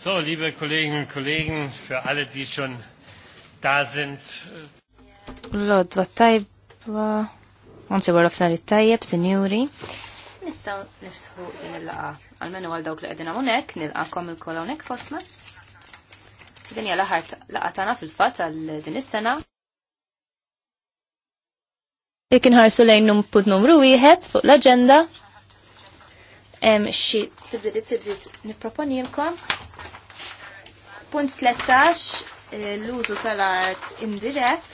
So, liebe Kolleginnen und Kollegen, für alle, die schon da sind. Lodwa tajba, unsi għaraf li tajb, senjuri. Nistaw niftħu din il-laqa. Għalmenu għal dawk li għedin għamunek, nil kom il-kolonek fosma. Din hija ħart laqa tana fil fat għal din is-sena. Jekk inħarsu lejn punt numru wieħed fuq l agenda xi tibdiet tibdiet niproponilkom Punt 13, eh, l-użu tal-art indirett,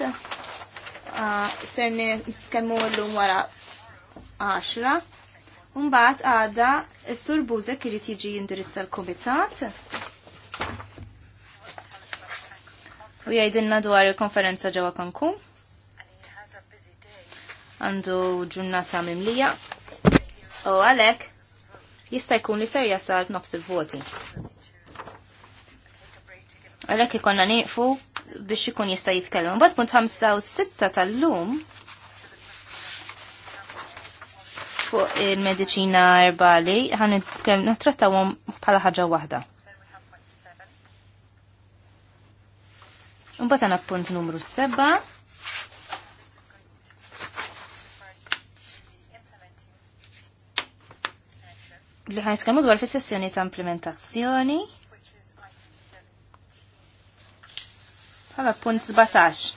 ah, ser nitkellmu l-lum wara 10. Mbagħad għada s-sur Buzek irid jiġi indirizza l-kumitat. U jgħidilna dwar il-konferenza ġewwa Cancun. Għandu ġurnata mimlija. U għalhekk jista' jkun li ser jasal nofs il-voti. Għalek ikonna nifu biex ikun jista' jitkellem. Bad punt 5 u 6 tal-lum fuq il-medicina erbali ħan għom bħala ħaġa waħda. Mbagħad għandna punt numru 7. li ħan dwar fis sessjoni ta' implementazzjoni. Għala punt 17.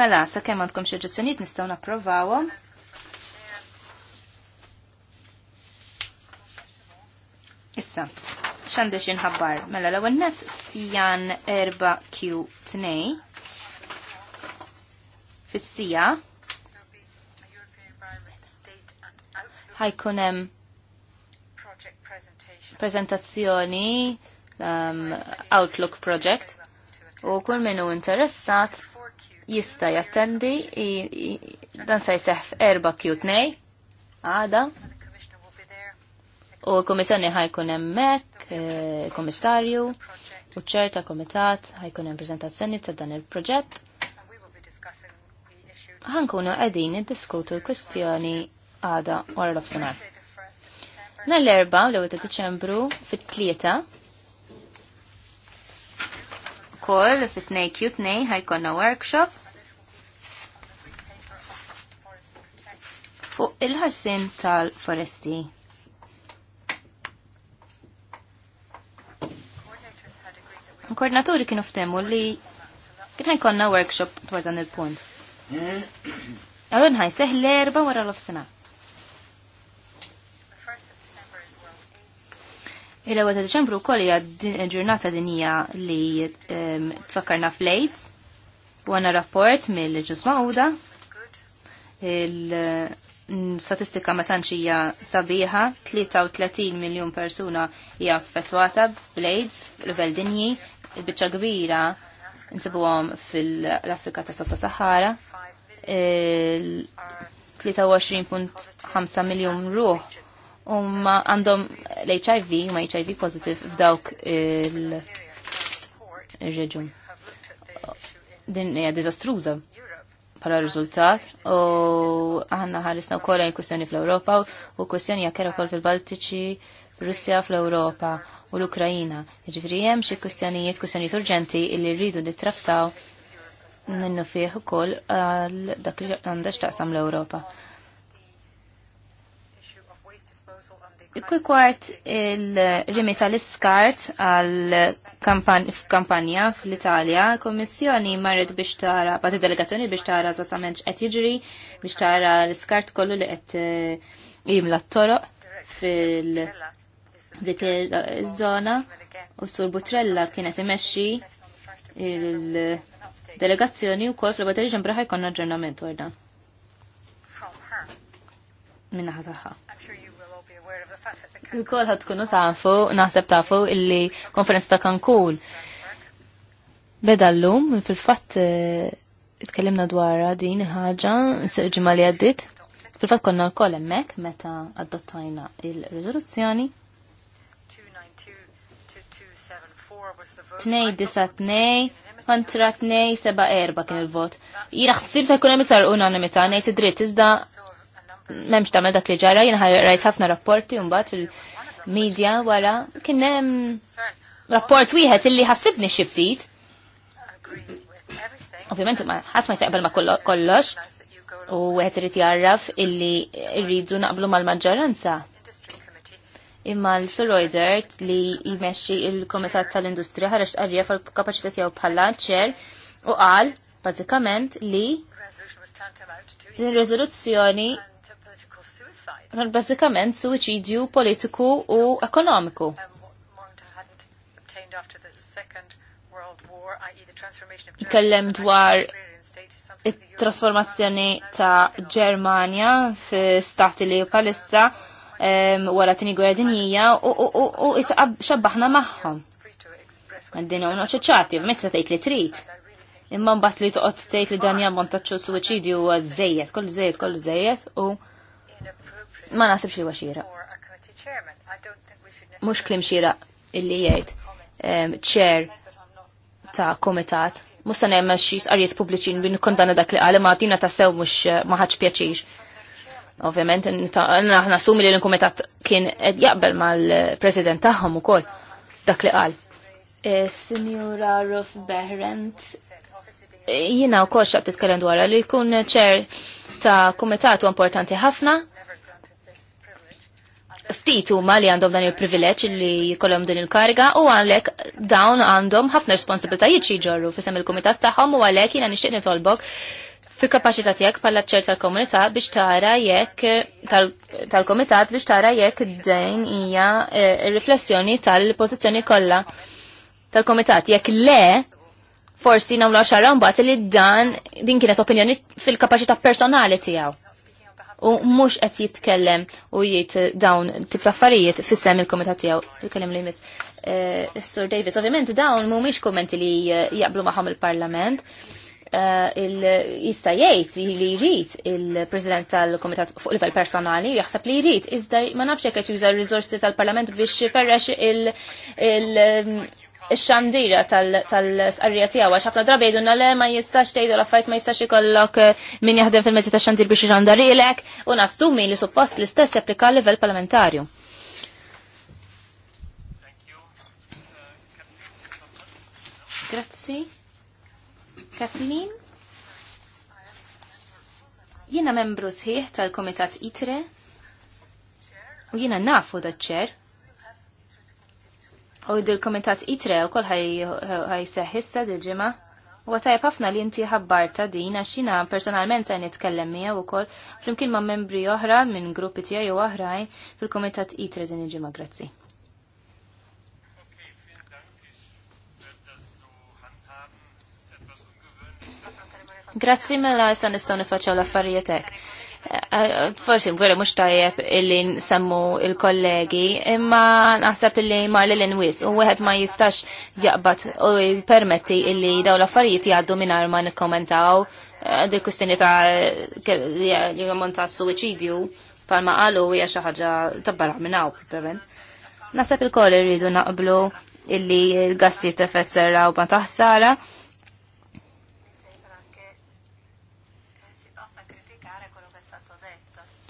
Mela, sa' kemm għandkom xi oġġezzjonijiet nistgħu napprovawhom. Issa, xandi xin ħabbar. Mela l-ewwel net jan 4Q2 fissija ħajkunem prezentazzjoni um, Outlook Project u kull minnu interessat jista jattendi dan se jseħf erba' kjutnej għada u l ħajkun emmek eh, komissarju u ċerta komitat ħajkun hemm prezentazzjoni ta' dan il-proġett. Ħankunu qegħdin niddiskutu l-kwestjoni għada wara l-offsinar. Nhar erba l-ewwel ta' Deċembru, fit-tlieta Kol, fit nej Q2 ħajkonna workshop fuq il ħassin tal-foresti. Koordinaturi kienu ftemu li kien ħajkonna workshop dwar dan il-punt. Għalun ħajseħ l-erba wara l-ofsena. Il-ewwel ta' Deċembru wkoll hija ġurnata dinija li ehm, tfakkarna fl u għandna rapport mill-ġus Mawda. Il-statistika mm, ma tantx hija sabiħa, 33 miljun persuna hija affettwata bl-AIDS livell dinji, il-biċċa kbira nsibuhom fil-Afrika ta' Sotta Sahara. 23.5 miljon ruħ umma għandhom l-HIV, umma HIV pozitiv f'dawk il-reġun. Din hija dizastruża pala riżultat u għanna ħarisna u kolla kwestjoni fl-Europa u kwestjoni kera kol fil-Baltiċi, Russja fl-Europa u l-Ukrajina. Ġifri hemm xi kwestjonijiet kwestjonijiet urġenti illi rridu nittrattaw minnu fih ukoll għal dak li għandax taqsam l-Europa. Kwart il-rimi tal-iskart għal-kampanja fl-Italja, kommissjoni marret biex tara, pati delegazzjoni biex tara zazament x'qed jiġri, biex tara l-iskart kollu li qed eh, jimla t-toroq fil dik il żona u sur Butrella kienet imexxi il-delegazzjoni wkoll fl-bateri ġembraħa jkollna aġġornament wara. Minna ħataħħa. Kol ħad kunu tafu, naħseb tafu illi konferenza ta' Cancun. Beda l-lum, fil-fat itkellimna eh, dwar din ħaġa ġimma li għaddit. Fil-fat konna l-koll emmek meta għaddottajna il rezoluzzjoni 2 2-9-2 kontra 2-7-4 kien il-vot. Jina xsib ta' kunem iktar unanimita, nejt id-dritt, iżda memx tamel dak li ġara, jien rajt ħafna rapporti mbagħad il-medja wara kien hemm rapport wieħed illi ħassibni xi ftit. Ovvjament ma ħadd ma ma kollox u wieħed irid jarraf illi rridu naqblu mal-maġġoranza. Imma l-Soroider li jmexxi il-Komitat tal-Industrija ħareġ qarrija fil-kapaċità tiegħu bħala ċer u qal bażikament li l-rezoluzzjoni bazzikament suicidju politiku u ekonomiku. Kellem dwar it-trasformazzjoni ta' Germania fi stati li palissa wara tini gwerra dinjija u isaqab xabbaħna maħħom. Għandina unu ċeċati, ovvijament se tgħid li trit. Imman bat li toqot tgħid li danja montaċu ta' suwiċidju huwa żejjed, kollu żejjed, kollu u ma nasib xie waxira. Mux klim xira illi jgħid ċer ta' komitat. Musa nemma xie arjiet pubbliċin bin kondana dak li għale ma' tina ta' sew mux eh, maħħaċ pjaċiċ. Ovvjament, naħna sumi li l-komitat kien jaqbel mal-president tagħhom ukoll dak li qal. Eh, Signora Ruth Behrent, eh, jina u kol xaqt titkellem dwarha li jkun ċer ta' u importanti ħafna ftit huma li għandhom dan il-privileġġ li jkollhom din il-karga u għalhekk dawn għandhom ħafna responsabiltajiet xi ġorru fisem il-kumitat tagħhom u għalhekk jiena nixtieq nitolbok fi kapaċità tiegħek bħala ċer tal-komunità biex tara jekk tal-komitat biex tara jekk id-dejn hija eh, riflessjoni tal-pożizzjoni kollha tal-komitat. Jekk le, forsi nagħmlu xara mbagħad li dan din kienet opinjoni fil-kapaċità personali tiegħu u mhux qed jitkellem u jgħid dawn tip ta' affarijiet fis-sem il-kumitat tiegħu li jmiss. Eh, Sir Davis, ovvjament dawn mhumiex kummenti li eh, jaqblu magħhom il-Parlament. Eh, jista' jgħid li jrid il-President tal-Kumitat fuq livell personali jaħseb li jrid iżda ma nafx jekk juża r-riżorsi tal-Parlament biex ferrex il- xandira tal-sqarrija tiegħu għax ħafna drabi jgħidulna le ma jistax tejdu l-affarijiet ma jistax ikollok eh, min jaħdem fil-mezzi ta' xandir biex ixandarilek u nassumi li suppost l-istess japplika l livell parlamentarju. Grazzi. Kathleen? Jiena membru sħiħ tal-Komitat ITRE u jiena nafu da ċer u dil-komitat itre u kol ħaj seħissa dil ġima U għatajab ħafna li inti ħabbarta din għaxina personalment għan nitkellem mija u kol flimkien ma' membri oħra minn gruppi tijaj u oħrajn fil-komitat itre din il ġima Grazzi. Grazzi mela jista nistaw nifacċaw l-affarietek forsi mwere mux tajjeb illi nsemmu il-kollegi, imma naħseb illi mar li l-inwis, u għed ma jistax jaqbat u permetti illi daw l-affarijiet jgħaddu minar ma nikkommentaw di kustini ta' li għamon ta' suicidju, palma għalu hija xi ħaġa tabbarra minn minnaw, probablement. Naħseb il-koll irridu naqblu illi l-gassi effett serra u bantaħsara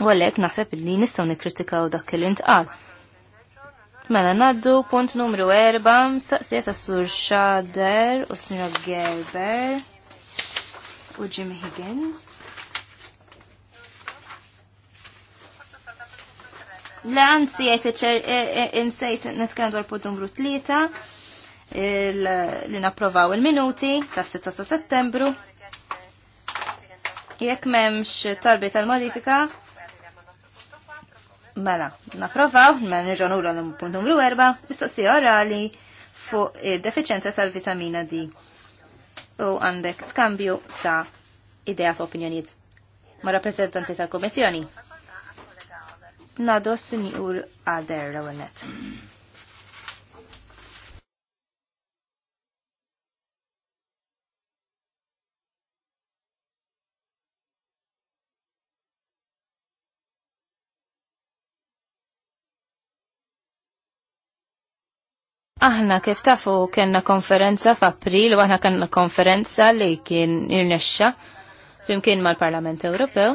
U għalhekk naħseb li nistgħu nikkritikaw dak li intqal. Mela naddu punt numru 4 mstaqsija ta' Sur Shader u Sr. Gerber u Jim Higgins. L-ansi jgħet insejt e, e, e, netkenu għal punt numru 3 li napprovaw il-minuti ta' 6 ta' settembru. Jekk memx talbi tal-modifika, Mela, naprovaw, mela nirġan ura l-punt numru 4, mistoqsija orali fuq eh, deficienza tal-vitamina D. U għandek skambju ta' ideas opinjoniet ma' rappresentanti tal-Komissjoni. Nados sinjur għader l-għonet. Aħna kif tafu kena konferenza f'April u aħna kena konferenza li kien irnexxa flimkien mal-Parlament Ewropew.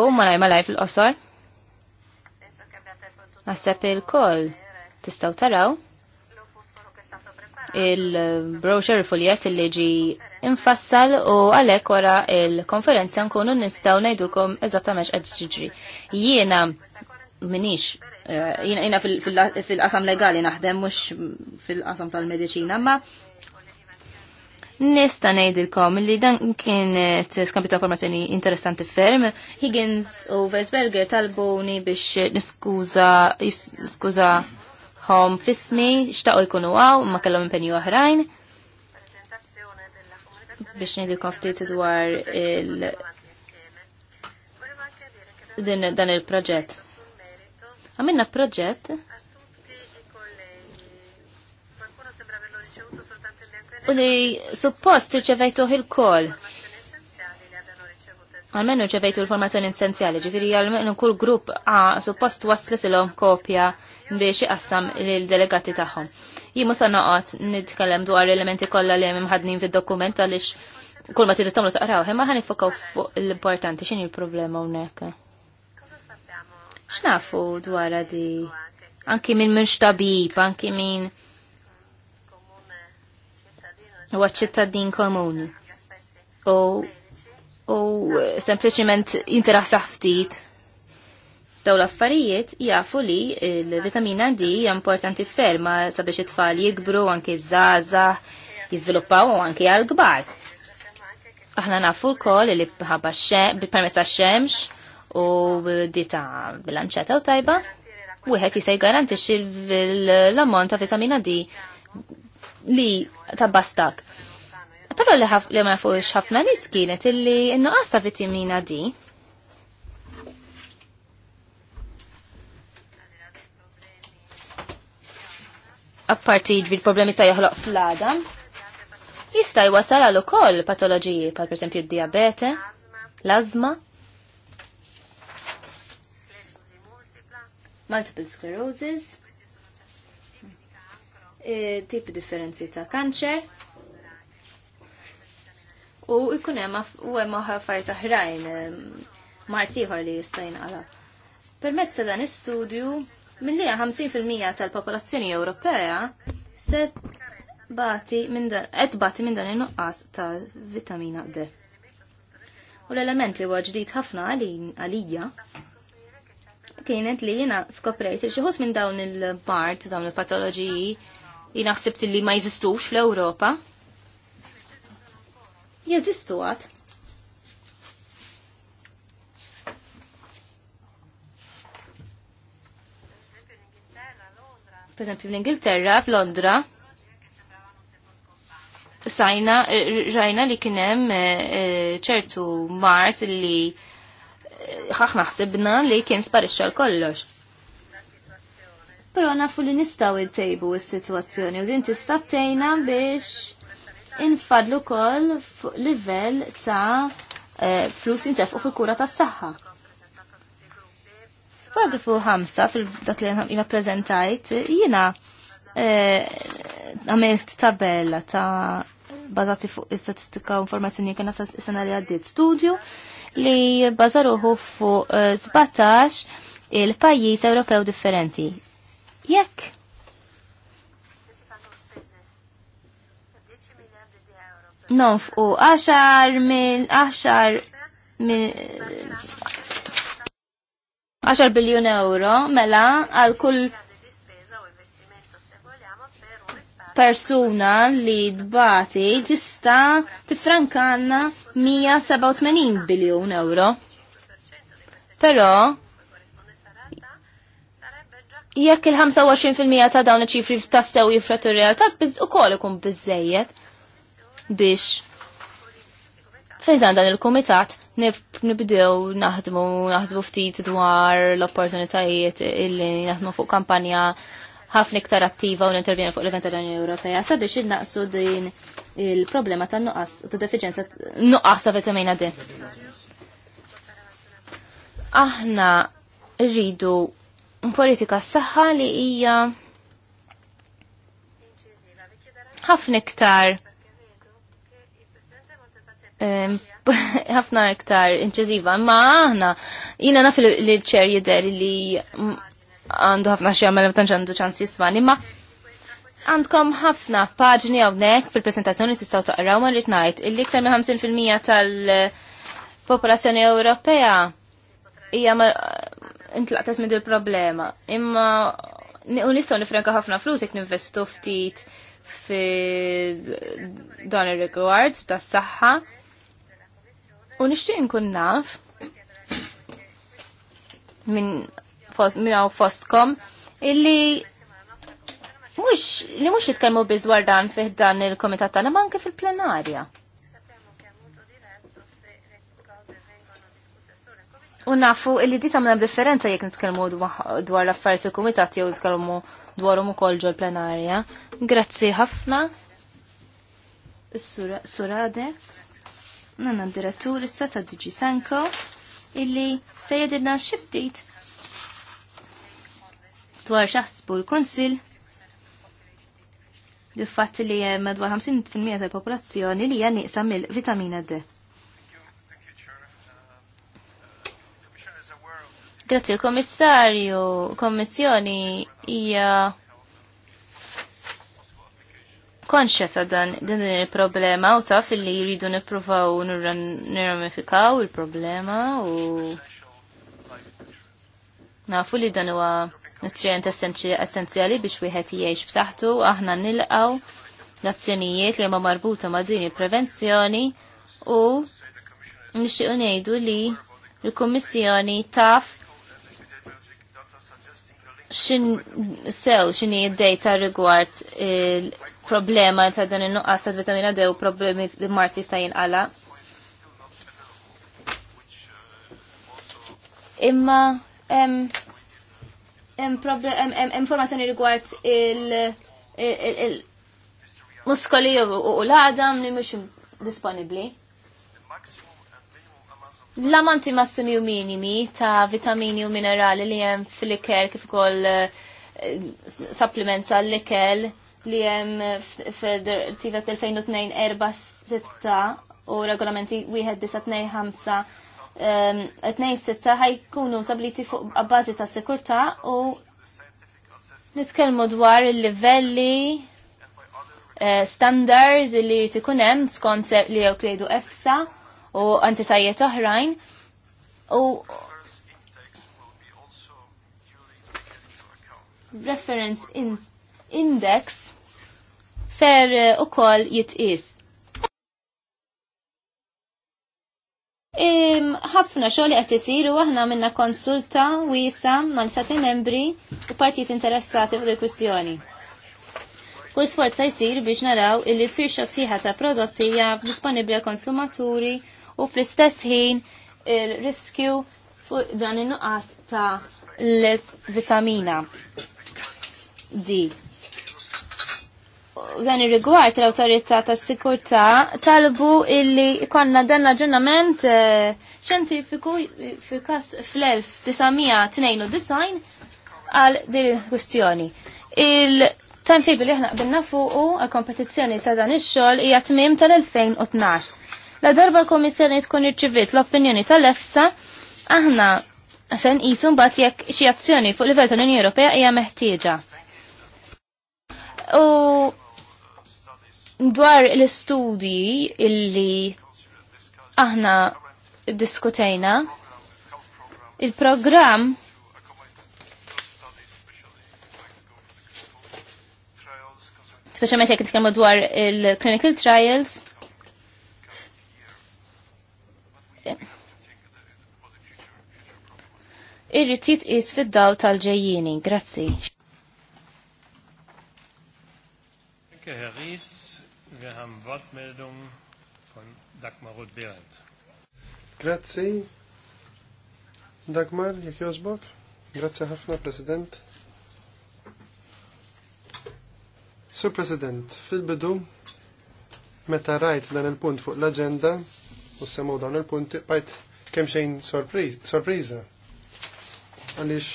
U ma najma lajf fil-qosor. Għasab il-koll tistaw taraw il-brochure fuljet il ġi infassal u għalek wara il-konferenza nkunu nistaw najdukom eżattament għad Jiena minix Eh, jina fil-qasam legali naħdem mux fil-qasam tal-medicina, ma Nista nejdilkom li dan kienet skampi ta' formazzjoni interessanti ferm. Higgins u Versberger talbuni biex niskuza skuża hom fismi xtaqo jkunu għaw ma kellhom impenju oħrajn. Biex nejdilkom ftit dwar il din dan il-proġett. Għamilna proġett u li suppost irċevejtuh il-kol. Għalmenu rċevejtu l-formazzjoni essenzjali, ġifiri għalmenu kull grupp għa suppost waslis l-om kopja biex jqassam l-delegati tagħhom. Jimu sa nitkellem dwar elementi kollha li hemm imħadnin fid-dokument għaliex kull ma trid tagħmlu taqraw, imma ħan fuq l-importanti x'inhi l-problema hawnhekk xnafu dwar di? Anki minn minn xtabib, anki minn u ċittadin komuni. U u sempliciment interessa ftit daw l-affarijiet jafu li l-vitamina D hija importanti ferma sabiex it-tfal jikbru anke żaża jiżviluppaw anke għal kbar. Aħna nafu wkoll li bħabba permezz tax-xemx u dita bilanċata u tajba, wieħed jista' jgarantixxi l-ammont ta' vitamina D li ta' bastak. Però li, ma fuq ħafna nis kienet illi n-nuqqas ta' vitamina D apparti l problemi sa joħloq fl-adam, jista' jwasal għal ukoll patoloġiji, pal per esempio diabete, l-azma, multiple sclerosis, e, tipi differenzi ta' kanċer, u ikun hemm u hemm affarijiet oħrajn martiħor li jista' jinqala. Permezz ta' dan istudju mill-li 50% tal-popolazzjoni Ewropea se bati minn dan qed bati minn dan in-nuqqas ta' vitamina D. U l-element li huwa ġdid ħafna għalija kienet li jena skoprejt li xieħus minn dawn il part dawn il-patologiji, jena xsebt li ma jizistux fl-Europa. Jeżistu għat. Per esempio, fl-Ingilterra, a londra sajna, rajna li kienem eh, eh, ċertu mars li ħaħna ħsibna li kien sparixxa l-kollox. Pero nafu li nistaw il-tejbu il-situazzjoni u din tista' tejna biex infadlu kol fuq livell ta' eh, flus jintefqu fil-kura tas saħħa Paragrafu 5 fil-dak li jina prezentajt, jina eh, għamilt tabella ta' bazati fuq istatistika u informazzjoni kena ta' sena li għaddit studju li bazaruħu fuq 17 eh, il-pajjiż Ewropew differenti. Jekk nonfqu 10 minn 10 minn 10 biljun euro mela għal kull persuna li dbati tista tifrankanna 187 biljun euro. Però jekk il-25% ta' dawn iċifri ċifri ta' jifratu realtà kol ikun biżejjed biex fejdan dan il-komitat nibdew naħdmu naħdmu ftit dwar l-opportunitajiet illi naħdmu fuq kampanja ħafna iktar attiva u nintervjena fuq l-event tal-Unjoni Ewropea sabiex innaqsu din il-problema tan-nuqqas u ta' deficienza nuqqas ta' vitamina D. Aħna rridu politika s-saħħa li hija ħafna iktar ħafna iktar inċeziva, ma aħna jina naf li l-ċer jider li għandu ħafna xi jagħmel ma għandu ċans jisman' imma għandkom ħafna paġni hawnhekk fil-preżentazzjoni tistgħu taqraw ma rrid ngħid illi iktar minn 50% tal-popolazzjoni Ewropea hija ma intlaqtet minn il-problema. Imma nistgħu nifrenka ħafna flus jekk ninvestu ftit fi dan ir-rigward tas-saħħa. U nixtieq nkun naf minn miegħu fostkom illi mhux li mhux jitkellmu bizwar dan fih dan il-kumitat tagħna ma anke fil-plenarja. U nafu illi di tagħmel differenza jekk nitkellmu dwar l-affarijiet fil-kumitat jew nitkellmu dwarhom ukoll ġol plenarja. Grazzi ħafna. surade Nanna direttur s ta' Digi Sanko illi se jedilna xiftit dwar xaħsbu l-Konsil l-fatt li madwar 50% tal-popolazzjoni li hija nieqsa mill-vitamina D. Grazie, il-Kommissarju, Kommissjoni hija konxja ta' dan din il-problema u ta' fil li jridu nippruvaw nirramifikaw il-problema u nafu li dan huwa nutrient essenzjali biex wieħed jgħix b'saħħtu aħna nilqgħu l-azzjonijiet li huma marbuta ma' din il-prevenzjoni u nixtiequ ngħidu li l-Kummissjoni taf xin sew xin id-dejta rigward il-problema ta' dan in nuqqas ta' vitamina D u problemi li Mars jista' jinqala. Imma informazzjoni rigward il-muskoli u l-adam li mux disponibli. L-amanti massimi u minimi ta' vitamini u minerali li jem fil-ikel kif ukoll eh, supplements għall-ikel li jem fil-tivet erba' 6 u regolamenti 1925 2-6 ħajkunu sabliti fuq bażi ta' sekurtà u nitkellmu dwar il-livelli eh, standards li ikun hemm skont li klejdu EFSA u antitajiet oħrajn u reference index ser eh, ukoll jitqis ħafna xogħol qed isir aħna minna konsulta wiesa ma' sati membri u partijiet interessati fuq il-kwistjoni. Kull sforza se jsir biex naraw illi firxa sħiħa ta' prodotti hija disponibbli għal konsumaturi u fl-istess ħin il-riskju fuq dan in-nuqqas ta' l-vitamina Z dan ir-rigward l-awtorità tas-sikurtà talbu illi konna dan l-aġġornament eh, xjentifiku eh, fil kas fl-1992 għal din il-kwistjoni. Il-timetable li aħna qbilna fuqu għal kompetizzjoni ta' dan ix-xogħol hija tmiem tal-2012. La darba l-Komissjoni tkun irċivit l-opinjoni tal-EFSA, aħna se jisum bat jekk xi azzjoni fuq livell tal-Unjoni Ewropea hija meħtieġa. U dwar l-istudji illi aħna diskutejna, il-programm speċjalment jekk nitkellmu dwar il-clinical trials. Irrid is fid-daw tal-ġejjieni. Grazzi. you, Harris. Wir haben Wortmeldungen von Dagmar Roth-Behrendt. Grazie. Dagmar, jek jozbok. Grazie ħafna, Präsident. Sur President, fil-bidu, meta rajt dan il-punt fuq l-agenda, u semmu dan il punt bajt kemm xejn sorpriża. Għaliex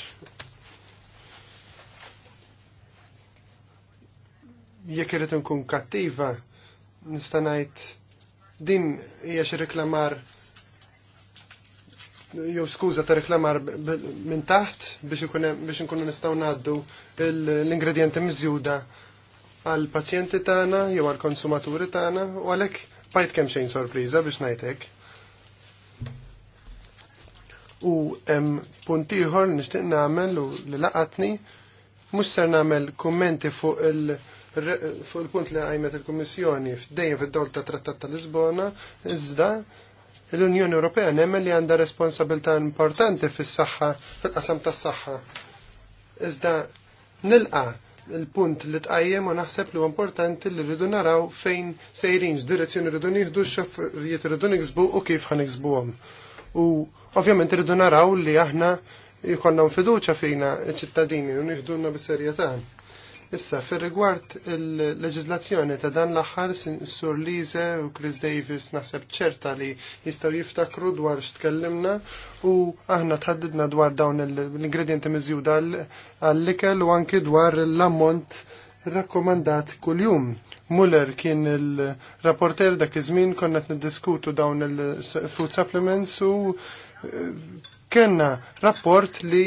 jekk irid nkun kattiva nista' ngħid din hija xi reklamar jew skuża ta' reklamar minn taħt biex biex nkunu nistgħu ngħaddu l-ingredjenti miżjuda għal pazjenti tagħna jew għal konsumaturi tagħna u għalhekk bajt kemm xejn sorpriża biex ngħidlek. U hemm punt ieħor nixtieq nagħmel u li laqatni mhux ser nagħmel kummenti fuq il- fuq il-punt li għajmet il-Kummissjoni f'dejjem fid-dawl ta' Trattat ta' Lisbona, iżda l-Unjoni Ewropea nemmen li għandha responsabilità importanti fis-saħħa, fil-qasam tas-saħħa. Iżda nilqa' il-punt li tqajjem u naħseb li importanti li rridu naraw fejn sejrin x'direzzjoni rridu nieħdu x'affarijiet rridu niksbu u kif ħan niksbuhom. U ovvjament rridu naraw li aħna jkollna fiduċja fejna ċittadini u nieħdulna bis-serjetà. Issa, fir rigward il-leġizlazzjoni ta' dan l-aħħar sur Lise u Chris Davis naħseb ċerta li jistaw jiftakru dwar x'tkellimna u aħna tħaddidna dwar dawn l-ingredienti miżjuda għall-ikel u anki dwar l-ammont rakkomandat kuljum. Muller kien il-rapporter dak iż-żmien konna qed niddiskutu dawn il-food supplements u eh, kenna rapport li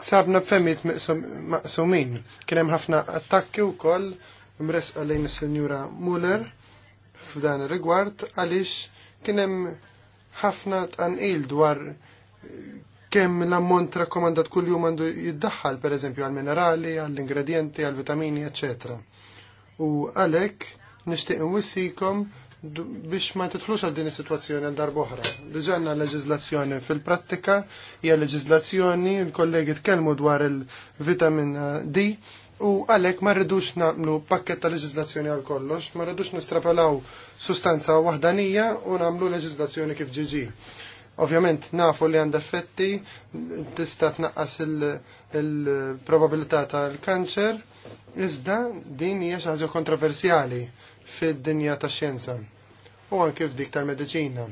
Sabna femmit maqsumin. Kien hemm ħafna attakki wkoll mres għalajn senjura sinjura Muller f'dan ir-rigward għaliex kien hemm ħafna tqanqil dwar kemm l-ammont rakkomandat kull jum għandu jiddaħħal pereżempju għall minerali, għall ingredienti, għall vitamini, eccetera. U għalhekk nixtieq nwissikom biex ma titħlux għal din is-sitwazzjoni għal darboħra. Diġanna leġizlazzjoni fil-prattika hija leġizlazzjoni, il-kollegi tkellmu dwar il vitamin eh, D u għalek ma rridux namlu pakket ta' leġizlazzjoni għal kollox, ma rridux nistrapalaw sustanza wahdanija u namlu leġizlazzjoni kif ġiġi. Ovvjament nafu li għand effetti tista' tnaqqas il-probabilità tal-kanċer, iżda din hija xi ħaġa kontroversjali fid-dinja tax xienza u anke f'dik tal-mediċina.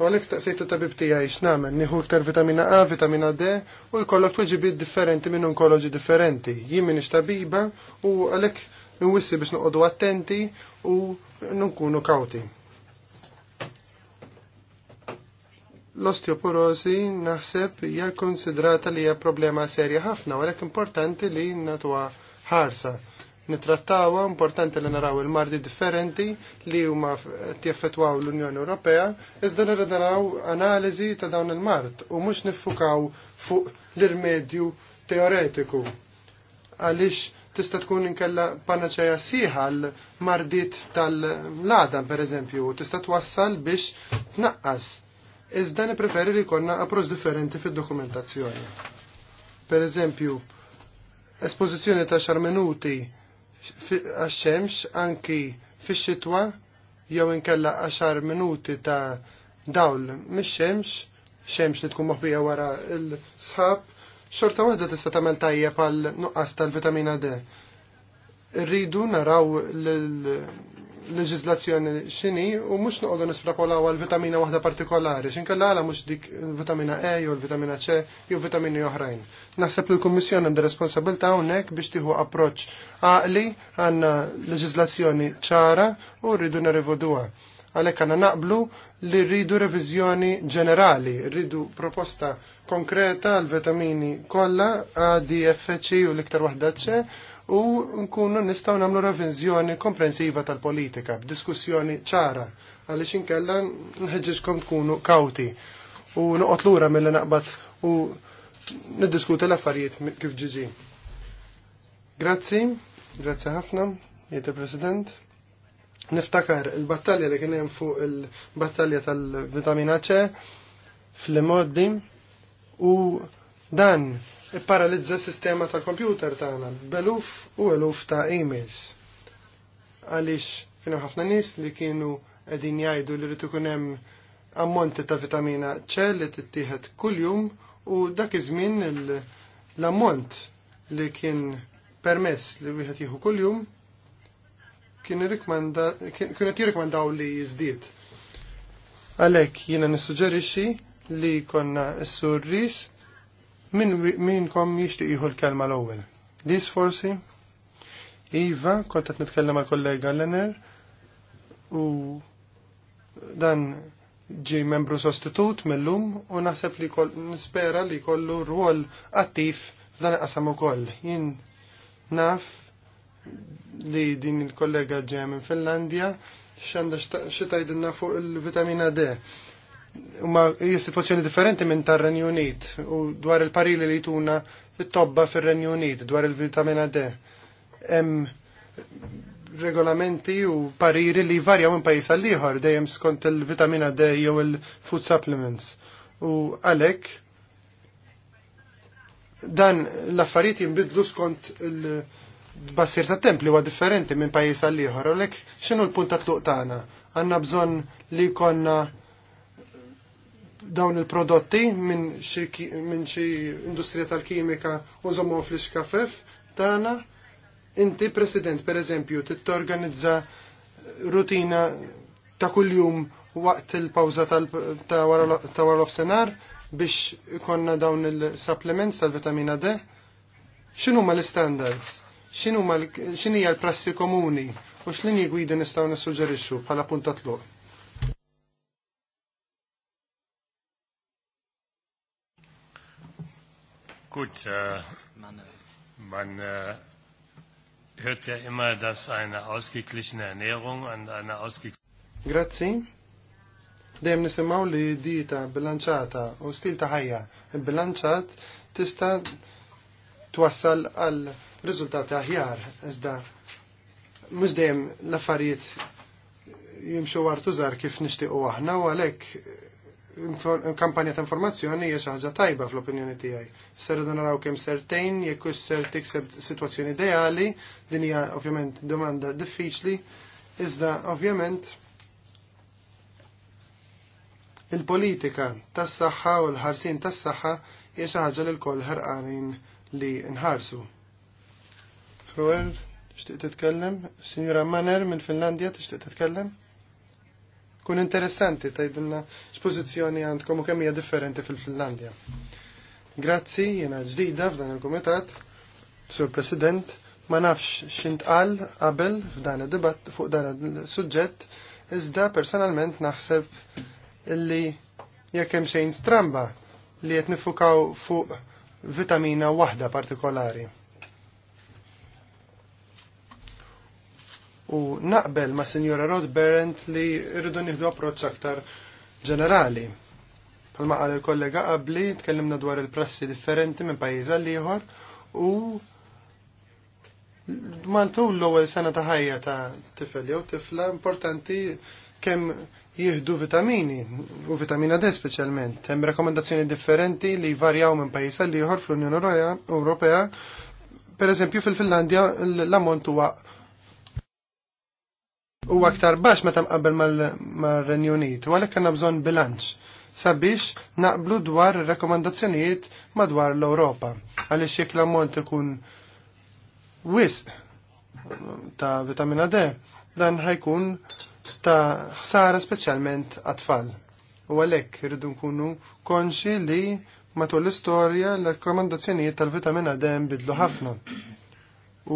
U għalek staqsejtu tabib tijaj x'namel, nieħu iktar vitamina A, vitamina D u jkollok tweġibiet differenti minn onkoloġi differenti. Jien m'iniex tabiba u għalek nwissi biex noqogħdu attenti u nkunu kawti. L-osteoporosi naħseb hija konsidrata li hija problema serja ħafna u għalhekk importanti li natuha ħarsa nitrattawa, importanti li naraw il-mardi differenti li huma tjeffetwaw l-Unjoni Ewropea, iżda nirrid naraw analiżi ta' dawn il-mart u mhux niffukaw fuq l-irmedju teoretiku. Għaliex tista' tkun inkella panaċeja sħiħa l-mardit tal-lada, per eżempju, tista' twassal biex tnaqqas. Iżda nipreferi li konna approċ differenti fid-dokumentazzjoni. Per eżempju, espożizzjoni ta' xar minuti għax-xemx anki fix-xitwa jew inkella 10 minuti ta' dawl mix-xemx, xemx li tkun moħħija wara l-sħab, xorta waħda tista' tagħmel tajjeb għal nuqqas tal-vitamina D. Rridu naraw leġizlazzjoni xini u mux noqogħdu nisprapolaw għal vitamina waħda partikolari, xinkella għala mux dik il-vitamina E jew il-vitamina C jew vitamini oħrajn. Naħseb li l-Kummissjoni għandha responsabilità hawnhekk biex tieħu approċċ għaqli għandna leġizlazzjoni ċara u rridu nirrivoduha. Għalhekk għandna naqblu li rridu reviżjoni ġenerali, rridu proposta konkreta għal vitamini kollha A, D, F, C u l-iktar waħda C u nkunu nistgħu namlu revizjoni komprensiva tal-politika b'diskussjoni ċara għaliex inkella nħeġġiġkom tkunu kawti u noqgħod lura mill naqbad u niddiskuta l-affarijiet kif ġiġi. Grazzi, grazzi ħafna, jieti president Niftakar il-battalja li kien hemm fuq il-battalja tal-vitamina C fl-imoddi u dan paralizza s-sistema tal-kompjuter tagħna beluf u eluf ta' emails. Għaliex kienu ħafna nies li kienu edin jajdu li rritu ikun hemm ammonti ta' vitamina C li tittieħed kuljum u dak iż-żmien l-ammont li kien permess li wieħed jieħu kuljum kien qed jirrikmandaw li jiżdied. Għalhekk jiena nissuġġerixxi li konna s-surris Min kom jishti jieħu l-kelma l-ewwel? Dis forsi? Iva, kont qed nitkellem mal kollega Lenner u dan ġi membru sostitut mill-lum u naħseb li nispera li kollu rwol attiv f'dan qasam ukoll. Jien naf li din il-kollega ġem in Finlandja xandax xitajdinna fuq il-vitamina D Uma hija sitwazzjoni differenti minn tar-Renju Unit u dwar il-parili li jtuna it-tobba fir-Renju Unit dwar il-vitamina D. Hemm regolamenti u pariri li varja minn pajjiż għal ieħor dejjem skont il-vitamina D jew il-food supplements. U għalhekk dan l-affarijiet jinbidlu skont il- bassir ta' temp li huwa differenti minn pajjiż għal ieħor, u x'inhu l-punt ta' tluq tagħna? Għandna bżonn li jkollna dawn il-prodotti minn xi industrija tal-kimika u żommhom fl-iskafef tagħna. Inti President pereżempju titorganizza rutina ta' kuljum waqt il pawza ta' wara l-ofsenar biex ikonna dawn il-supplements tal-vitamina D. X'inhu ma l-standards? X'inhu l-prassi komuni? U x'linji gwidi nistgħu nissuġġerixxu bħala punta tluq? Gut, äh, man äh, hört ja immer, dass eine ausgeglichene Ernährung und eine ausgeglichene... Grazie. Dem nisimaw li dieta bilanċata u stil ta' ħajja bilanċat tista' twassal għal rizultati aħjar iżda mhux dejjem l-affarijiet jimxu wartu kif nixtiequ aħna u għalhekk kampanja ta' informazzjoni hija xi ħaġa tajba fl-opinjoni tiegħi. Ser naraw kemm sertejn jekk isser tikseb sitwazzjoni ideali, din hija ovvjament domanda diffiċli, iżda ovvjament il-politika tas-saħħa u l-ħarsin tas-saħħa hija xi ħaġa lil l-koll ħerqanin li nħarsu. Ruel, tixtieq titkellem? Sinjura Manner mill-Finlandja tixtieq titkellem? Kun interessanti tajdilna x'pożizzjoni għandkom u kemm hija differenti fil-Finlandja. Grazzi, jena ġdida f'dan il-Kumitat, Sur President, ma nafx x'intqal qabel f'dan il-debat fuq dan il-suġġett, iżda personalment naħseb illi jekk hemm xejn stramba li qed nifukaw fuq vitamina waħda partikolari. U naqbel ma' Sinjora Rodberent li rridu nieħdu approċċ aktar ġenerali. Palma qal il-kollega qabli tkellimna dwar il-prassi differenti minn pajjiż għal ieħor u maltu l-ewwel sena ta' ħajja ta' tifel jew tifla importanti kemm jieħdu vitamini, u vitamina D speċjalment, Hemm rekomendazzjoni differenti li varjaw minn pajjiż għal ieħor fl-Unjoni Ewropea. Per eżempju fil-Finlandja l-ammont huwa u aktar bax meta tamqabbel mar-Renju Unit, u għalhekk għandna bżonn bilanċ sabiex naqblu dwar ir-rekomandazzjonijiet madwar l-Ewropa għaliex jekk l-ammont ikun wisq ta' vitamina D dan ħajkun ta' ħsara speċjalment għat-tfal. U għalhekk irridu nkunu konxi li matul l-istorja l-rakkomandazzjonijiet tal-vitamina D nbidlu ħafna.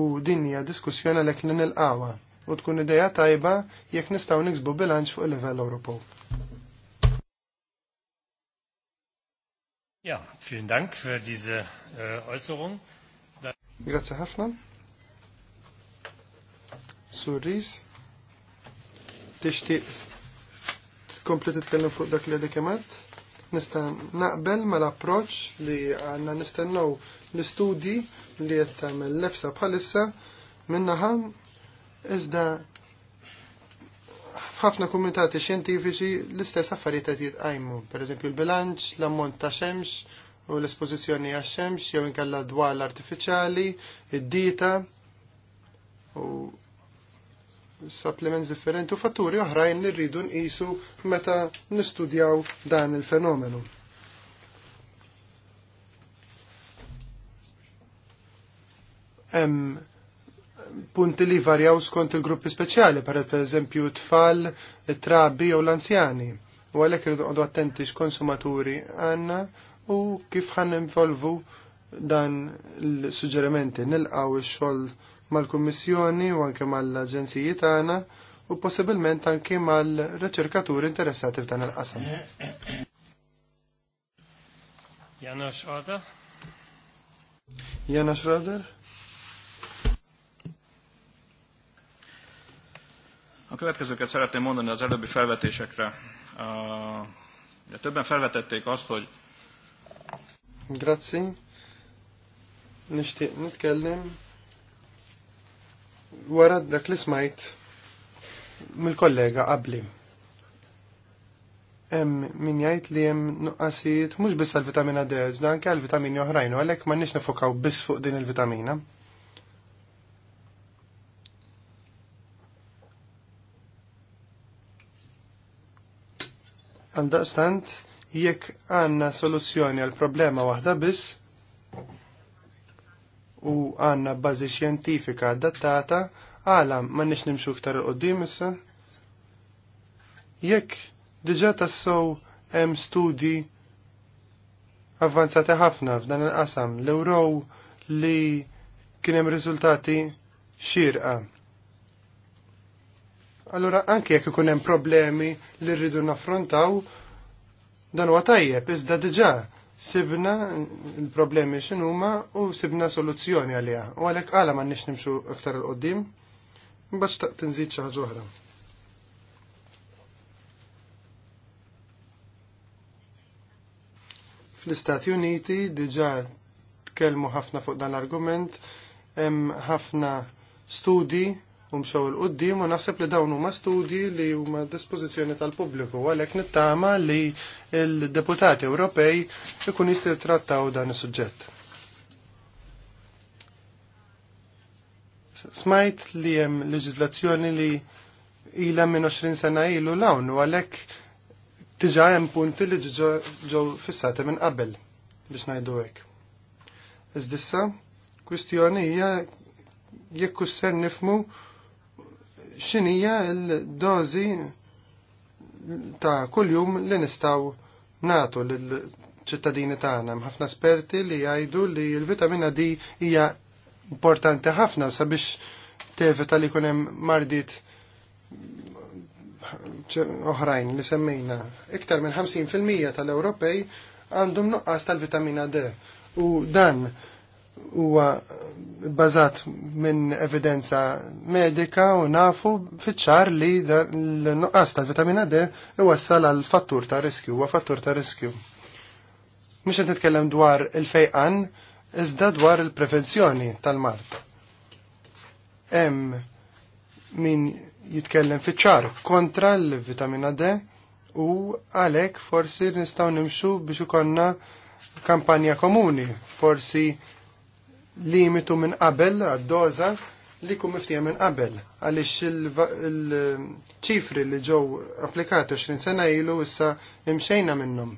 U din hija diskussjoni għalhekk nil qawa u tkun ideja tajba jekk nistgħu niksbu bilanċ fuq il-livell Ewropew. Ja, vielen Dank für diese äh, Äußerung. Grazie ħafna. Surris. Tixtieq tkompli kellem fuq dak li dekemant. Nista' naqbel mal-approċċ li għandna nistennew l-istudji li qed tagħmel lefsa bħalissa minnaħam iżda ħafna kumitati xjentifiċi l-istess affarijiet qed jitqajmu, pereżempju l-bilanċ, l-ammont ta' xemx u l-espożizzjoni għax-xemx jew inkella dwar artifiċjali id-dita u supplements differenti u fatturi oħrajn li rridu nqisu meta nistudjaw dan il-fenomenu. Hemm punti li varjaw skont il-gruppi speċjali, per eżempju tfal, trabi jew l-anzjani. U għalhekk irridu attenti x'konsumaturi għandna u kif ħan involvu dan l-suġġerimenti nilqaw ix-xogħol mal-Kummissjoni u anke mal-Aġenziji tagħna u possibilment anke mal-riċerkaturi interessati f'dan il-qasam. Jana Schroeder? Jana Schroeder? A következőket szeretném mondani az előbbi felvetésekre. Uh, többen felvetették azt, hogy... Grazie. Nishtiq nitkellem wara dak li smajt mill-kollega qabli. Em min jgħid li hemm nuqqasijiet mhux biss għall-vitamina D, iżda anke għall-vitamini oħrajn, u għalhekk m'għandniex nifokaw biss fuq din il-vitamina. Għaldaqstant, jekk għanna soluzzjoni għal problema waħda biss u għanna bażi xjentifika adattata, għala ma nix nimxu ktar qoddim issa. Jekk diġa tassow hemm studi avvanzati ħafna f'dan il-qasam l-Ewrow li kien hemm riżultati xirqa allura anke jekk ikun hemm problemi li rridu naffrontaw, dan huwa tajjeb, iżda diġà sibna l problemi x'inhuma u sibna soluzzjoni għaliha. U għalhekk għala m'għandniex nimxu aktar il qoddim mbagħad xtaqt tinżid xi ħaġa oħra. Fl-Istati Uniti diġà tkellmu ħafna fuq dan l-argument, hemm ħafna studi u mxew il-qoddim u naħseb li dawn huma studji li huma dispożizzjoni tal-pubbliku għalhekk nittama li l-deputati Ewropej ikun jistgħu trattaw dan is-suġġett. Smajt li hemm leġiżlazzjoni li ilha minn 20 sena ilu l-hawn u għalhekk diġà hemm punti li ġew fissati minn qabel biex ngħidu hekk. Iżdissa, kwistjoni hija jekk ser nifmu xinija l-dozi ta' kuljum li nistaw natu l-ċittadini tagħna. ħafna esperti li jgħidu li l-vitamina D hija importanti ħafna sabiex tevita li kunem mardit oħrajn li semmejna. Iktar minn 50% tal-Ewropej għandhom nuqqas tal-vitamina D. U dan huwa bazat minn evidenza medika u nafu fitxar li l-nuqqas tal-vitamina D iwassal għal fattur ta' riskju u fattur ta' riskju. Mux għed nitkellem dwar il-fejqan, iżda dwar il-prevenzjoni tal-mart. Hemm min jitkellem fitxar kontra l-vitamina D u għalek forsi nistaw nimxu biex ikonna kampanja komuni, forsi limitu minn qabel għad-doza li kum miftija minn qabel għaliex il-ċifri li ġew applikati 20 sena ilu issa imxejna minnhom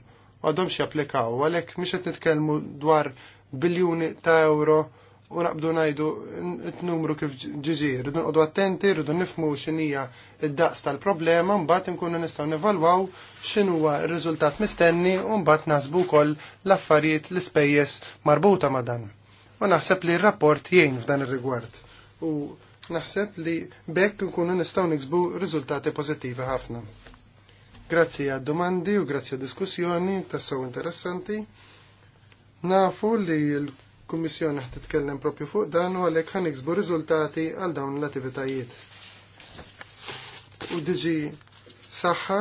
għadhom xie applikaw għalhekk mux qed nitkellmu dwar biljuni ta' euro u naqbdu ngħidu t-numru kif ġiġi, rridu nqogħdu attenti, rridu nifmu x'inhija id-daqs tal-problema, mbagħad inkunu nistgħu nevalwaw x'inhuwa r-riżultat mistenni u mbagħad nasbu wkoll l-affarijiet l-ispejjeż marbuta ma' dan u naħseb li r-rapport jgħin f'dan ir-rigward u naħseb li bekk nkunu nistgħu niksbu riżultati pożittivi ħafna. Grazzi għad domandi u grazzi għad diskussjoni tassew interessanti. Nafu li l-Kummissjoni ħat titkellem propju fuq dan u għalhekk ħaniksbu riżultati għal dawn l-attivitajiet. U diġi saħħa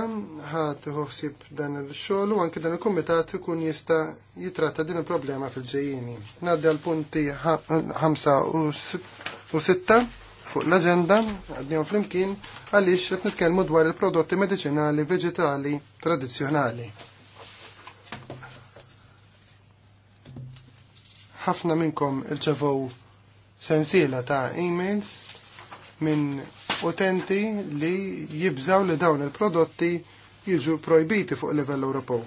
ħat ħsieb dan il-xogħol u anke dan il-kumitat ikun jista' jitratta din il-problema fil-ġejjieni. Ngħaddi għal punti 5 u 6 fuq l-aġenda għaddihom flimkien għaliex qed nitkellmu dwar il-prodotti mediċinali veġitali tradizzjonali. ħafna minnkom irċevow sensiela ta' emails minn utenti li jibżaw li dawn il-prodotti jiġu projbiti fuq livell Ewropew.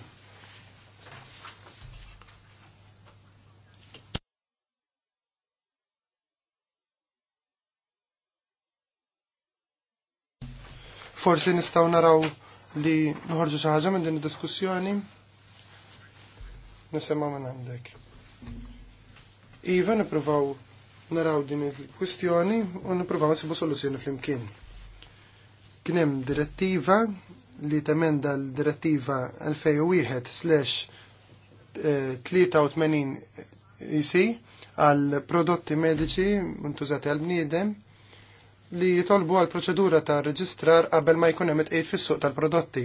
Forsi nistgħu naraw li nħorġu xi ħaġa minn din id-diskussjoni. Nisimgħu minn għandek. Iva nippruvaw naraw din il-kwistjoni u nippruvaw nsibu soluzjoni flimkien. Kien hemm direttiva li temenda l-direttiva 2001/83 EC eh, e għal prodotti medici intużati għal bniedem li jitolbu għal proċedura ta' reġistrar qabel ma jkun hemm it fis-suq tal-prodotti.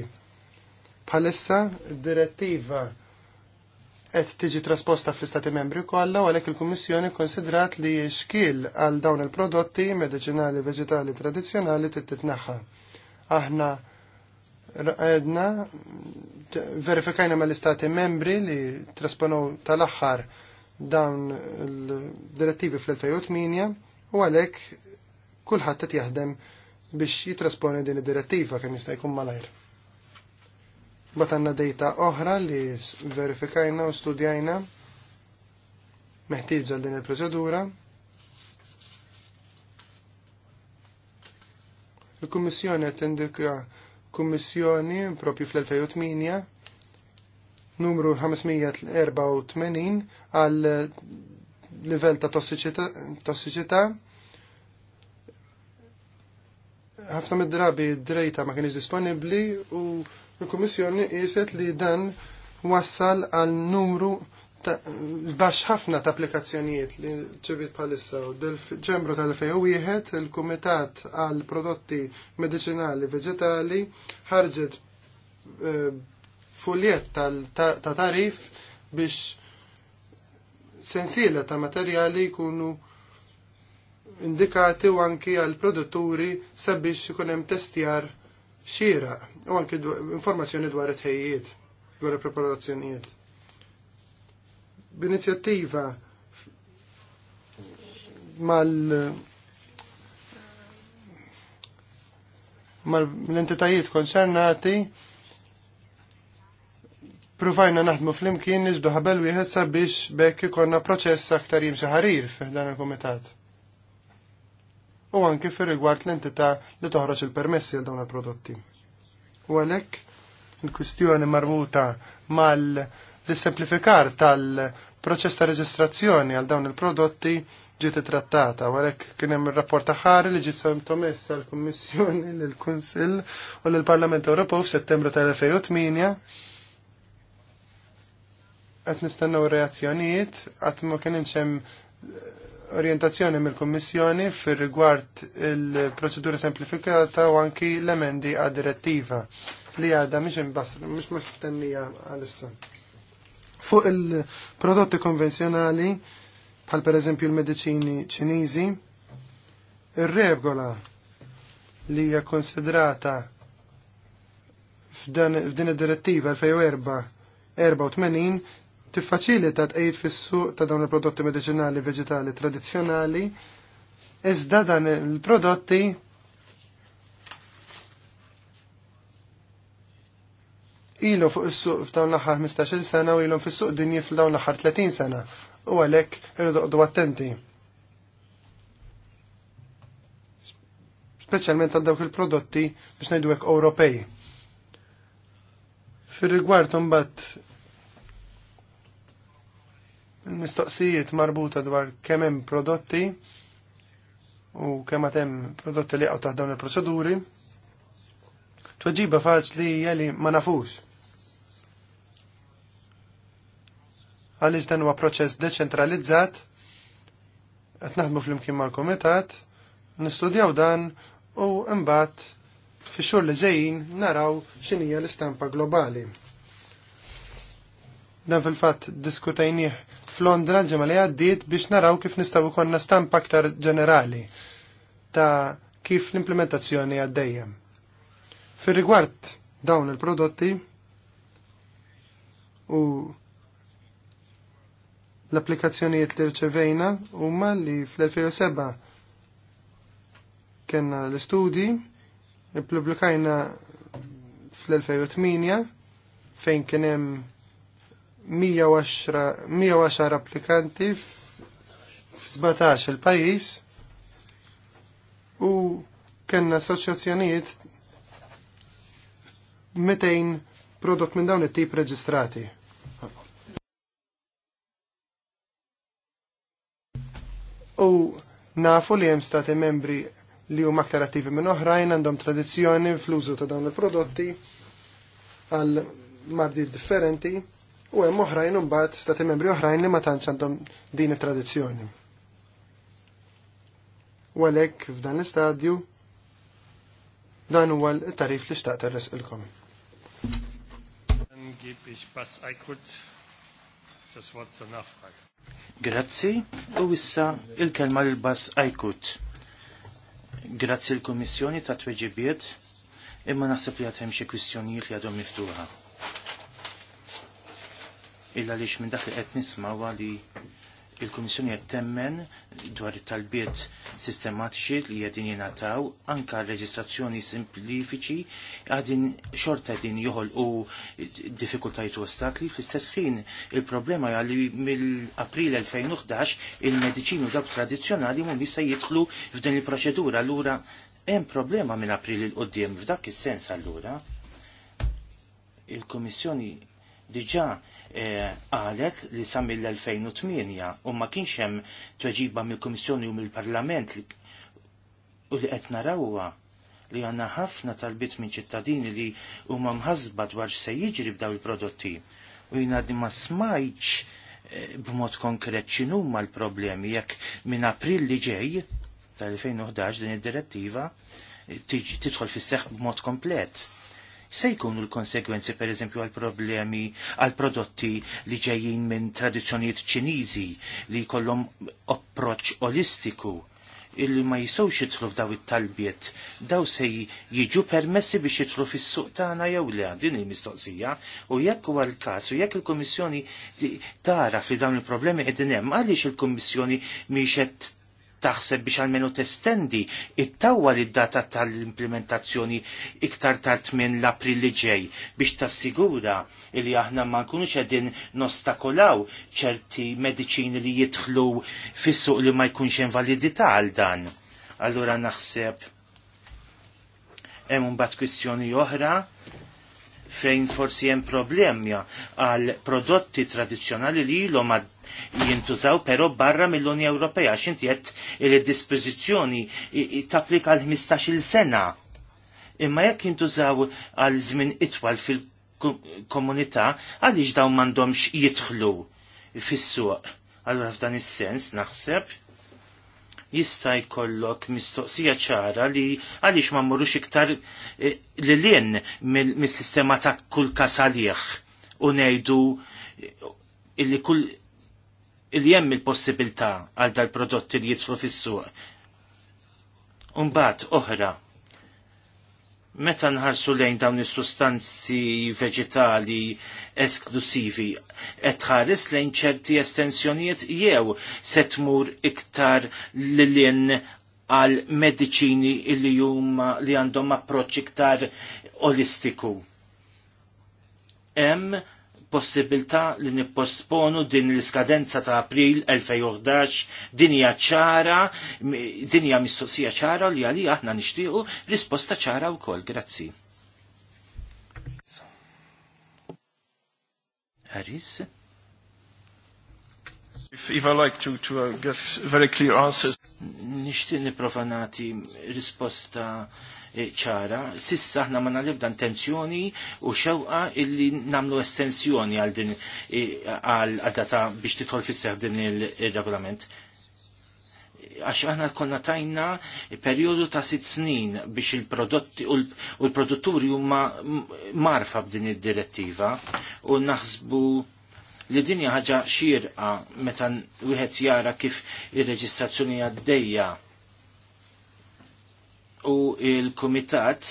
Bħalissa d direttiva qed tiġi trasposta fl-Istati Membri kollha u għalhekk il-Kummissjoni konsidrat li xkil għal dawn il-prodotti mediċinali veġitali tradizzjonali trid titnaħħa. Aħna għedna verifikajna mal-Istati Membri li trasponow tal-aħħar dawn il-direttivi fl-2008 u għalhekk kulħadd qed jaħdem biex jitrasponi din id-direttiva kemm jista' jkun malajr batanna data dejta oħra li verifikajna u studjajna meħtieġa din il-proċedura. Il-Kummissjoni qed tindika Kummissjoni propju fl-2008 numru 584 għal livell ta' tossiċità ħafna mid-drabi id drejta ma kienx disponibbli u il-Kummissjoni qiset li dan wassal għal numru bax ħafna ta' applikazzjonijiet li Ċibit palissa u ġembru tal-2001 il-Kumitat għal prodotti medicinali vegetali ħarġet eh, fuljet ta' tarif biex sensiela ta' materjali kunu indikati u anki għal produtturi sabiex ikun hemm testjar xira u għanki informazzjoni dwar it-ħejjiet, dwar il-preparazzjonijiet. B'inizjattiva mal mal-entitajiet konċernati provajna naħdmu fl-imkien nizdu ħabel wieħed sabiex bekk ikonna proċess aktar jimxi ħarir f'dan il-kumitat u anke fir rigward l-entità li toħroġ il-permessi għal dawn il-prodotti. U għalhekk il-kwistjoni marbuta mal-dissemplifikar tal-proċess ta' reġistrazzjoni għal dawn il-prodotti ġiet trattata għalek kien hemm ir-rapport ta' li ġiet sottomessa l-Kummissjoni lill-Kunsill u lill-Parlament Ewropew f'Settembru tal-2008 qed nistennew reazzjonijiet qatt ma kien hemm orientazzjoni mill-Kummissjoni fir rigward il-proċedura semplifikata u anki l-emendi għad direttiva li għadha mhix mhux mistennija għalissa. Fuq il-prodotti konvenzjonali bħal pereżempju l-mediċini ċiniżi, ir-regola li hija konsidrata f'din id-direttiva 2004 84 tiffaċilita tqejjed fis-suq ta' dawn il-prodotti mediċinali veġitali tradizzjonali iżda dan il-prodotti ilu fuq is-suq f'dawn l-aħħar 15-il sena u ilhom fis-suq dinji f'dawn l-aħħar 30 sena u għalhekk irridu attenti. Speċjalment għal dawk il-prodotti biex ngħidu hekk Ewropej. Fir-rigward bat mistoqsijiet marbuta dwar kemm hemm prodotti u kemm hemm prodotti li għaw taħt dawn il-proċeduri. Tweġiba faċli hija li ma nafux. Għaliex dan huwa proċess deċentralizzat, qed naħdmu flimkien mal-kumitat, nistudjaw dan u mbagħad fix-xhur li ġejjin naraw x'inhija l-istampa globali. Dan fil-fatt diskutejnieh f'Londra l-ġemma li għaddiet biex naraw kif nistgħu konna stamp aktar ġenerali ta' kif l-implementazzjoni għaddejjem. Fir-rigward dawn il-prodotti u l-applikazzjonijiet li rċevejna huma li fl-2007 kena l-istudji, ippubblikajna fl-2008 fejn kien hemm 110 applikanti f-17 il-pajis u kena assoċjazzjonijiet 200 prodott minn dawn it-tip reġistrati. U nafu li hemm stati membri li huma aktar attivi minn oħrajn għandhom tradizzjoni fl-użu ta' dawn il-prodotti għal mardi differenti u hemm oħrajn imbagħad stati membri oħrajn li ma tantx għandhom din it-tradizzjoni. U għalhekk f'dan l-istadju dan huwa l-tarif li xtaqt irresqilkom. Grazzi, u issa il-kelma l-bas Ajkut. Grazzi l kummissjoni ta' tweġibiet, imma naħseb li għatem xie kwistjonijiet li għadhom miftuħa illa lix minn dak li qed nisma' li il-Kummissjoni qed temmen dwar it-talbiet sistematiċi li qegħdin jingħataw anke reġistrazzjoni simplifiċi għadin xorta qegħdin joħolqu diffikultajiet u ostakli fl-istess ħin il-problema li mill-April 2011 il-mediċini u dawk tradizzjonali mhumiex se jidħlu f'din il-proċedura allura hemm problema minn April il qudiem f'dak is-sens allura il-Kummissjoni diġà qalet li sam mill-2008 u ma kienx hemm tweġiba mill-Kummissjoni u mill-Parlament u li qed narawha li għanna ħafna talbit minn ċittadini li huma mħasba dwar se jiġri b'daw il-prodotti. U jina di ma smajċ eh, b'mod konkret x'inhuma l-problemi jekk minn April li ġej tal-2011 din id-direttiva eh, tidħol fis-seħħ b'mod komplet se jkunu l-konsekwenzi per eżempju għal problemi għal prodotti li ġejjin minn tradizzjonijiet ċiniżi li jkollhom approċċ olistiku illi ma jistgħux jidħlu f'daw it-talbiet, daw se jiġu permessi biex jidħlu fis-suq tagħna jew le din il-mistoqsija u jekk huwa l-każ u jekk il-Kummissjoni tara fi dawn il-problemi qegħdin hemm għaliex il-Kummissjoni miex qed taħseb biex għalmenu testendi it tawwa li data tal-implementazzjoni iktar tard minn l-April li ġej biex tassigura li aħna ma nkunux qegħdin nostakolaw ċerti mediċini li jidħlu fis-suq li ma jkunx hemm validità għal dan. Allura naħseb hemm imbagħad kwistjoni oħra fejn forsi hemm problemja għal prodotti tradizzjonali li ilhom jintużaw però barra mill-Unja Ewropea għax inti qed il-dispożizzjoni tapplika għal 15-il sena. Imma jekk jintużaw għal żmien itwal fil-komunità għaliex dawn m'għandhomx jidħlu fis-suq. Allura f'dan is-sens naħseb jista' jkollok mistoqsija ċara li għaliex ma mmorrux iktar eh, li lien mis-sistema ta' kull kasalieħ u ngħidu eh, illi kull illi hemm il-possibilità għal dal-prodotti li jitlu fis-suq. Umbagħad oħra meta nħarsu lejn dawn is-sustanzi veġitali esklusivi, qed tħares lejn ċerti estensjonijiet jew se tmur iktar lilien għal mediċini li huma li għandhom approċċ iktar olistiku. Hemm possibilità li nipposponu din l-iskadenza ta' april 2011 dinja ċara, dinja mistoqsija ċara li għalija aħna nixtiequ risposta ċara u kol. Grazzi. Aris? If, if I like to, to uh, give very clear answers. Nishti niprofanati risposta Eh, ċara, sissa ħna ma dan tenzjoni u xewqa illi namlu estensjoni għal din eh, għal għadata biex titħol fisseħ din il-regolament. Għax aħna konna tajna periodu ta' sitt snin biex il-prodotti u l-produtturi huma marfa b'din id-direttiva u naħsbu li dinja ħaġa xirqa meta wieħed jara kif ir-reġistrazzjoni għaddejja u il-Kumitat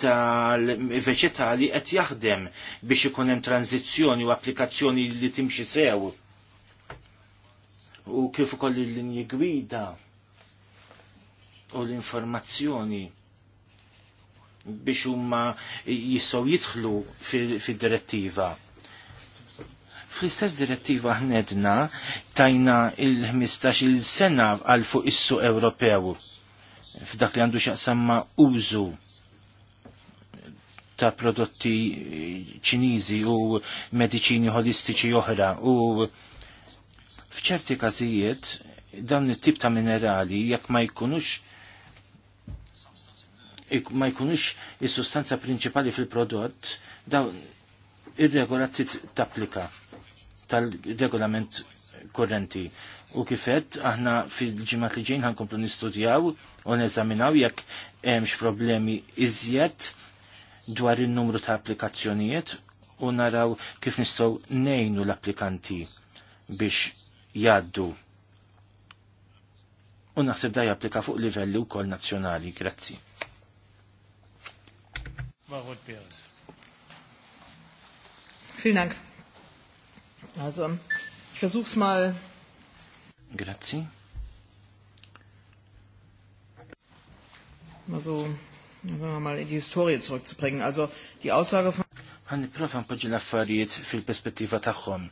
tal-Veċetali qed jaħdem biex ikun hemm tranzizzjoni u applikazzjoni li timxi sew. U kif ukoll il-linji gwida u l-informazzjoni biex huma jistgħu jidħlu fid-direttiva. Fl-istess direttiva ħnedna tajna il-15 il sena għal fuq issu Ewropew f'dak li għandu xaqsamma użu ta' prodotti eh, ċinizi u medicini holistiċi oħra u f'ċerti każijiet dawn it-tip ta' minerali jekk ma jkunux ma jkunux is-sustanza prinċipali fil-prodott dawn ir-regola applika tal-regolament korrenti u kifet aħna fil-ġimat li ġejn ħankomplu nistudjaw u neżaminaw jekk hemmx problemi iżjed dwar in-numru ta' applikazzjonijiet u naraw kif nistgħu nejnu l-applikanti biex jaddu. U naħseb da japplika fuq livelli wkoll nazzjonali. Grazzi. Vielen Dank. Also, ich versuch's mal Grazzi. Also, sagen wir mal, in die Historie zurückzubringen. Also, die Aussage von... Għan niprofa npoġġi l-affarijiet fil-perspettiva tagħhom.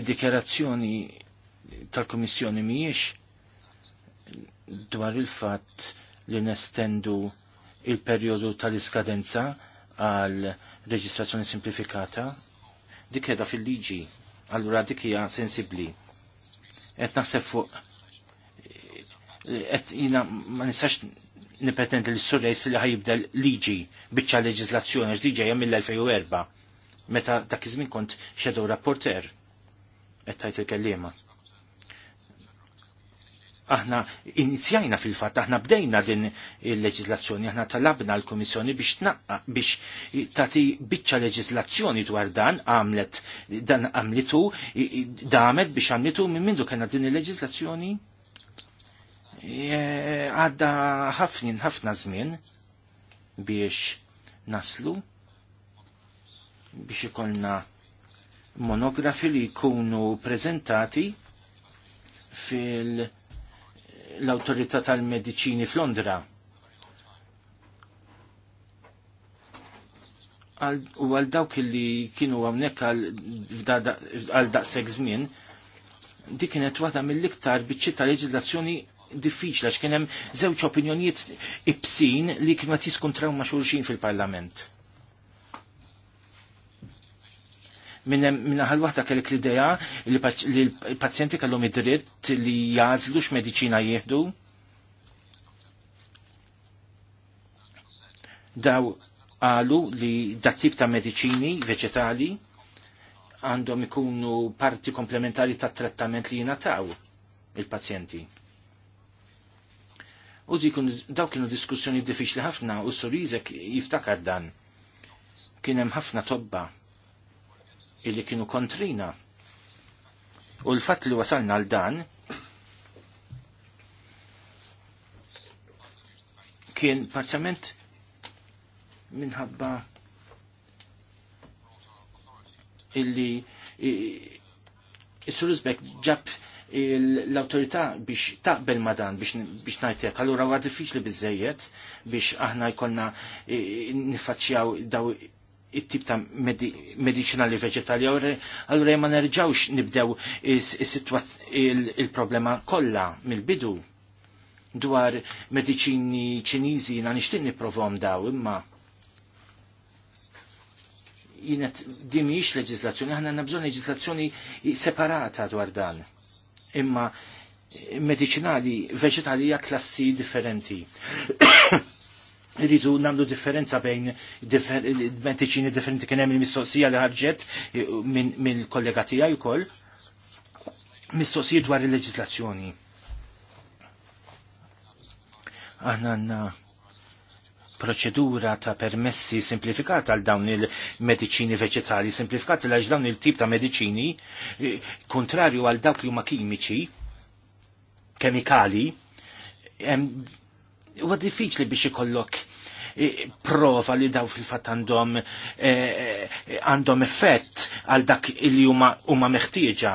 Id-dikjerazzjoni tal-Komissjoni mhijiex dwar il-fatt li nestendu il-perjodu tal-iskadenza għal reġistrazzjoni simplifikata. Dik fil-liġi, għallura dik hija sensibbli qed naħseb fuq et jina ma nistax nipretend li s-surrejs li ħajibda liġi biċċa leġislazzjoni għax liġi mill-2004 meta dak iż-żmien kont xedow rapporter qed tajt il-kellima aħna inizjajna fil-fatt, aħna bdejna din il-leġizlazzjoni, aħna talabna l-Komissjoni biex tnaqqa, biex tati biċċa leġizlazzjoni dwar dan, għamlet, dan għamlitu, damet biex għamlitu minn mindu kena din il-leġizlazzjoni għadda ħafnin, ħafna żmien biex naslu, biex ikolna monografi li jkunu prezentati fil- l-Autorità tal-Mediċini f'Londra. U għal dawk li kienu għamnek għal daqseg żmien, di kienet waħda mill-iktar biċċi ta' leġislazzjoni diffiċla x'kien hemm żewġ opinjonijiet ibsin li kienu qed jiskuntraw ma' xulxin fil-Parlament. minna ħalwata kellek l-idea li l-pazjenti kellhom id-dritt li jażlu x'mediċina jieħdu. Daw għalu li dat-tip ta' mediċini veġetali għandhom ikunu parti komplementari tat trattament li jingħataw il-pazjenti. U daw kienu diskussjoni diffiċli ħafna u s-surizek jiftakar dan. Kien hemm ħafna tobba illi kienu kontrina. U l-fatt li wasalna għal dan kien parzament minħabba illi il surusbek ġab l-autorità biex taqbel madan biex, biex najtek. Allura għad diffiċli bizzejiet biex aħna jkollna nifacċjaw daw it-tip ta' medicinali vegetali, għallura ma nerġawx nibdew il-problema kollha mill-bidu dwar mediċini ċinizi na nishtin niprofom daw imma jinet dimiex leġizlazzjoni, ħana nabżon leġizlazzjoni separata dwar dan. Imma eh, medicinali vegetali hija klassi differenti. rridu namlu differenza bejn mediċini differenti kien hemm il-mistoqsija li ħarġet eh, minn kollega tiegħi wkoll Mistoqsija dwar il-leġislazzjoni. Aħna għandna proċedura ta' permessi simplifikata għal dawn il-mediċini veċetali, simplifikata għal dawn il-tip ta' mediċini, eh, kontrarju għal dawk li huma kimiċi, kemikali, huwa diffiċli biex ikollok prova li daw fil-fat għandhom għandhom effett għal dak li huma meħtieġa.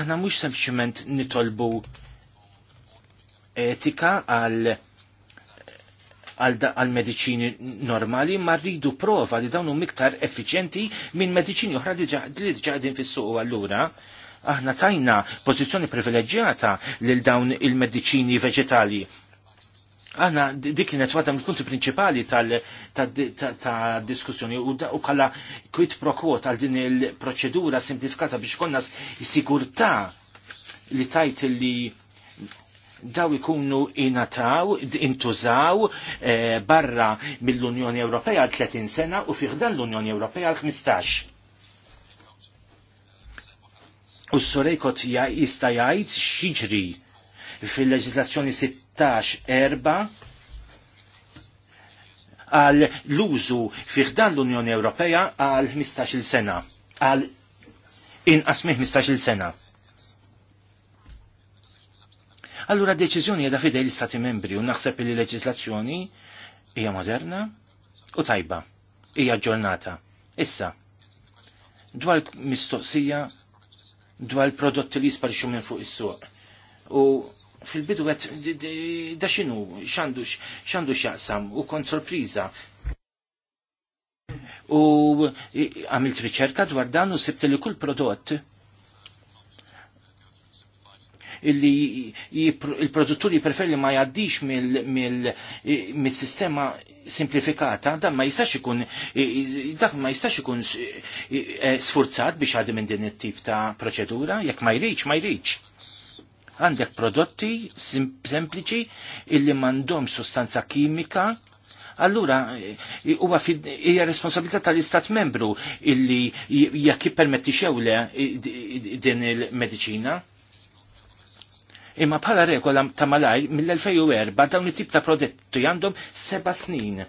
Aħna mhux sempliċement nitolbu etika għal għal mediċini normali, ma rridu prova li dawnu miktar effiċenti minn mediċini oħra li ġaħdin fis-suq allura aħna tajna pożizzjoni privileġġjata lil dawn il-mediċini veġetali. Aħna dik kienet waħda mill-punti prinċipali tal-diskussjoni u bħala quid pro quo tal din il-proċedura simplifikata biex konna sigurtà li tajt li daw ikunu inataw, intużaw eh, barra mill-Unjoni Ewropea għal 30 sena u fiħdan l-Unjoni Ewropea għal 15 U s-sorejkot jista jgħid xiġri fil-leġislazzjoni 16-4 għal l-użu fiħdan l-Unjoni Ewropea għal 15 sena għal inqas 15 sena. Allura deċiżjoni jeda fidej l-Istati membri u naħseb li leġislazzjoni hija moderna u tajba, hija ġurnata. Issa, dwar mistoqsija dwar il-prodotti li jisparixu minn fuq is-suq. U fil-bidu għet da xinu, xandu xaqsam u kont sorpriza. U għamilt riċerka dwar dan u sebt li kull prodott illi il-produtturi preferi ma jaddix mill-sistema simplifikata, dan ma jistax ikun dak ma jistax ikun sfurzat biex għadim minn din it-tip ta' proċedura, jekk ma jriċ, ma jriċ. Għandek prodotti sempliċi illi mandom sostanza kimika Allura, huwa hija responsabilità tal-Istat membru illi jekk jippermetti xewle din il-medicina. Imma bħala regola ta' malaj mill-2004 dawn it-tip ta' prodotti għandhom seba' snin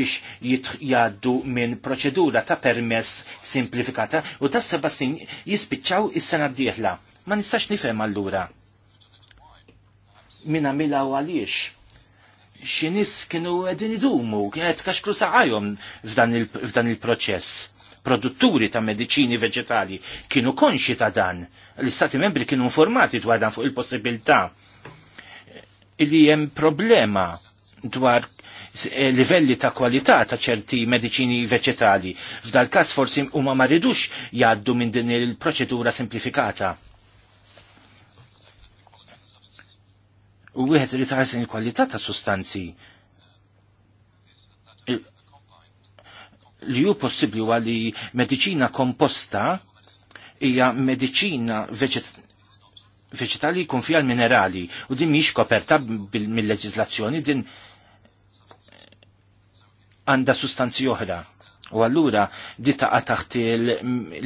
biex jaddu minn proċedura ta' permess simplifikata u ta' seba' snin jispiċċaw is-sena d-dieħla. Ma nistax nifhem allura. Min mila u għaliex xinis kienu għedin idumu, kienet kaxkru saħajom f'dan il-proċess produtturi ta' mediċini veġetali kienu konxi ta' dan. L-istati membri kienu informati dwar dan fuq il-possibilità li hemm problema dwar eh, livelli ta' kwalità ta' ċerti mediċini veġetali. F'dal każ forsi huma ma ridux jgħaddu minn din il-proċedura simplifikata. U wieħed li taħsin il-kwalità ta' sustanzi li ju possibli huwa li medicina komposta hija medicina veċetali jkun fija l-minerali u din mhix koperta mill leġizlazzjoni din għandha sustanzi oħra. U allura di taqa taħt il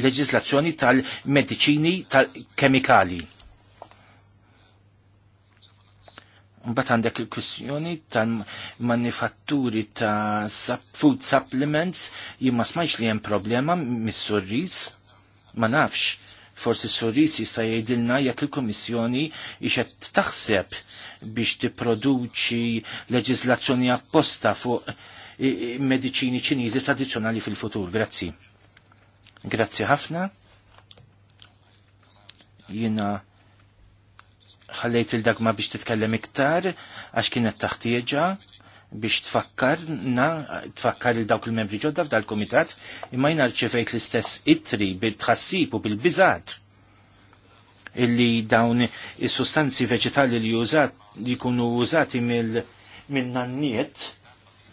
leġislazzjoni tal-mediċini tal-kemikali. Mbagħad għandek il-kwistjoni tal-manifatturi ta' food supplements jimma smajx li hemm problema mis sorris ma nafx. Forsi s-sorriż jista' jgħidilna jekk il-Kummissjoni qed taħseb biex tipproduċi leġislazzjoni apposta fuq medicini ċiniżi tradizzjonali fil-futur. Grazzi. Grazzi ħafna. Jiena ħallejt il-dagma biex titkellem iktar, għax kienet taħtieġa biex tfakkarna, tfakkar il dawk il-membri ġodda f'dal komitat, imma jina rċevejt l-istess itri bil-tħassib u bil-bizat illi dawn is-sustanzi veġitali li użat, li jkunu użati mill-nanniet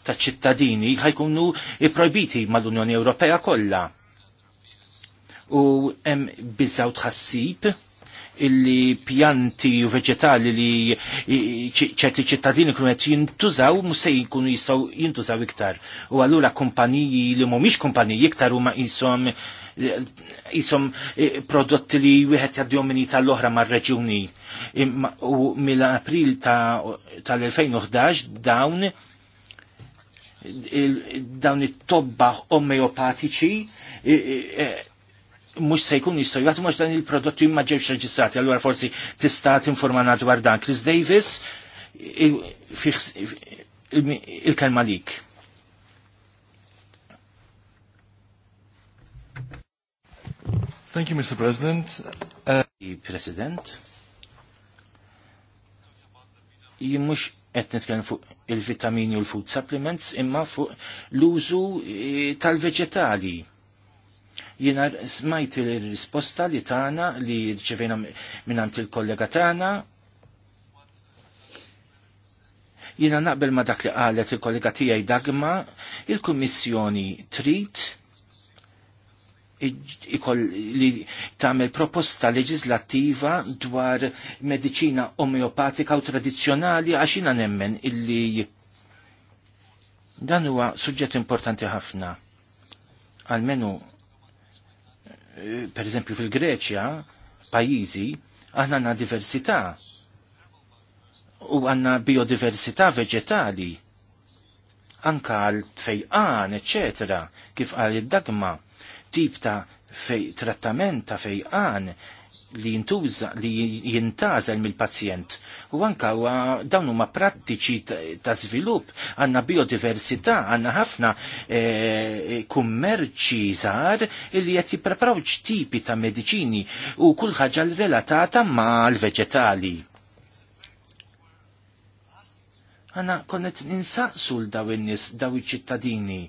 ta' ċittadini ħajkunu iprojbiti mal-Unjoni Ewropea kollha. U hemm biżaw tħassib illi pjanti u veġetali li ċerti ċittadini kunu qed jintużaw musej kunu jkunu jistgħu jintużaw iktar. U allura kumpaniji li mhumiex kumpaniji iktar huma ma jisom e, prodotti li wieħed jaddihom minn tal-oħra mar-reġjuni. U mill-April tal-2011 dawn dawn it-tobba omeopatiċi e, e, mux se jkun jistaw jgħatu mux dan il-prodotti jimma ġewx reġistrati, allora forsi tista' tinformana dwar dan. Chris Davis, il-kelma lik. Thank you, Mr. President. Uh... President, jien mux qed nitkellem fuq il-vitamini u l-food supplements imma fuq l-użu eh, tal-veġetali Jina smajt il-risposta li tana li rċevina minnant il-kollega tana jina naqbel ma dak li qalet il-kollega tijaj dagma, il-Kommissjoni trit li tagħmel proposta leġislattiva dwar medicina omeopatika u tradizzjonali għax jiena nemmen illi dan huwa suġġett importanti ħafna. għalmenu per eżempju fil-Greċja, pajizi, aħna għanna diversità u għanna biodiversità veġetali anka għal fejqan, eccetera, kif għal id-dagma, tip ta' fej, trattament ta' fejqan li jintuża li jintażel mill-pazjent. U anka huwa dawn huma prattiċi ta' żvilupp, għandna biodiversità, għandna ħafna eh, kummerċi żgħar li qed jippreparaw tipi ta' mediċini u kull ħaġa relatata mal-veġetali. Għanna konnet ninsaqsu l-daw n-nis, daw iċ-ċittadini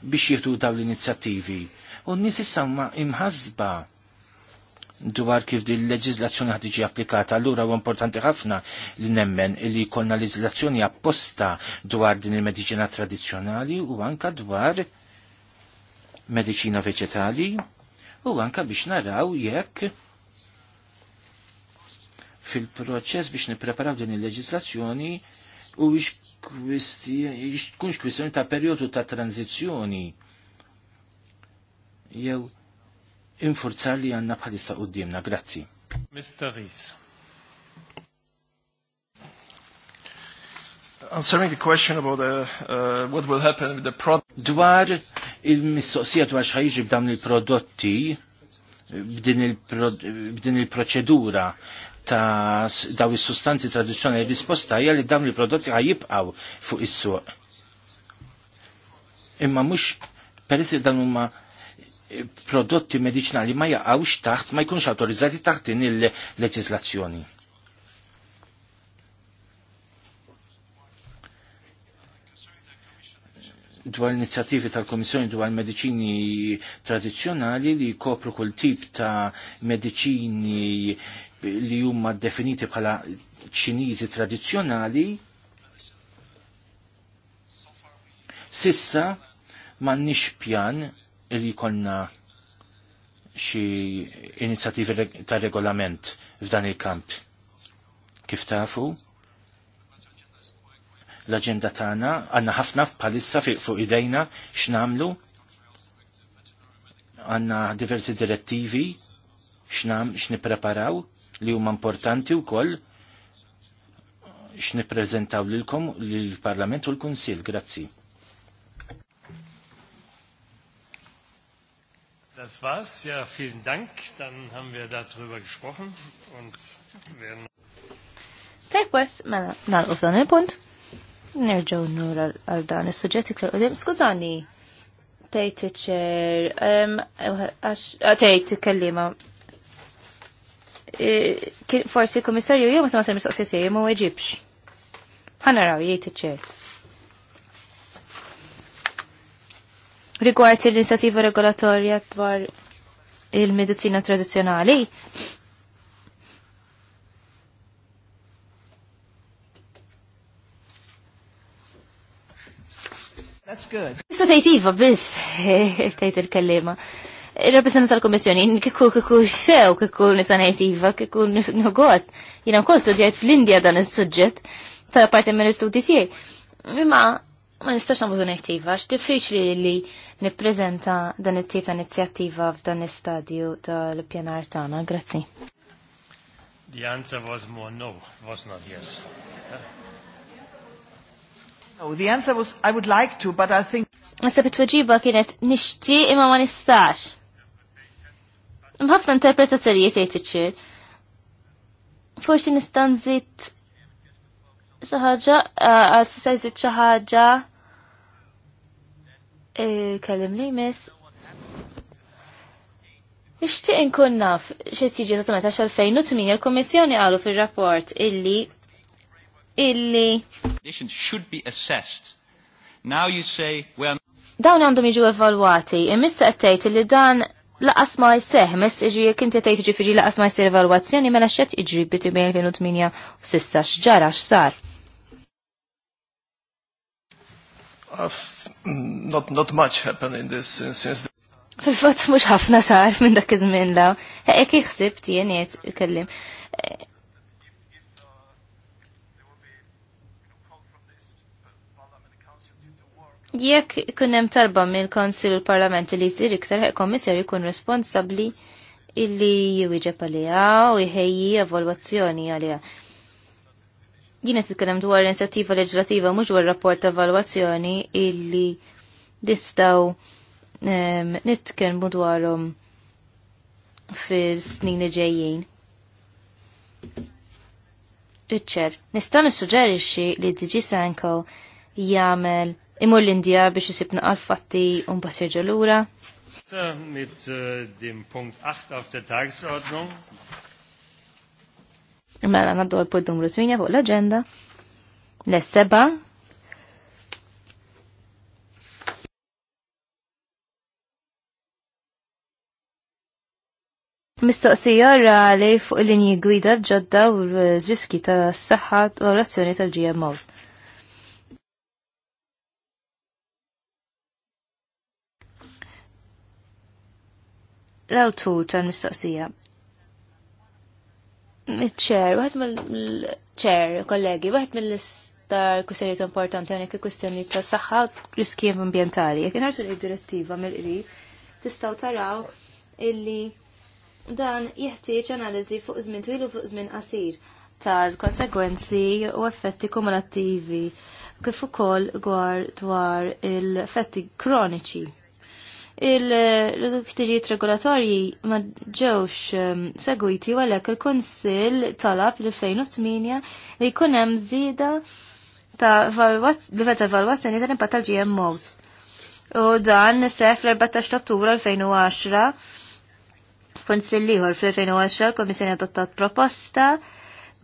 biex jieħdu daw l-inizjattivi. U n-nis issa imħazba dwar kif din il-leġizlazzjoni ħad tiġi applikata. Allura huwa importanti ħafna li nemmen li jkollna leġizlazzjoni apposta dwar din il medicina tradizzjonali u anka dwar medicina veċetali u anka biex naraw jekk fil-proċess biex nippreparaw din il-leġizlazzjoni u kunx kwistjoni ta' perjodu ta' tranzizjoni jew infurzar li għanna bħalissa u d qoddimna. Grazzi. Mr. Rees. Answering the question about the, uh, what will happen with the product. Dwar il-mistoqsija dwar xħajġi b'dan il-prodotti, b'din il-proċedura ta' daw il-sustanzi tradizjonali, risposta hija li dawn il-prodotti ħajibqaw fuq is-suq. Imma mhux peress li dan huma prodotti medicinali ma jaqawx taħt, ma jkunx autorizzati taħt din il-leġislazzjoni. dwar l l-inizjativi tal-Komissjoni dwar mediċini tradizzjonali li kopru kull tip ta' mediċini li huma definiti bħala ċiniżi tradizzjonali. Sissa m'għandniex pjan li jkollna xi inizjattivi ta' regolament f'dan il-kamp. Kif tafu? L-agenda tagħna għandna ħafna bħalissa fuq idejna x'namlu. Għandna diversi direttivi x'nam x'nippreparaw li huma importanti wkoll x'nippreżentaw lilkom lill-Parlament u l-Kunsill. Grazzi. Das war's. Ja, vielen Dank. Dann haben wir darüber gesprochen und werden. Tekwes, mela, nalqu dan il-punt. Nerġaw nur għal dan is-suġġett iktar qudiem. Skużani, tgħid iċċer, tgħid kellima. Forsi kummissarju jew ma se mistoqsijiet jew ma weġibx. Ħanaraw jgħid iċċer. rigward l-inizjattiva regolatorja dwar il-medicina tradizjonali, That's good. Issa tejt iva, biss, tejt il-kellima. Il-rappresenta tal-Komissjoni, kikku kikku xew, kikku nisa nejt iva, n-għost. Jina mkoll studijajt fl-Indija dan il-sujġet, tal parti minn l-studi tijaj. Ma, ma nistax namlu nejt iva, x diffiċli li nipprezenta dan it-tip ta' inizjattiva f'dan l-istadju tal-pjanar tagħna. Grazzi. The answer was more no, was not yes. No, the answer was I would like to, but I think Nasab it-tweġiba kienet nixti imma ma nistax. Mħafna interpretazzjonijiet jgħid iċċir. Forsi nista' nżid xi ħaġa, għal xi ħaġa kellim li jmiss. Ixtieq inkun naf xi tiġi eżattament għax għalfejn u tmin il-Kummissjoni qalu fir-rapport illi illi should be assessed. Now you say well Dawn għandhom jiġu evalwati, imissa qed tgħid li dan laqas ma jseħ, mis iġi jek inti tgħid jiġifieri laqas ma jsir evalwazzjoni mela x'qed iġri bitu bejn 2008 sissa x'ġara x'sar not, not much happened in this since, since Fil-fat mux ħafna sar minn dak iż-żmien law. Hekk jħsib tien jgħid ikellim. Jekk ikun hemm talba mill-Konsil u l-Parlament li jsir iktar ħeq komissar ikun responsabbli illi jiġeb għaliha u jħejji evalwazzjoni għaliha. Jien qed nitkellem dwar inizjattiva leġislativa mhux dwar rapport ta' evalwazzjoni illi distaw ehm, nitkellmu dwarhom fil-snin li ġejjin. Iċċer, nista' nissuġġerixxi li DG Sanko jagħmel imur l-Indja biex isib għal fatti u mbagħad jerġa' lura. Mit eh, din Punkt 8 auf der Tagesordnung. Mela naddu għal punt numru 8 fuq l-agenda. L-seba. Mistoqsija orali fuq il-linji gwida ġodda u r-riski ta' s-saxħa u l-azzjoni tal-GMOs. L-awtur tal-mistoqsija ċer, waħed mill-ċer, kollegi, waħed mill-istar kustjoniet importanti għanek kustjoni ta' saħħa riskjem ambientali. Jek nħarsu li direttiva mill-qrib, tistaw taraw illi dan jeħtieġ analiżi fuq żmien twil u fuq żmien qasir tal-konsegwenzi u effetti kumulattivi kif ukoll dwar il-effetti kroniċi il-ktirijiet regolatorji ma ġewx ehm, segwiti għalek il-Kunsill talab l-2008 li jkun hemm żieda ta' livell ta' evalwazzjoni tal impatt tal-GMOs. U dan sef l-14 ta' Ottubru 2010 Konsil ieħor fl-2010 komissjoni adottat proposta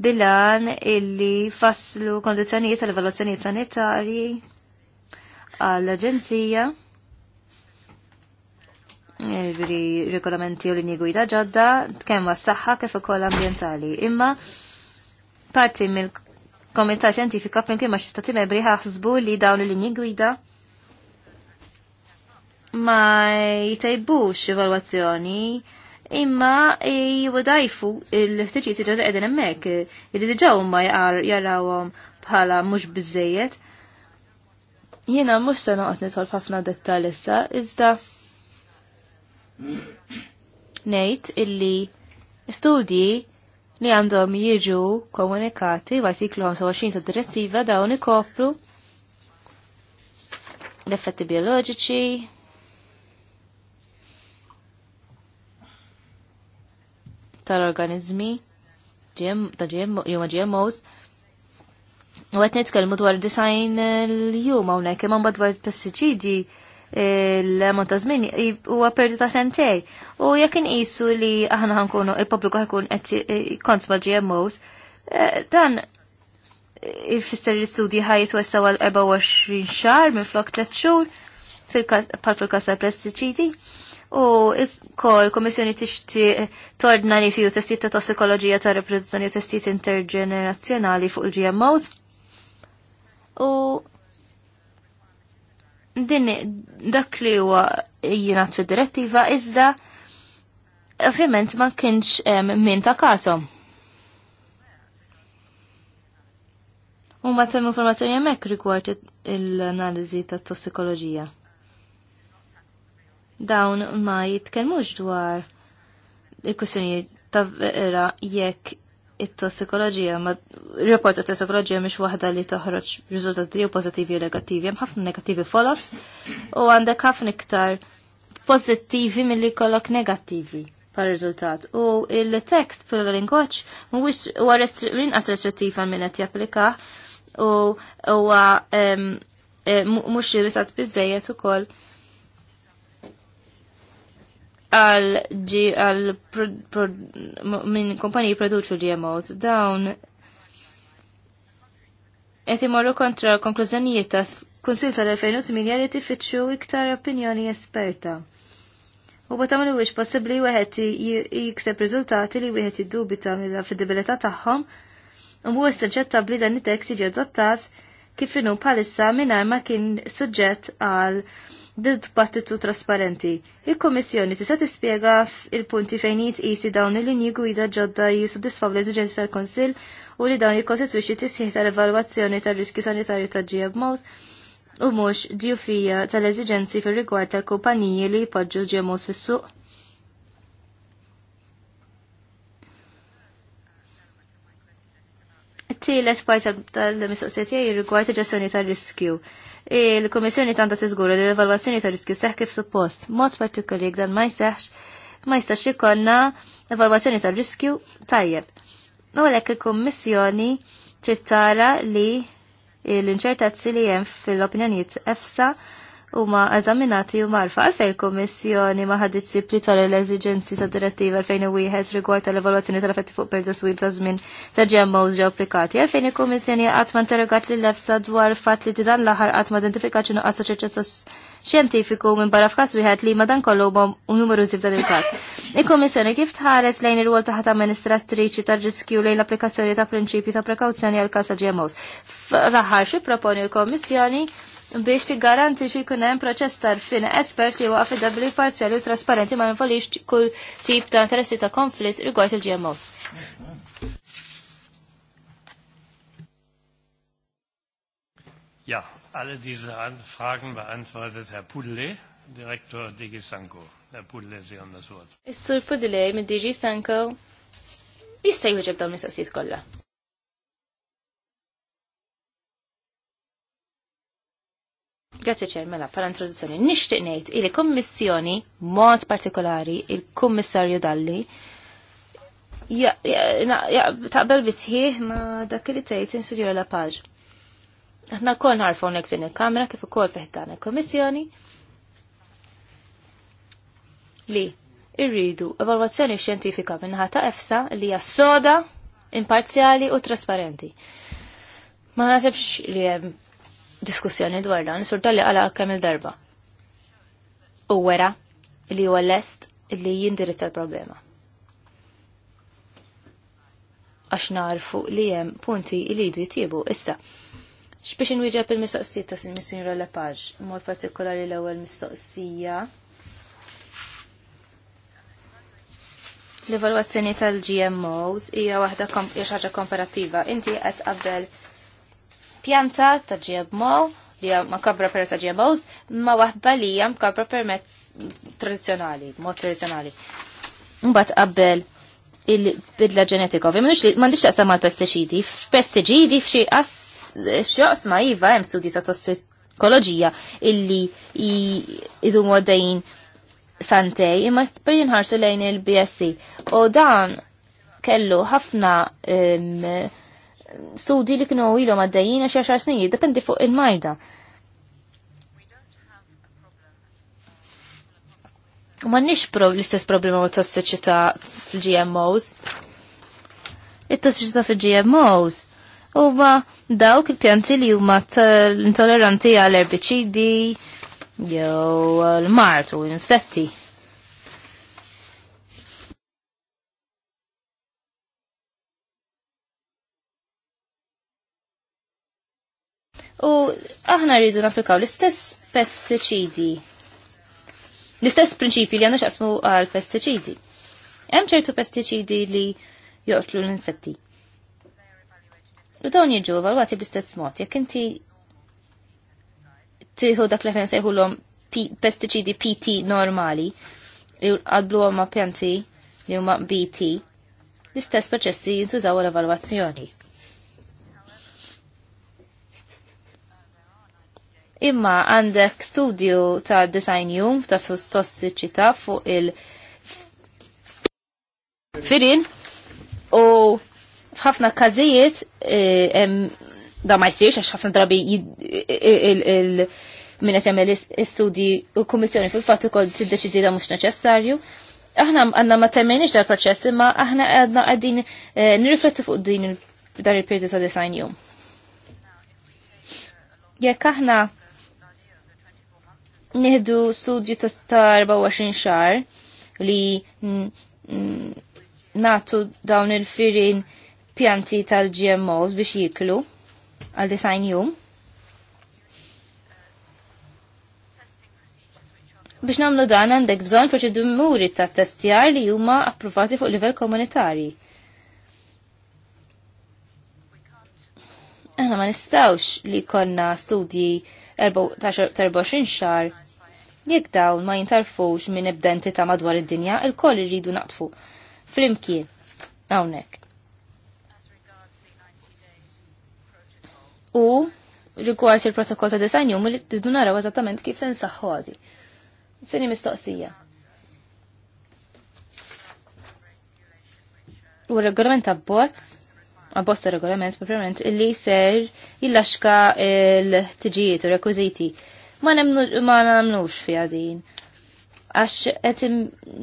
bilan illi faslu kondizjonijiet tal-evaluazzjonijiet sanitarji għall-Aġenzija ġifieri regolamenti u linji gwida ġodda kemm għas-saħħa kif ukoll ambjentali. Imma parti mill-komunità xjentifika flimkien ma' xista' stati membri ħaħsbu li dawn il-linji gwida ma jitajbux evalwazzjoni imma jwadajfu l-ħtiġiet ġodda għedin emmek. Jiddiġaw ma jarawom bħala mux bizzejiet. Jena mux sa noqot nitħol ħafna detta issa, iżda Nejt illi studji li għandhom jiġu komunikati għartiklu 25 ta' direttiva dawn ikopru l-effetti bioloġiċi, tal-organizmi ta' juma GMOs u dwar design l-jum għawnek imman dwar pesticidi l-ammont ta' żmien huwa perdu ta' sentej. U jekk inqisu li aħna ħankunu il-pubbliku ħajkun qed konsma GMOs, eh, dan ifisser l-istudji u jessaw għal 24 xahar minn flok 3 xhur bħal fil-kas tal-pestiċidi. U kol komissjoni tixti tordna li fiju testijiet ta' tossikoloġija ta' reproduzzjoni u testijiet interġenerazzjonali fuq il-GMOs. U din dak li huwa jiena fid-direttiva iżda ovvjament ma kienx min ta' kasom. U ma tem informazzjoni hemmhekk rigward l-analiżi ta' tossikoloġija. Dawn ma jitkellmux dwar il-kwestjonijiet ta' vera jekk it-tossikoloġija, ma report it-tossikoloġija mhix waħda li toħroġ riżultati jew pożittivi u negattivi, hemm ħafna negattivi follow-ups u għandek ħafna iktar pożittivi milli kollok negattivi par riżultat. U il-tekst fil-lingwaġġ mhuwiex huwa rinqas restrittiv għal min qed japplika u huwa mhux irrisat biżejjed ukoll għal ġi għal minn kompani produċu GMOs dawn qed imorru kontra konklużjonijiet ta' Kunsil tal-2008 li tifittxu iktar opinjoni esperta. U ma tagħmlu wiex possibbli wieħed jikseb riżultati li wieħed jiddubita mill-affidibilità tagħhom u huwa suġġettabbli dan it-tekst jiġi adottat kif inhu bħalissa mingħajr ma kien suġġett għal battitu trasparenti. Il-Komissjoni tista' tispjega il-punti fejn jitqisi dawn il-linji gwida ġodda jisodisfaw l-eżiġenzi tal konsil u li dawn jikkostitwixxi tisħiħ tal-evalwazzjoni tar-riskju sanitarju tal-ġieb mos u mhux ġiufija tal-eżiġenzi fir-rigward tal-kumpaniji li jpoġġu ġemos fis-suq. Tielet part tal-mistoqsijiet jirrigward il-ġestjoni tal-riskju il-Komissjoni tanda tiżgura li l-evalwazzjoni ta' riskju seħ kif suppost. Mod partikoli dan ma jseħx, ma jistax ikonna evalwazzjoni ta' riskju tajjeb. U għalhekk il-Kummissjoni trid tara li l-inċertazzi li hemm fil-opinjonijiet EFSA huma eżaminati u marfa għalfejn il-Kommissjoni ma ħadit sipri tal l-eżiġenzi sa' direttiva 2001 rigward tal-evalwazzjoni tal-effetti fuq perda twil ta' żmien ta' GMOs ġew applikati. Għalfejn il-Kommissjoni qatt ma interrogat l nefsa dwar fatt li dan l-aħħar qatt ma identifikat ċeċessa qasta xjentifiku minn barra f'każ wieħed li ma dan kollu huma zif f'dan il-każ. il komissjoni kif tħares lejn ir-rwol taħt amministratriċi tar-riskju lejn l-applikazzjoni ta' prinċipju ta' prekawzjoni għal każ ta' GMOs. Raħar xi proponi l komissjoni biex tigaranti xi jkun hemm proċess tarfin espert li huwa affidabbli parzjali u trasparenti ma jinvolix kull tip ta' interessi ta' konflitt rigward il-GMOs. Ja, alle diese Fragen beantwortet Herr Pudle, Direktor Digi Sanko. Herr Pudle, Sie haben das Wort. Is-Sur Pudle mit Digi Sanko jista' jwieġeb dawn is-saqsijiet kolla. Grazie ċer, mela, pala introduzzjoni. Nishtiq ngħid li kommissjoni mod partikolari il-Kummissarju Dalli taqbel bisħieħ ma dak li tgħid insurjura la paġ. Aħna kol narfu hawnhekk din il-kamra kif ukoll fih dan il-Kummissjoni li irridu evalwazzjoni xjentifika minnaħa ta' EFSA li hija soda, imparzjali u trasparenti. Ma nasibx li hemm diskussjoni dwar dan, sur li għala kemm il-darba. U wera li huwa lest li jindirizza l-problema. Għax narfu li hemm punti li jdu jitjibu issa. X'biex inwieġeb il mistoqsija ta' sin-Missinjura Lepaġ, mod partikolari l-ewwel mistoqsija. L-evalwazzjoni tal-GMOs hija waħda xaġa komparattiva. Inti qed qabel pjanta ta' GMO li ma kabra peress ta' GMOs ma waħba li hija mkabra permezz tradizzjonali, mod tradizzjonali. Mbagħad qabel il-bidla ġenetika, ovvijament li m'għandix taqsam mal-pestiċidi, f'pestiċidi f'xi qas iva hemm studi ta' tossikoloġija illi idu għaddejjin santej imma per jinħarsu lejn il-BSc u dan kellu ħafna studi li kienu ilhom għaddejjin għax għaxar snin, jiddependi fuq il-marda. U ma nix l-istess problema u tossiċità fil-GMOs. It-tossiċità fil-GMOs huwa dawk il-pjanti li huma intoleranti għal erbiċidi jew l-mart u l-insetti. U aħna rridu napplikaw l-istess pesticidi. L-istess prinċipi li għanna xaqsmu għal pesticidi. Hemm ċertu pesticidi li joqtlu l-insetti. U dawn jiġu evalwati bl-istess mod. Jekk inti tieħu dak li fejn sejħulhom pesticidi PT normali li għadblu ma pjanti li huma BT, l-istess proċessi jintużaw l-evalwazzjoni. imma għandek studju ta' design jum ta' tossiċità fuq il firin u ħafna każijiet e, da ma jsirx għax ħafna drabi e, e, il minna l studi u kummissjoni fil-fatt ukoll tiddeċidi da mhux neċessarju. Aħna għandna ma temmejniex dal-proċess imma aħna għadna qegħdin nirrifletti fuq din dar il-periodu ta' design jum jekk aħna nieħdu studju ta' 24 xar li natu dawn il-firin pjanti tal-GMOs biex jiklu għal design jum. Biex namlu dan għandek bżon proċeduri ta' testjar li huma approvati fuq livell komunitari. Aħna ma nistawx li konna studji 24 xar Jekk dawn ma jintarfux minn ebdenti ta' madwar id-dinja, il-koll irridu naqtfu. Flimkien, hawnhekk. U rigward il-protokoll ta' design jum li tiddu naraw eżattament kif se nsaħħu għadi. Sini mistoqsija. U regolament ta' bots, abbozza regolament, propjament, illi ser jillaxka l-ħtiġijiet u rekwiziti ma nemnux fi din. Għax qed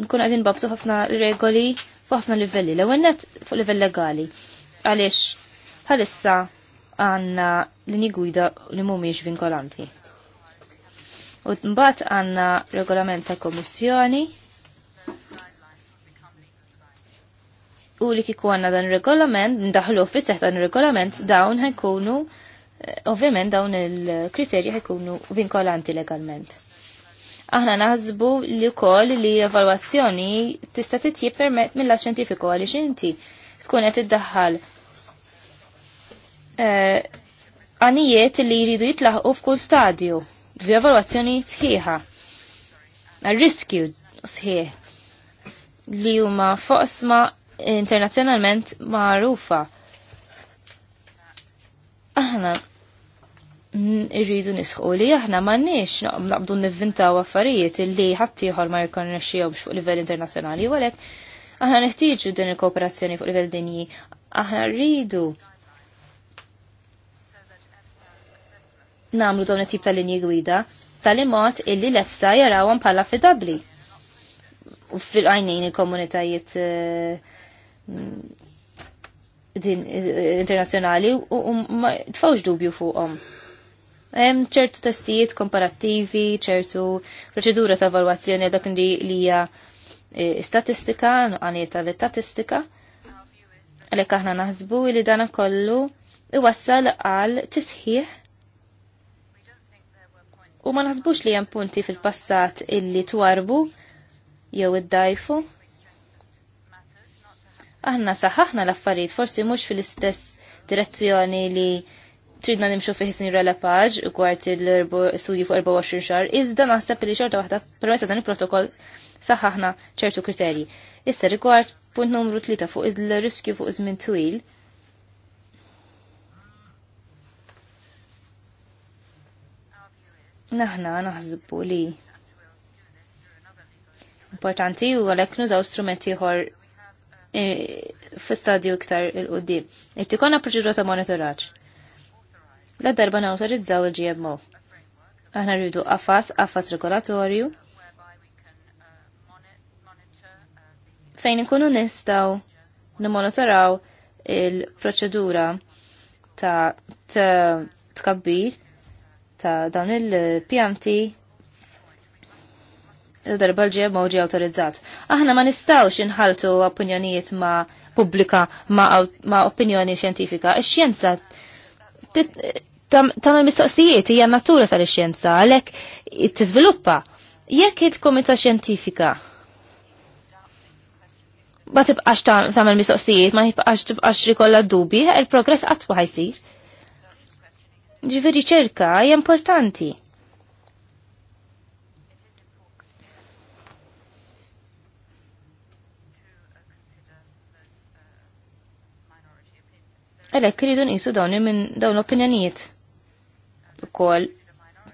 nkun għadin babsu ħafna regoli f'ħafna livelli, l-ewwel fuq livell legali. Għaliex għanna għandna ni gwida li mhumiex vinkolanti. U mbagħad għandna regolament ta' kommissjoni u li kiku għanna dan regolament, ndaħlu fisseħ dan regolament, dawn ħajkunu Ovvjament dawn il-kriterji ħajkunu vinkolanti legalment. Aħna naħsbu li wkoll li evalwazzjoni tista' titjib permett mill xjentifiku għaliex inti tkun qed iddaħħal eh, għanijiet li jridu jitlaħqu f'kull stadju b'evalwazzjoni sħiħa. Riskju sħiħ li huma foqsma internazzjonalment magħrufa. Aħna irridu nisħu li aħna m'għandniex naqbdu nivvintaw affarijiet illi ħattijħor ma jirkonnexxihomx fuq livell internazzjonali għalek aħna neħtieġu din il-kooperazzjoni fuq livell dinji. Aħna rridu namlu dawn it-tip tal-linji gwida tal-imot illi l-efsa jarawan bħala fidabli u fil-għajnejn il-komunitajiet eh, din eh, internazjonali u ma tfawx dubju fuqhom. Hemm ċertu testijiet komparattivi, ċertu proċedura ta' evalwazzjoni dak li hija e, statistika, għanieta tal-istatistika. Għalhekk aħna naħsbu li dana kollu iwassal għal tisħiħ u ma naħsbux li hemm punti fil-passat illi twarbu jew id-dajfu. Aħna saħħaħna l-affarijiet forsi mhux fil-istess direzzjoni li tridna nimxu fi ħisni relepaġ kwart il-studju fuq 24 xar, iżda naħseb li xorta waħda permessa dan il-protokoll saħħaħna ċertu kriterji. Issa rigward punt numru 3 fuq il-riskju fuq żmien twil, Naħna naħsbu li importanti u għalek nużaw strumenti ieħor eh, fi stadju iktar il-qoddim. Irtikonna proċedura ta' monitoraċ la darba nawtorizzaw il-GMO. Aħna rridu qafas, qafas regolatorju, fejn ikunu nistaw nimonitoraw il-proċedura ta' tkabbir ta' dawn il-PMT il-darba l-ġem mawġi autorizzat. Aħna ma nistawx inħaltu opinjonijiet ma' pubblika ma', opinjoni xjentifika. Ix-xjenza tagħmel mistoqsijiet hija natura tal ix-xjenza, għalhekk tiżviluppa. Jekk it komita xjentifika ma tibqax tagħmel mistoqsijiet, ma tibqax tibqax rikolla dubi, il-progress qatt ma ħajsir. Ġifieri ċerka hija importanti. Għalhekk iridu nisu dawn minn dawn opinjonijiet. Ukoll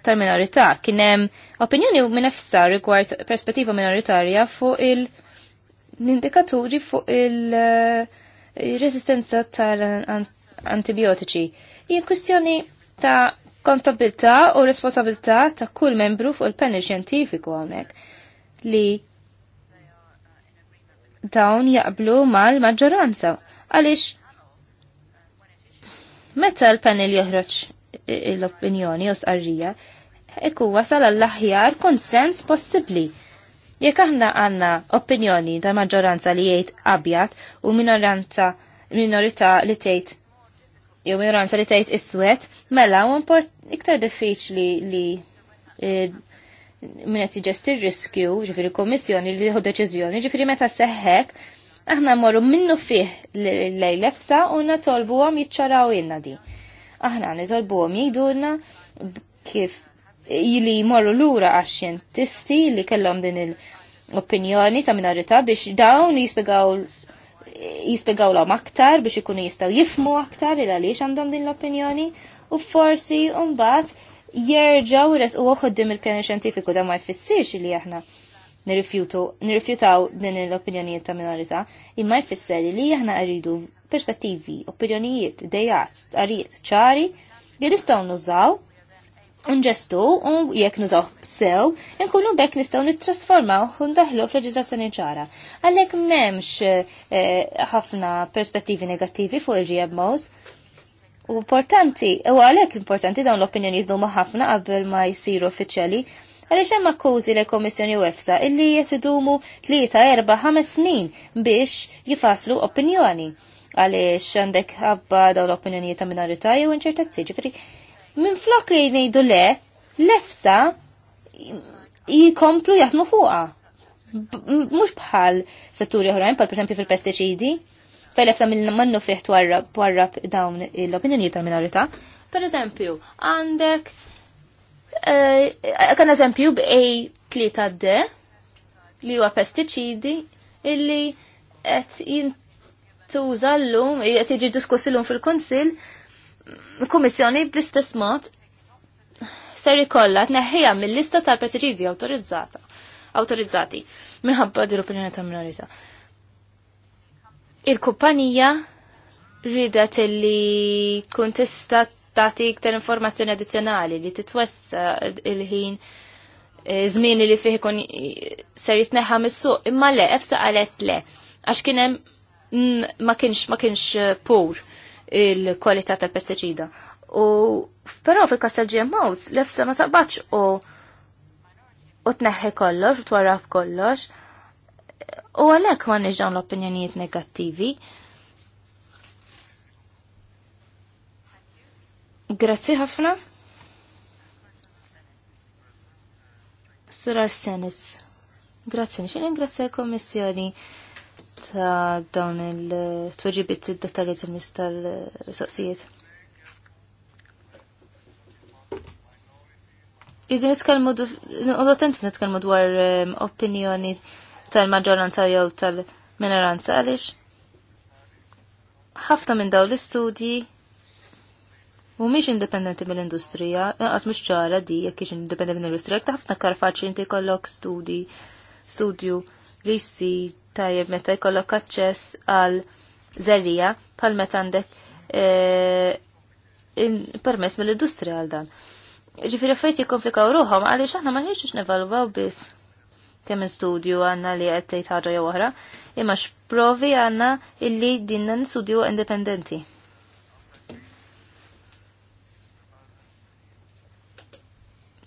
ta' minorità kien hemm opinjoni minn nefsa rigward perspettiva minoritarja fuq il-indikaturi fuq il-resistenza eh, tal-antibiotiċi. Jien kwistjoni ta' kontabilità u responsabilità ta' kull membru fuq il-panel xjentifiku hawnhekk li dawn jaqblu mal-maġġoranza. Għaliex Meta l-panel joħroġ l-opinjoni u s-arrija, ekku wasal għall-aħjar konsens possibbli. Jekk aħna għandna opinjoni ta' maġġoranza li jgħid abjad u minoranza minorita li tgħid jew minoranza li tgħid iswed, mela u import iktar diffiċli li e, min qed r riskju, ġifieri kummissjoni li tieħu deċiżjoni, ġifieri meta seħħek Aħna morru minnu fih lejlefsa u tolbu għom jitċaraw jenna di. Aħna nitolbu għom jidurna kif jili morru l-ura għax-xjentisti li kellhom din il-opinjoni ta' minorita biex dawn jispegaw jispiegaw l-għom aktar biex ikunu jistaw jifmu aktar il għaliex għandhom din l-opinjoni u forsi un-bat jirġaw res u għoddim il-pjani xantifiku da ma jfissirx li aħna nirrifjutaw din l-opinjonijiet ta' minorità, imma jfisser li aħna għaridu perspettivi, opinjonijiet, dejat, arijiet ċari li nistgħu nużaw nġestu u jekk nużaw sew, nkunu bekk nistgħu nittrasformaw u ndaħlu f'leġiżlazzjoni ċara. Għalhekk m'hemmx eh, ħafna perspettivi negattivi fuq il-GMOs, U importanti, u għalek importanti dawn l-opinjoni jizdu ħafna qabel ma jisiru uffiċjali għaliex hemm akkużi l kommissjoni UEFA illi qed idumu tlieta erba' ħames snin biex jifasslu opinjoni għaliex għandek ħabba dawn l-opinjonijiet ta' minoritarju u inċertezzi. Ġifieri minn flok li ngħidu le, lefsa jikomplu jaħdmu fuqha. Mhux bħal setturi oħrajn, pal pereżempju fil-pestiċidi, fej lefsa minn mannu warrab warrab dawn l-opinjonijiet ta' minorità Per eżempju, għandek Eh, kan eżempju b'A3D li huwa pestiċidi illi qed jintuża llum qed jiġi diskuss illum fil-Kunsill kummissjoni bl-istess mod ser ikollha tneħħija mill-lista tal-pestiċidi awtorizzata awtorizzati minħabba l-opinjoni ta' minorita. Il-kumpanija ridet illi kun tista' tati iktar informazzjoni addizzjonali li titwessa il-ħin zmini e, li fih ikun ser jitneħa mis-suq, imma le, efsa qalet le, għax kien hemm ma kienx ma kienx e, pur il-kwalità tal-pestiċida. U però fil-kas tal-GMOs l-efsa ma taqbaċ u u tneħħi kollox, u twarab kollox. U għalek ma nġan l-opinjonijiet negattivi. Grazzi ħafna. Surar Senis. Grazzi, nixin ingrazzi l-Komissjoni ta' dawn il-tweġibit id-dettali ta' mistal tal-soqsijiet. Jidin nitkalmu, għodotenti nitkalmu dwar um, opinjoni tal-maġġoranza jew tal-minoranza għalix. ħafna minn daw l-istudji U miex indipendenti mill-industrija, għas mux ċara di jek kiex indipendenti mill-industrija, jek ħafna karfaċi faċli inti jkollok studi, studju li jsir tajjeb meta jkollok aċċess għal zerrija pal meta għandek e, permess mill-industrija għal dan. Ġifieri affarijiet jikkomplikaw ruħom, għalli xaħna ma nirċiex nevalvaw bis kemm studju għanna li qed tgħid ħaġa jew oħra, imma x'provi għanna illi dinna n-studju indipendenti.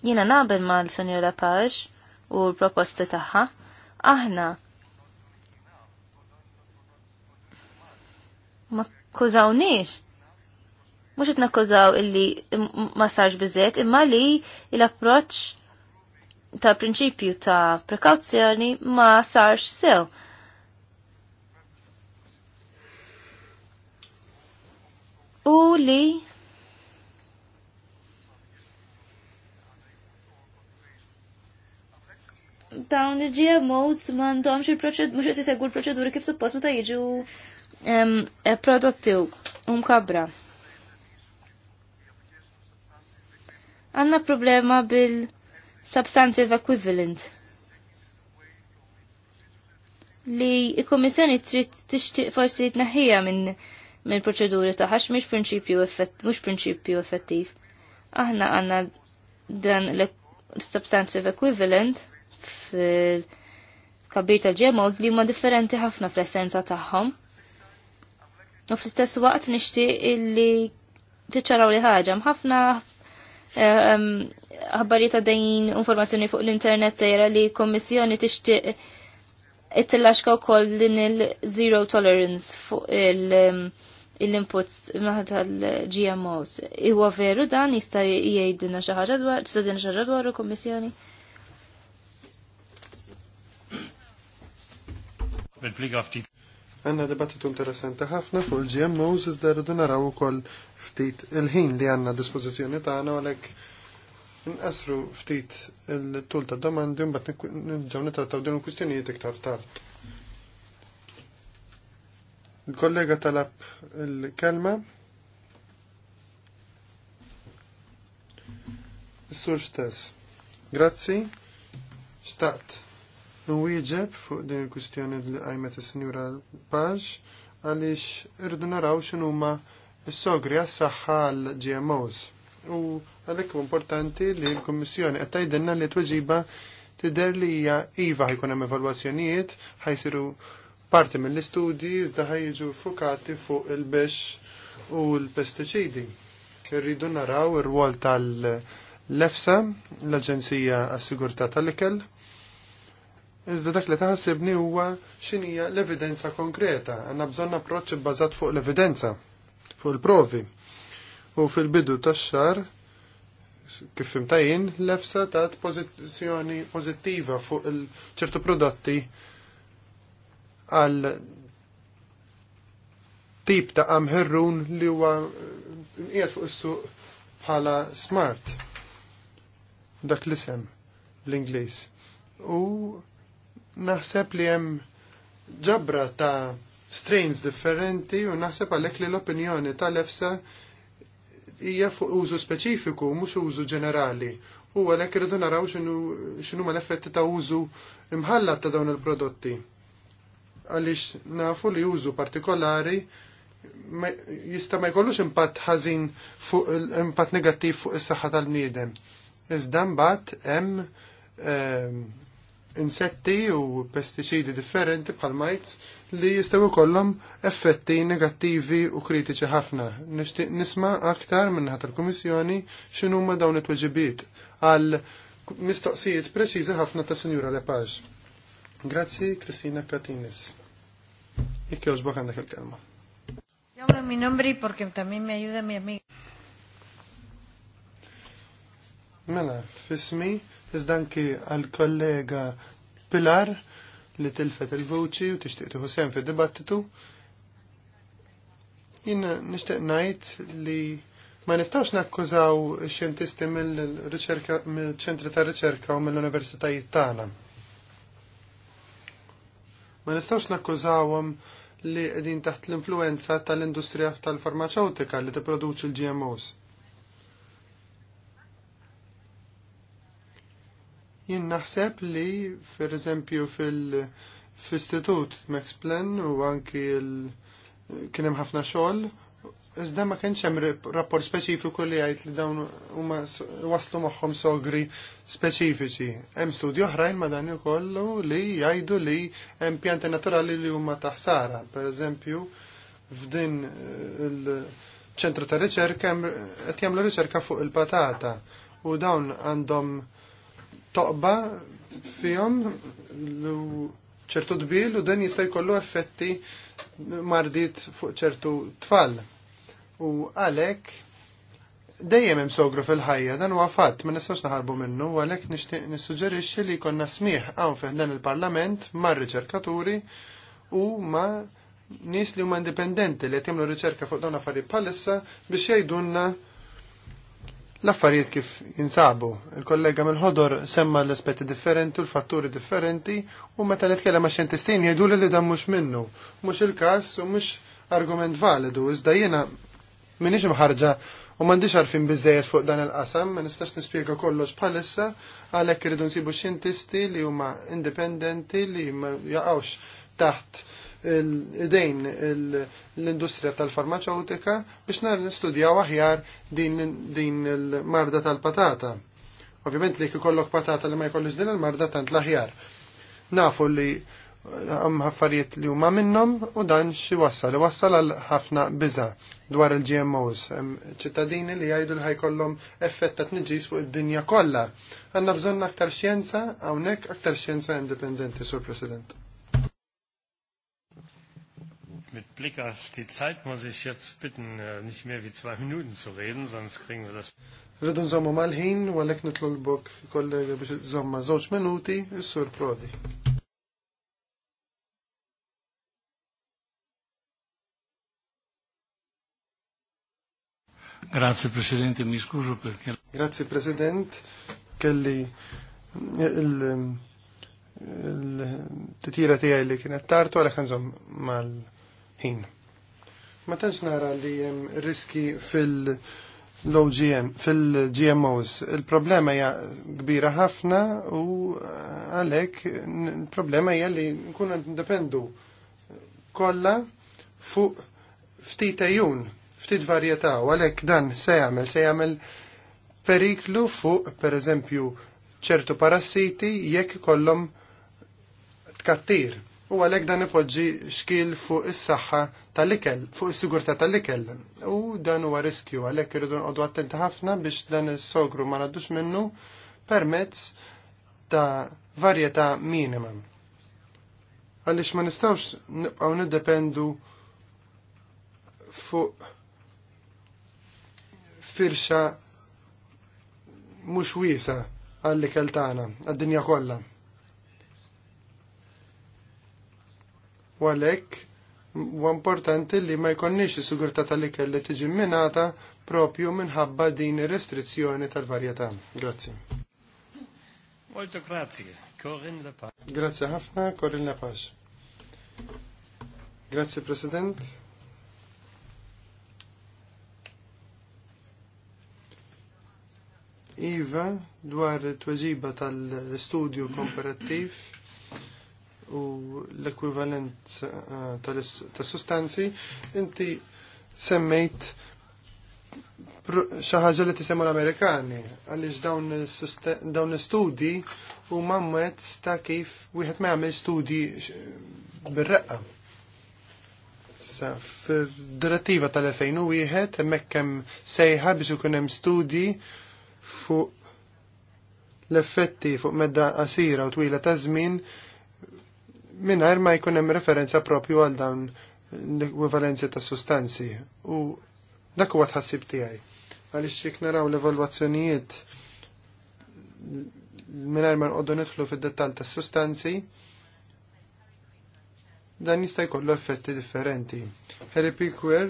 Jiena nabel mal Sonjora Page u l-proposti tagħha. Aħna ma kużawniex. Mux qed nakkużaw illi ma sarx bizzet, imma li l-approċċ ta' prinċipju ta' prekawzjoni ma sarx sew. U li dawn il-GMOs mandomx il-proċedur, mux jtisegwu l-proċeduri kif suppost meta jiġu e, prodotti u mkabra. Għanna problema bil-substantive equivalent li il-Komissjoni trid tixtieq forsi tnaħħija minn min proċeduri ħax mhux prinċipju effett mhux prinċipju effettiv. Aħna għandna dan l-substantive equivalent fil kabir tal-GMOs li huma differenti ħafna fl-essenza tagħhom. U fl-istess waqt nixtieq illi tiċċaraw li ħaġa ħafna ehm, ħabbarijiet ta' dejjin informazzjoni fuq l-internet sejra li kommissjoni tixtieq it-tillaxka wkoll din il-zero tolerance fuq il- ehm, l-inputs tal-GMOs. Iwa veru dan jista xi xaħġa dwar, tistadina xaħġa dwar u kummissjoni bil-bliga ftit. Għanna dibattitu interessanti ħafna fuq il-GMOs iżda rridu naraw ukoll ftit il-ħin li għanna dispożizzjoni tagħna għalhekk nqasru ftit il-tul ta' domandi mbagħad nġaw nitrattaw din il-kwistjonijiet iktar tard. Il-kollega talab il-kelma. sur stess. Grazzi. Stat nwieġeb fuq din il-kustjoni li għajmet il-Sinjura Paġ għaliex irridu naraw x'inhuma s-sogri għas-saħħa għal-GMOs. U għalhekk importanti li l-Kummissjoni qed tgħidilna li tweġiba tidher li hija iva ħajkun hemm evalwazzjonijiet ħajsiru parti mill-istudji iżda ħajġu fukati fuq il-bex u l-pestiċidi. Irridu naraw ir wol tal-EFSA, l-Aġenzija għas-Sigurtà tal-Ikel, Iżda dak li taħsibni huwa x'inhija l-evidenza konkreta, għandna bżonn approċċ bbażat fuq l-evidenza, fuq il-provi. U fil-bidu tax-xar kif fimtajin, l-efsa tat pożizzjoni pożittiva fuq ċertu prodotti għal tip ta' amherrun li huwa qiegħed fuq is-suq bħala smart. Dak li sem l-Ingliż. U naħseb li hemm ġabra ta' strains differenti u naħseb għalhekk li l-opinjoni tal-EFSA hija fuq użu speċifiku mhux użu ġenerali. U għalek irridu naraw ma l-effetti ta' użu imħallat ta' dawn il-prodotti. Għaliex nafu li użu partikolari jista' ma jkollux impatt ħażin fuq impatt negattiv fuq is-saħħa tal-bniedem. Iżda mbagħad hemm ehm, insetti u pesticidi differenti bħal majt li jistaw kollom effetti negattivi u kritiċi ħafna. Nixtieq nisma aktar ħat tal-Komissjoni xinu ma dawn it-tweġibiet għal mistoqsijiet preċiżi ħafna ta' Sinjura Lepage. Grazzi, Kristina Katinis. Ikki uġbok għandek il-kelma. mi nombri mi mi amiga. Mela, fismi iżda anki għal-kollega Pilar li tilfet il vuċi u tixtieq tieħu sehem fid-dibattitu. Jien nixtieq ngħid li ma nistgħux nakkużaw xjentisti mill-riċerka mill-ċentri ta' riċerka u mill-universitajiet tagħna. Ma nistgħux nakkużawhom li qegħdin taħt l-influenza tal-industrija tal-farmaceutika li tipproduċi l-GMOs. Jien naħseb li, per eżempju, fil-istitut Max Plan u anki kien hemm ħafna xogħol, iżda ma kienx hemm rapport speċifiku li jgħid li dawn huma waslu magħhom sogri speċifiċi. Hemm studji oħrajn ma dan ukollu li jgħidu li hemm pjanti naturali li huma taħsara. Per eżempju, f'din eh, il-ċentru ta' riċerka qed jagħmlu riċerka fuq il-patata u dawn għandhom toqba fihom ċertu dbil u dan jista' jkollu effetti mardit fuq ċertu tfal. U għalhekk dejjem hemm sogru fil-ħajja dan huwa fatt ma nistax naħarbu minnu u għalhekk nixtieq nissuġġerixxi li jkollna smih hawn fih dan il-Parlament mar-riċerkaturi u ma nies li huma indipendenti li qed jagħmlu riċerka fuq dawn affarijiet bħalissa biex jgħidulna l-affarijiet kif jinsabu. Il-kollega mill-ħodor semma l-aspetti differenti u l-fatturi differenti u meta li tkellem ma' xjentistin jgħidu li dan mhux minnu. Mhux il-każ u mhux argument validu, iżda jiena miniex mħarġa u m'għandix għarfin biżejjed fuq dan il-qasam, ma nistax nispjega kollox bħalissa għalhekk irridu nsibu xjentisti li huma indipendenti li ma jaqgħux taħt idejn l-industrija tal-farmaceutika biex nar nistudjaw aħjar din il-marda tal-patata. Ovvjament li kikollok patata li ma jkollix din il-marda tant l-aħjar. Nafu li għam eh, ħaffariet li huma minnom u dan xi wassal, wassal għal ħafna biża dwar il-GMOs. ċittadini li jgħidu li ħajkollhom effett ta' tniġis fuq id-dinja kollha. Għandna bżonn aktar xjenza hawnhekk aktar xjenza indipendenti, Sur President. Mit Blick auf die Zeit muss ich jetzt bitten, äh, nicht mehr wie zwei Minuten zu reden, sonst kriegen wir das. Rridu nżommu mal-ħin, u għalek nitlolbok kollega biex nżomma żewġ minuti, s-sur Prodi. Grazie Presidente, mi scuso perché... Grazie Presidente, kelli il-titira il tijaj li kienet tartu għalek nżomm mal-ħin ħin. Ma tantx nara li hemm riski fil- ogm GM, fil-GMOs. Il-problema hija kbira ħafna u eh, għalhekk il-problema hija li nkun dependu kollha fuq ftit ejjun, ftit varjetà u għalhekk dan se jagħmel se jagħmel periklu fuq pereżempju ċertu parassiti jekk kollhom tkattir u għalhekk dan ipoġġi xkil fuq is-saħħa tal-ikel, fuq is-sigurtà tal-ikel. U dan huwa riskju għalhekk irridu nqogħdu attenti ħafna biex dan is-sogru ma ngħaddux minnu permezz ta' varjetà minima. Għaliex ma nistgħux nibqgħu niddependu fuq firxa mhux wiesa għall-ikel tagħna, għad-dinja kollha U għalhekk importanti li ma jkonniex is-sigurtà tal-ikel li tiġi minata propju minħabba din ir-restrizzjoni tal-varjetà. Grazzi. Molto grazie, Corin Lepage. Grazie ħafna, Corin Lepage. Grazie President. Iva, dwar it-tweġiba tal studio komparattiv u l-ekwivalent eh, ta' sustanzi, inti semmejt xaħġa li tisemmu l-Amerikani, għalix dawn l-studi u mammet ta' kif wieħed ma jagħmel studi eh, bir-raqqa. Sa fir-direttiva tal-2001 hemmhekk hemm sejħa biex ikun hemm studi fuq l-effetti fuq medda qasira u twila ta' żmien minar ma jkun hemm referenza propju għal dawn l-ekwivalenzi ta' sustanzi u dak huwa tħassib tiegħi. Għaliex jekk naraw l-evalwazzjonijiet minar ma nqogħdu nidħlu fid-dettall tas-sustanzi, dan jista' jkollu effetti differenti. Harry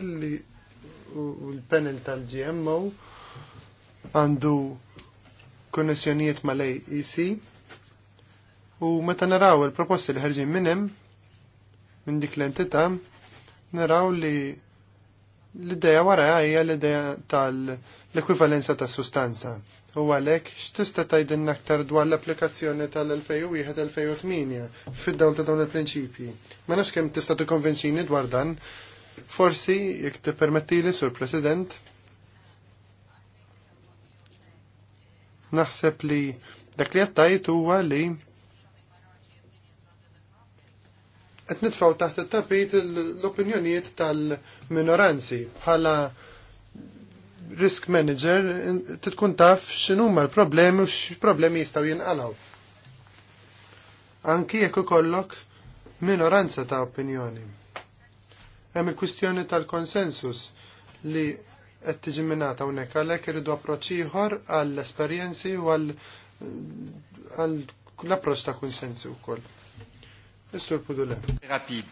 li u l-panel tal-GMO għandu konnessjonijiet mal-AEC U meta naraw il-proposti li ħarġin minnem, minn dik l entita naraw li l-ideja wara hija l-ideja tal-ekwivalenza tas sustanza. U għalek, x'tista' tgħidilna aktar dwar l-applikazzjoni tal-2001-2008 fid-dawl ta' dawn il-prinċipji. Ma nafx kemm tista' tikkonvinċini dwar dan. Forsi jekk tippermettili sur President. Naħseb li dak li qed tajt huwa li qed nitfgħu taħt it-tapit l-opinjonijiet tal-minoranzi bħala risk manager tkun taf x'inhuma l-problemi u x'problemi jistgħu jinqalgħu. Anki jekk ikollok minoranza ta' opinjoni. Hemm il-kwistjoni tal-konsensus li qed tiġi minata hawnhekk għalhekk iridu approċċ ieħor għall-esperjenzi u għall l-approċċ ta' kunsensi wkoll. Is-Sur Pudule. Rapid.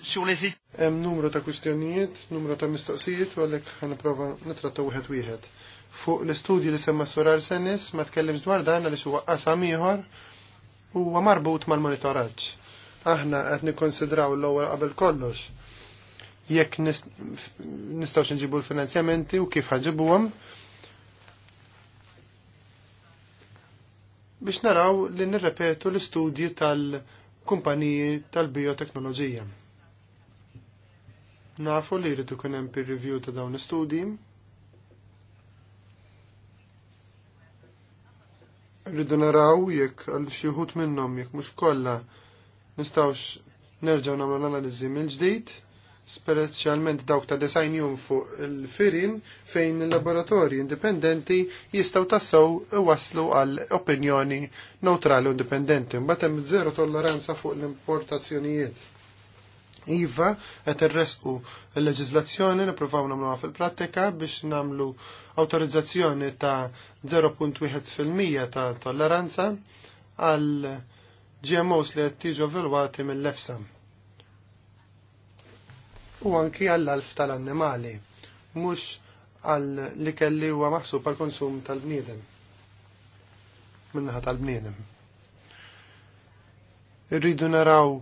Sur les Hemm numru ta' kwistjonijiet, numru ta' mistoqsijiet u għalhekk ħanipprova nitratta wieħed wieħed. Fuq l istudji li semma Surar Senis ma tkellimx dwar dan għaliex huwa qasam ieħor huwa marbut mal-monitoraġġ. Aħna qed nikkonsidraw l-ewwel qabel kollox jekk nistgħu nġibu l-finanzjamenti u kif ħanġibuhom biex naraw li nirrepetu l-istudji tal-kumpaniji tal-bioteknoloġija. Nafu li jridu kun hemm peer review ta' dawn l-istudji. Rridu naraw jekk għal xi wħud minnhom jekk mhux kollha nistgħux nerġgħu nagħmlu l-analiżi mill-ġdid speċjalment dawk ta' design jum fuq il-firin fejn il-laboratorji indipendenti jistaw tassaw waslu għal opinjoni neutrali u indipendenti. Mbagħad hemm zero tolleranza fuq l-importazzjonijiet. Iva, qed irresqu l-leġiżlazzjoni nippruvaw nagħmluha fil-prattika biex nagħmlu awtorizzazzjoni ta' 0.1% ta' tolleranza għal GMOs li qed tiġu evalwati mill-EFSA u anki għall-alf tal-annimali, mhux għall li kelli huwa maħsub għal konsum tal-bniedem. Minnaħat tal-bniedem. Irridu naraw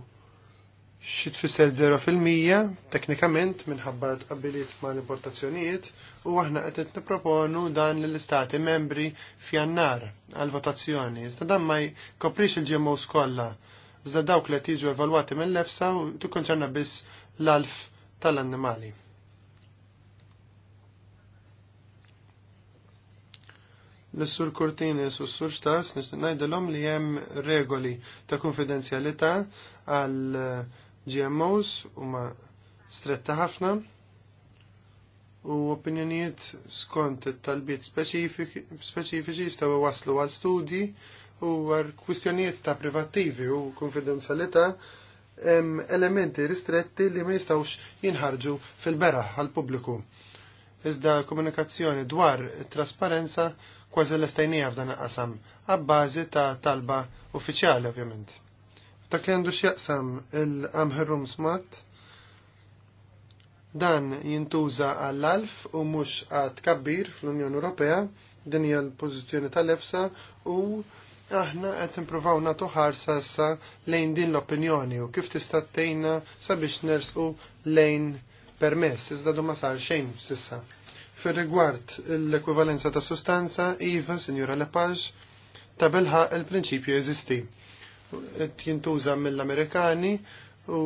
xi tfisser 0% teknikament minħabba tqabbiliet ma' l-importazzjonijiet u aħna qed niproponu dan lill-istati membri f'jannar għal votazzjoni. Iżda dan ma jkoprix il-GMOs kollha. Iżda dawk li jiġu evalwati mill-lefsa u tikkonċerna biss l-alf tal-annimali. L-sur Kurtinis u s-sur Stas nistinajdilom li jem regoli ta' konfidenzjalità għal GMOs u ma stretta ħafna u opinjonijiet skont talbiet speċifiċi jistaw waslu għal studji u għal kwistjonijiet ta' privattivi u konfidenzjalità elementi ristretti li ma jistawx jinħarġu fil-beraħ għal pubbliku. Iżda komunikazzjoni dwar trasparenza kważi l-estajnija f'dan il-qasam, għabbażi ta' talba uffiċjali ovvjament. Ta' li x'jaqsam il amherum Smart, dan jintuża għall-alf u mhux għad kabbir fl-Unjoni Ewropea, din hija l-pożizzjoni tal-EFSA u aħna qed nippruvaw nagħtu ħarsa issa lejn din l-opinjoni u kif tista' tgħinna sabiex nersqu lejn permess iżda du ma sar xejn sissa. Fir-rigward l-ekwivalenza ta' sustanza, iva, Sinjura Lepage, ta' il-prinċipju jeżisti. Jintuża mill-Amerikani u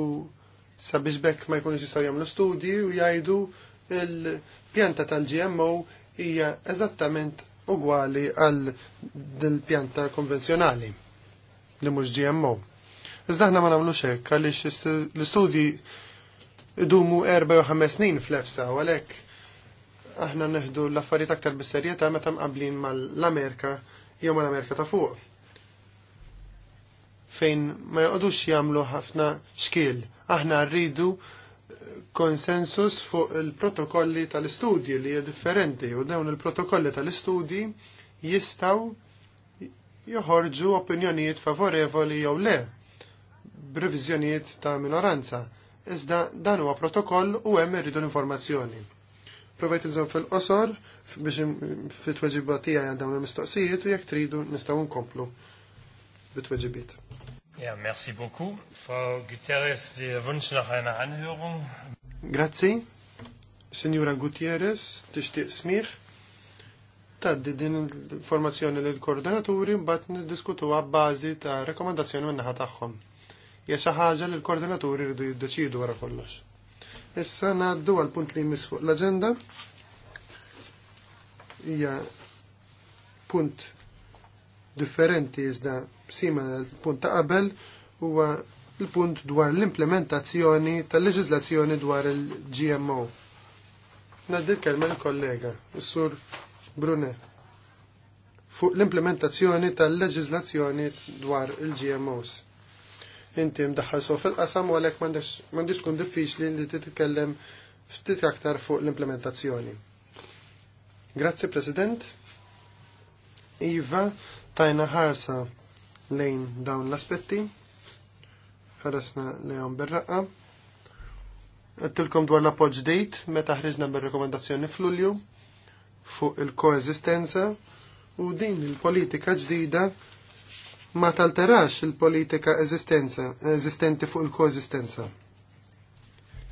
sabiex bekk ma jkunux jistgħu jagħmlu studji u jgħidu il-pjanta tal-GMO hija eżattament uguali għal din pjanta konvenzjonali li mhux GMO. Iżda aħna ma nagħmlux hekk għaliex l-istudji idumu erba' jew ħames snin f'lefsa u għalhekk aħna neħdu l-affarijiet aktar bis-serjetà meta mqablin mal-Amerika jew mal-Amerika ta' fuq. Fejn ma joqgħodux jagħmlu ħafna xkiel. Aħna rridu konsensus fuq il-protokolli tal-istudji li hija differenti u dawn il-protokolli tal-istudji jistaw joħorġu opinjonijiet favorevoli jew le b'reviżjonijiet ta' minoranza. Iżda dan huwa protokoll u hemm irridu l-informazzjoni. Provajt nżomm fil-qosor biex fit-tweġiba tiegħi għal dawn il-mistoqsijiet u jekk tridu nistgħu nkomplu bit-tweġibiet. Ja, merci beaucoup. Frau Guterres, Sie wünschen noch eine Anhörung? Grazzi. Signora Gutierrez, tixtieq smih. Taddi din l-informazzjoni lill koordinaturi mbagħad niddiskutuha b'bażi ta' rekomendazzjoni min-naħa tagħhom. Hija xi ħaġa li l-koordinaturi rridu jiddeċidu wara kollox. Issa naddu għal punt li jmiss fuq l-aġenda. Hija punt differenti iżda sima l-punt ta' qabel huwa il-punt dwar l-implementazzjoni tal-leġizlazzjoni dwar il-GMO. Naddi kelma l-kollega, il-sur Brune, fuq l-implementazzjoni tal-leġizlazzjoni dwar il-GMOs. Inti mdaħħal so fil-qasam u għalek mandiġ tkun diffiċli li titkellem ftit aktar fuq l-implementazzjoni. Grazzi, President. Iva, tajna ħarsa lejn dawn l-aspetti ħarasna li bir berraqqa. Għattilkom dwar l-appoġġ dejt meta ħriżna bil rekomendazzjoni f'Lulju fuq il-koeżistenza u din il-politika ġdida ma talterax il-politika eżistenti fuq il-koeżistenza.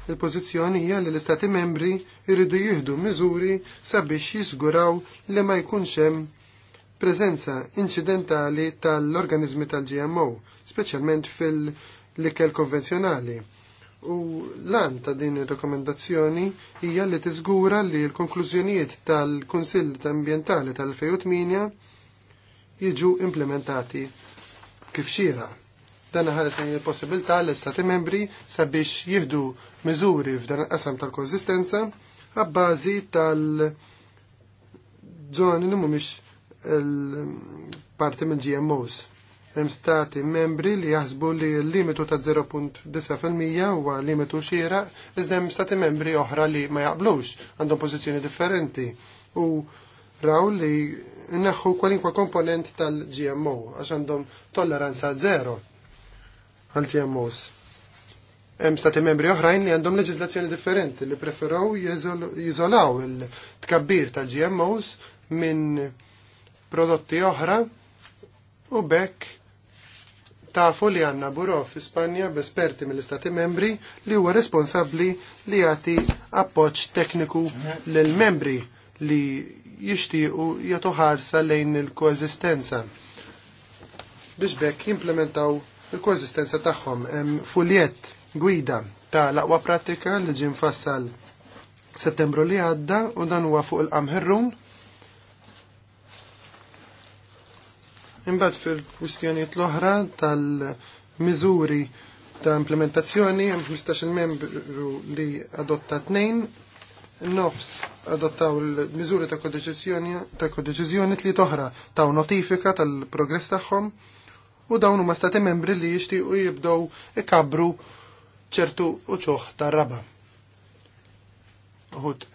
il pozizjoni hija li l-Istati membri jridu jieħdu miżuri sabiex jiżguraw li ma jkunx hemm preżenza incidentali tal-organizmi tal-GMO, speċjalment fil- l-ikel konvenzjonali. U lan ta' din il-rekomendazzjoni hija li tiżgura li l-konklużjonijiet tal-Kunsill Ambientali tal-2008 jiġu implementati kif xira. Dan ħares il-possibilità l-Istati membri sabiex jihdu miżuri f'dan il-qasam tal-konsistenza għabbażi tal-żoni li mhumiex parti minn GMOs. Hemm stati membri li jaħsbu li l-limitu ta' 0.9% huwa limitu xieraq, iżda hemm stati membri oħra li ma jaqblux, għandhom pożizzjoni differenti. U raw li neħħu kwalinkwa komponent tal-GMO għax għandhom tolleranza zero għal-GMOs. Hemm stati membri oħrajn li għandhom leġislazzjoni differenti li preferaw jiżolaw il-tkabbir tal-GMOs minn prodotti oħra u bekk Tafu li għanna buro fi Spanja b'esperti mill-Istati membri li huwa responsabli li jagħti appoġġ tekniku l membri li jixtiequ jagħtu ħarsa lejn il-koeżistenza biex bekk jimplementaw il koesistenza tagħhom fuljet fuljett gwida ta' laqwa pratika li ġim fassal settembru li għadda u dan huwa fuq il-qamħirrun Imbagħad fil-kwistjonijiet l-oħra tal-miżuri ta' implementazzjoni hemm 15 membru li adotta tnejn, nofs adottaw l-miżuri ta' kodeċiżjoni ta' kodeċiżjoni tliet oħra taw notifika tal-progress tagħhom u dawn huma stati membri li jixtiequ jibdew ikabru ċertu uċuħ tar-raba. Uħud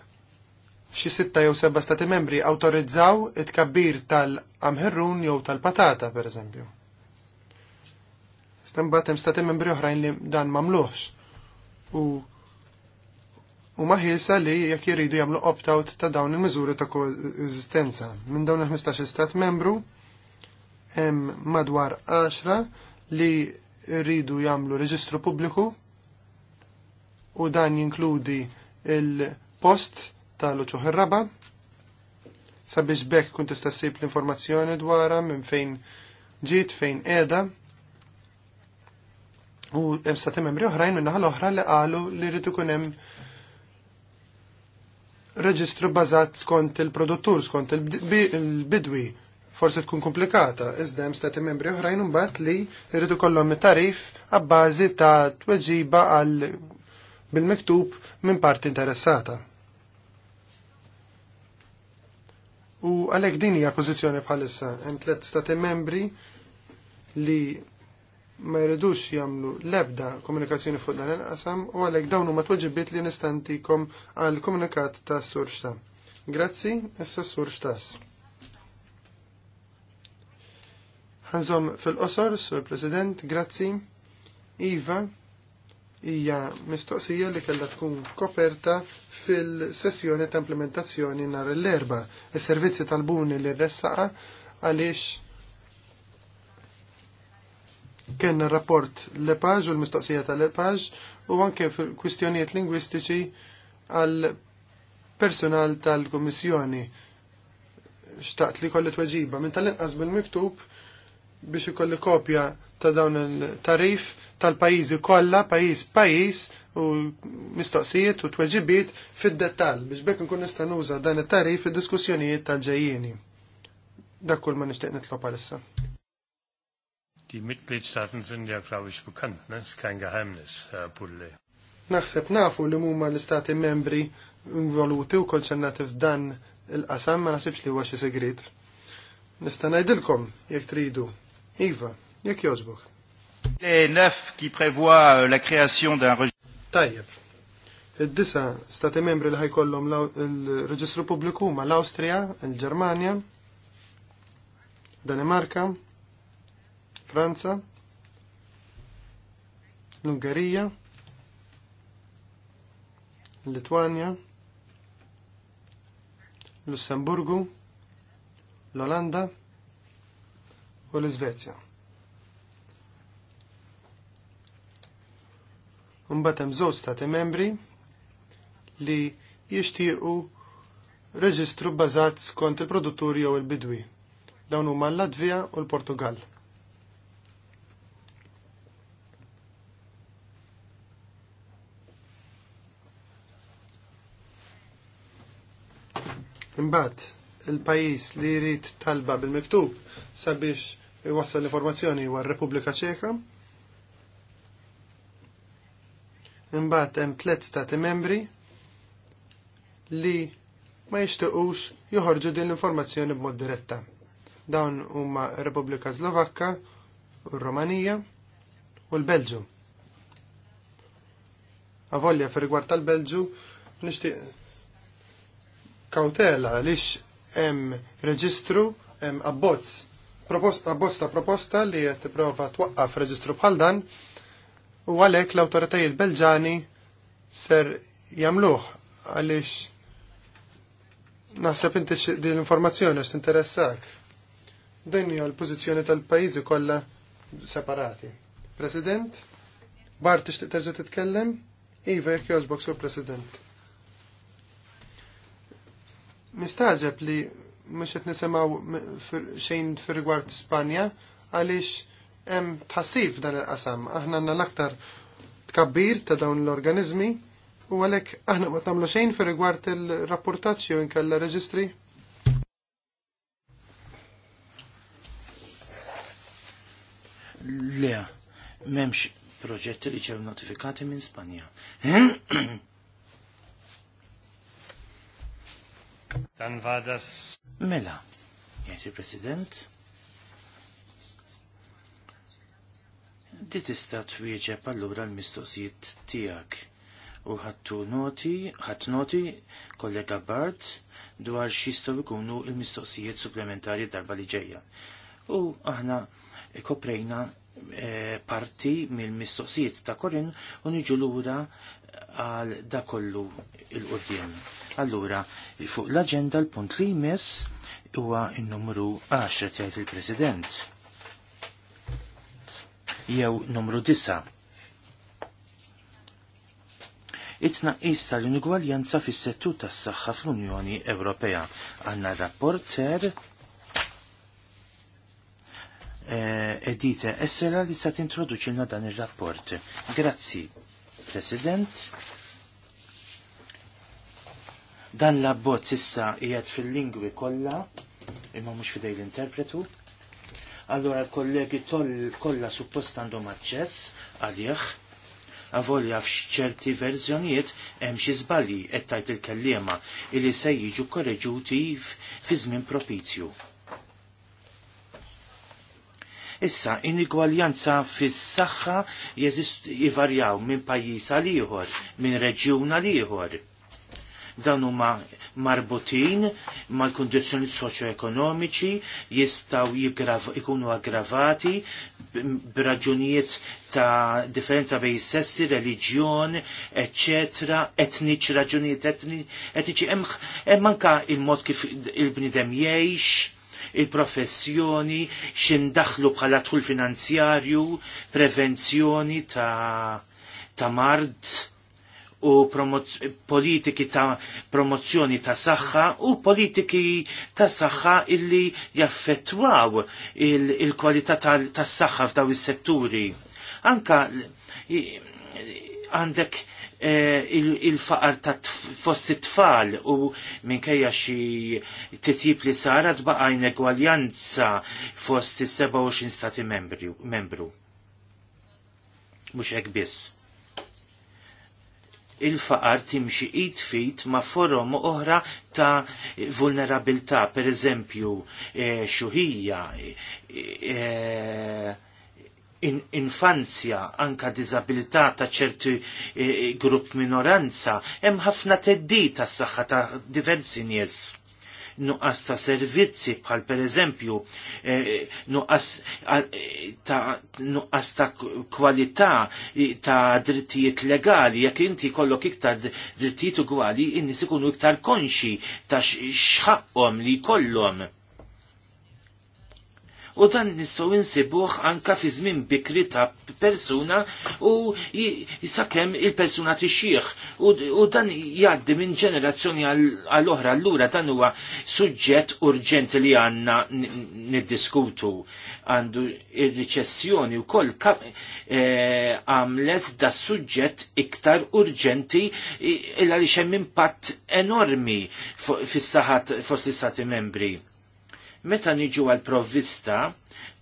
xi sitta jew seba' stati membri awtorizzaw it-kabbir tal-amħerrun jew tal-patata pereżempju. Stembat hemm stati membri oħrajn li dan mamluħx. U u maħilsa li jekk jiridu jagħmlu opt-out ta' dawn il-miżuri ta' koeżistenza. Minn dawn il-15 stat membru hemm madwar 10 li rridu jagħmlu reġistru pubbliku u dan jinkludi il-post ta' il Raba sabiex bekk kun tista' ssib l-informazzjoni dwarha minn fejn ġiet fejn qiegħda u hemm sa membri oħrajn minn l-oħra li qalu li rrid ikun hemm reġistru bażat skont il-produttur, skont il-bidwi, forse tkun komplikata, iżda hemm stati membri oħrajn imbagħad li rridu kollhom tarif għabbażi ta' tweġiba għal bil-miktub minn parti interessata. U għalhekk din hija pożizzjoni bħalissa hemm tliet stati membri li ma jridux jagħmlu l-ebda komunikazzjoni fuq dan il-qasam u għalhekk dawn huma tweġibiet li nistantikom għal komunikat ta' Sur Xtam. Grazzi, issa Sur Xtas. Ħanżom fil-qosor, Sur President, grazzi. Iva, hija mistoqsija li kellha tkun koperta fil-sessjoni ta' implementazzjoni nhar l-erba. Is-servizzi tal-buni li rressaqa għaliex kien rapport l-epaġ u l-mistoqsija tal-epaġ u anke fil-kwistjonijiet lingwistiċi għal personal tal-Kummissjoni xtaqt li kolli tweġiba minn tal-inqas bil-miktub biex ikolli kopja ta' dawn il-tarif tal-pajizi kolla, pajiz pajiz, u mistoqsijiet u tweġibiet fid-dettal biex bekk nkun nista' nuża dan it-tarif fid-diskussjonijiet tal-ġejjieni. Dak kull ma nixtieq nitlob għalissa. Die Mitgliedstaaten sind ja, glaube ich, bekannt, ne? Ist kein Geheimnis, Herr Pulle. Naħseb nafu li huma l-istati membri involuti u konċernati f'dan il-qasam ma nasibx li huwa xi segret. Nista' ngħidilkom jekk tridu. Iva, jekk jogħġbok. 9 qui prévoit euh, la création d'un Tajjeb. Id-disa stati membri li ħajkollhom il-Reġistru Pubbliku huma l-Awstrija, il-Ġermanja, Danimarka, Franza, l-Ungerija, l-Litwanja, l-Lussemburgu, l-Olanda u l-Iżvezja. Mbagħad hemm żewġ stati membri li jixtiequ reġistru bbażat skont il-produtturi jew il-bidwi. Dawn huma l-Latvija u l-Portugal. Imbagħad il-pajjiż li jrid talba bil-miktub sabiex iwassal l-informazzjoni huwa r-Repubblika Ċeka. Imbagħad hemm tliet stati membri li ma jixtiequx joħorġu din l-informazzjoni b'mod diretta. Dawn huma repubblika Slovakka, u r-Romanija u l-Belġu. Avolja fi rigward tal-Belġu nixtieq kawtela għaliex hemm reġistru hemm abbozz proposta, proposta li qed tipprova twaqqaf reġistru bħal dan u għalhekk l-awtoritajiet Belġani ser jagħmluh għaliex naħseb inti din l-informazzjoni għax tinteressak. Din hija l-pożizzjoni tal-pajjiżi kollha separati. President, Bar tixtieq terġa' titkellem? Iva jekk jogħġbok sur President. Mistaġeb li mux qed nisimgħu xejn fir-rigward Spanja għaliex hemm tħassib dan il-qasam. Aħna għandna l-aktar tkabbir ta' dawn l-organizmi u għalhekk aħna ma tagħmlu xejn fir rigward il-rapportaġġ jew inkella reġistri. Le, m'hemmx proġetti li ġew notifikati minn Spanja. Dan vadas. Mela, jgħid il-President Di tista' twieġeb allura l-mistoqsijiet tiegħek. U ħattu noti, ħadd noti, kollega Bart, dwar x'jistgħu jkunu l-mistoqsijiet supplementari darba li ġejja. U aħna koprejna e, parti mill-mistoqsijiet ta' Korin u niġu lura għal da kollu il-qudiem. Allura, fuq l-agenda l-punt li jmiss huwa n-numru 10 jgħid il-President jew numru 9. It-tnaqqis tal inigwaljanza fis settu tas-saħħa fl-Unjoni Ewropea. Għandna rapporter eh, Edite Essela li sa' tintroduċilna dan il-rapport. Grazzi, President. Dan l-abbozz issa jgħed fil-lingwi kollha imma mhux fidej l-interpretu allora l-kollegi kollha suppost għandhom aċċess għalih avolja f'ċerti verżjonijiet hemm xi żbalji qed tajt il-kelliema li se jiġu korreġuti fi żmien propizju. Issa, inigwaljanza fis-saħħa jeżist jivarjaw minn pajjiż għal ieħor, minn reġjun għal ieħor dan huma marbutin mal-kundizzjoni soċjoekonomiċi jistgħu jkunu aggravati b'raġunijiet ta' differenza bej sessi, reliġjon, eccetera, etniċi, raġunijiet etniċi, hemm anka il-mod kif il-bnidem jgħix il-professjoni, xindaħlu bħala tħul finanzjarju, prevenzjoni ta', ta mard, u politiki ta' promozzjoni ta' saħħa u politiki ta' saħħa illi jaffettwaw il-kwalità il tas saħħa f'daw is-setturi. Anka għandek e, il-faqar il ta' fost it-tfal u minkejja xi titjib li sara tbaqa' inegwaljanza fost is-27 stati membru. Mhux hekk biss il-faqar timxi id fit ma forom oħra ta' vulnerabilità, per eżempju, e, xuħija, e, e, in infanzja, anka disabilità ta' ċerti e, grupp minoranza, hemm ħafna teddita s-saħħa ta' diversi nies nuqqas ta' servizzi bħal per eżempju eh, eh, nuqqas ta' kwalità eh, ta' drittijiet legali jekk inti kollok iktar drittijiet ugwali in-nies ikunu iktar konxi ta' xħaqhom li kollhom u dan nistgħu insibuh anka fi żmien bikri ta' persuna u sakemm il-persuna tixjih u dan jgħaddi minn ġenerazzjoni għall oħra allura dan huwa suġġett urġenti li għandna niddiskutu għandu ir-riċessjoni wkoll e, għamlet da suġġett iktar urġenti illa għaliex hemm impatt enormi fis-saħat fost l-istati membri Meta niġu għal provvista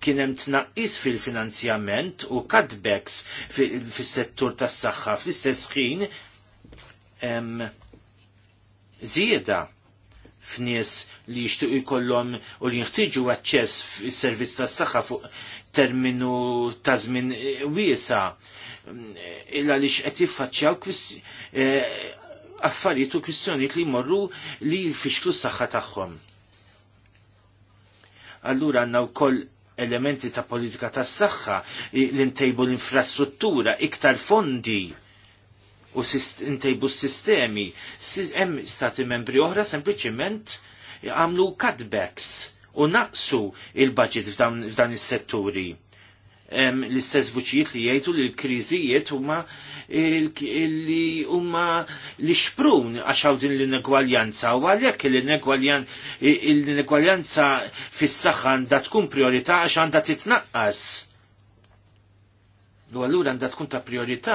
kien hemm tnaqqis fil-finanzjament u cutbacks fis-settur tas-saħħa fl-istess ħin zieda f'nies li jixtiequ jkollhom u li jħtiġu aċċess fis-servizz tas-saħħa fuq terminu ta' żmien wiesa illa li qed jiffaċċjaw eh, affarijiet u kwistjonijiet li jmorru li jfixklu s-saħħa tagħhom allura għandna wkoll elementi ta' politika tas saħħa l-intejbu l-infrastruttura, iktar fondi u intejbu s-sistemi. Hemm stati membri oħra sempliciment għamlu cutbacks u naqsu il-budget f'dan is-setturi l-istess vuċijiet li jgħidu li l-kriżijiet huma li huma li xprun għaxaw din l-inegwaljanza u għalhekk l-inegwaljanza fis-saħħa għandha tkun priorità għax għandha titnaqqas U allura għandha tkun ta' priorità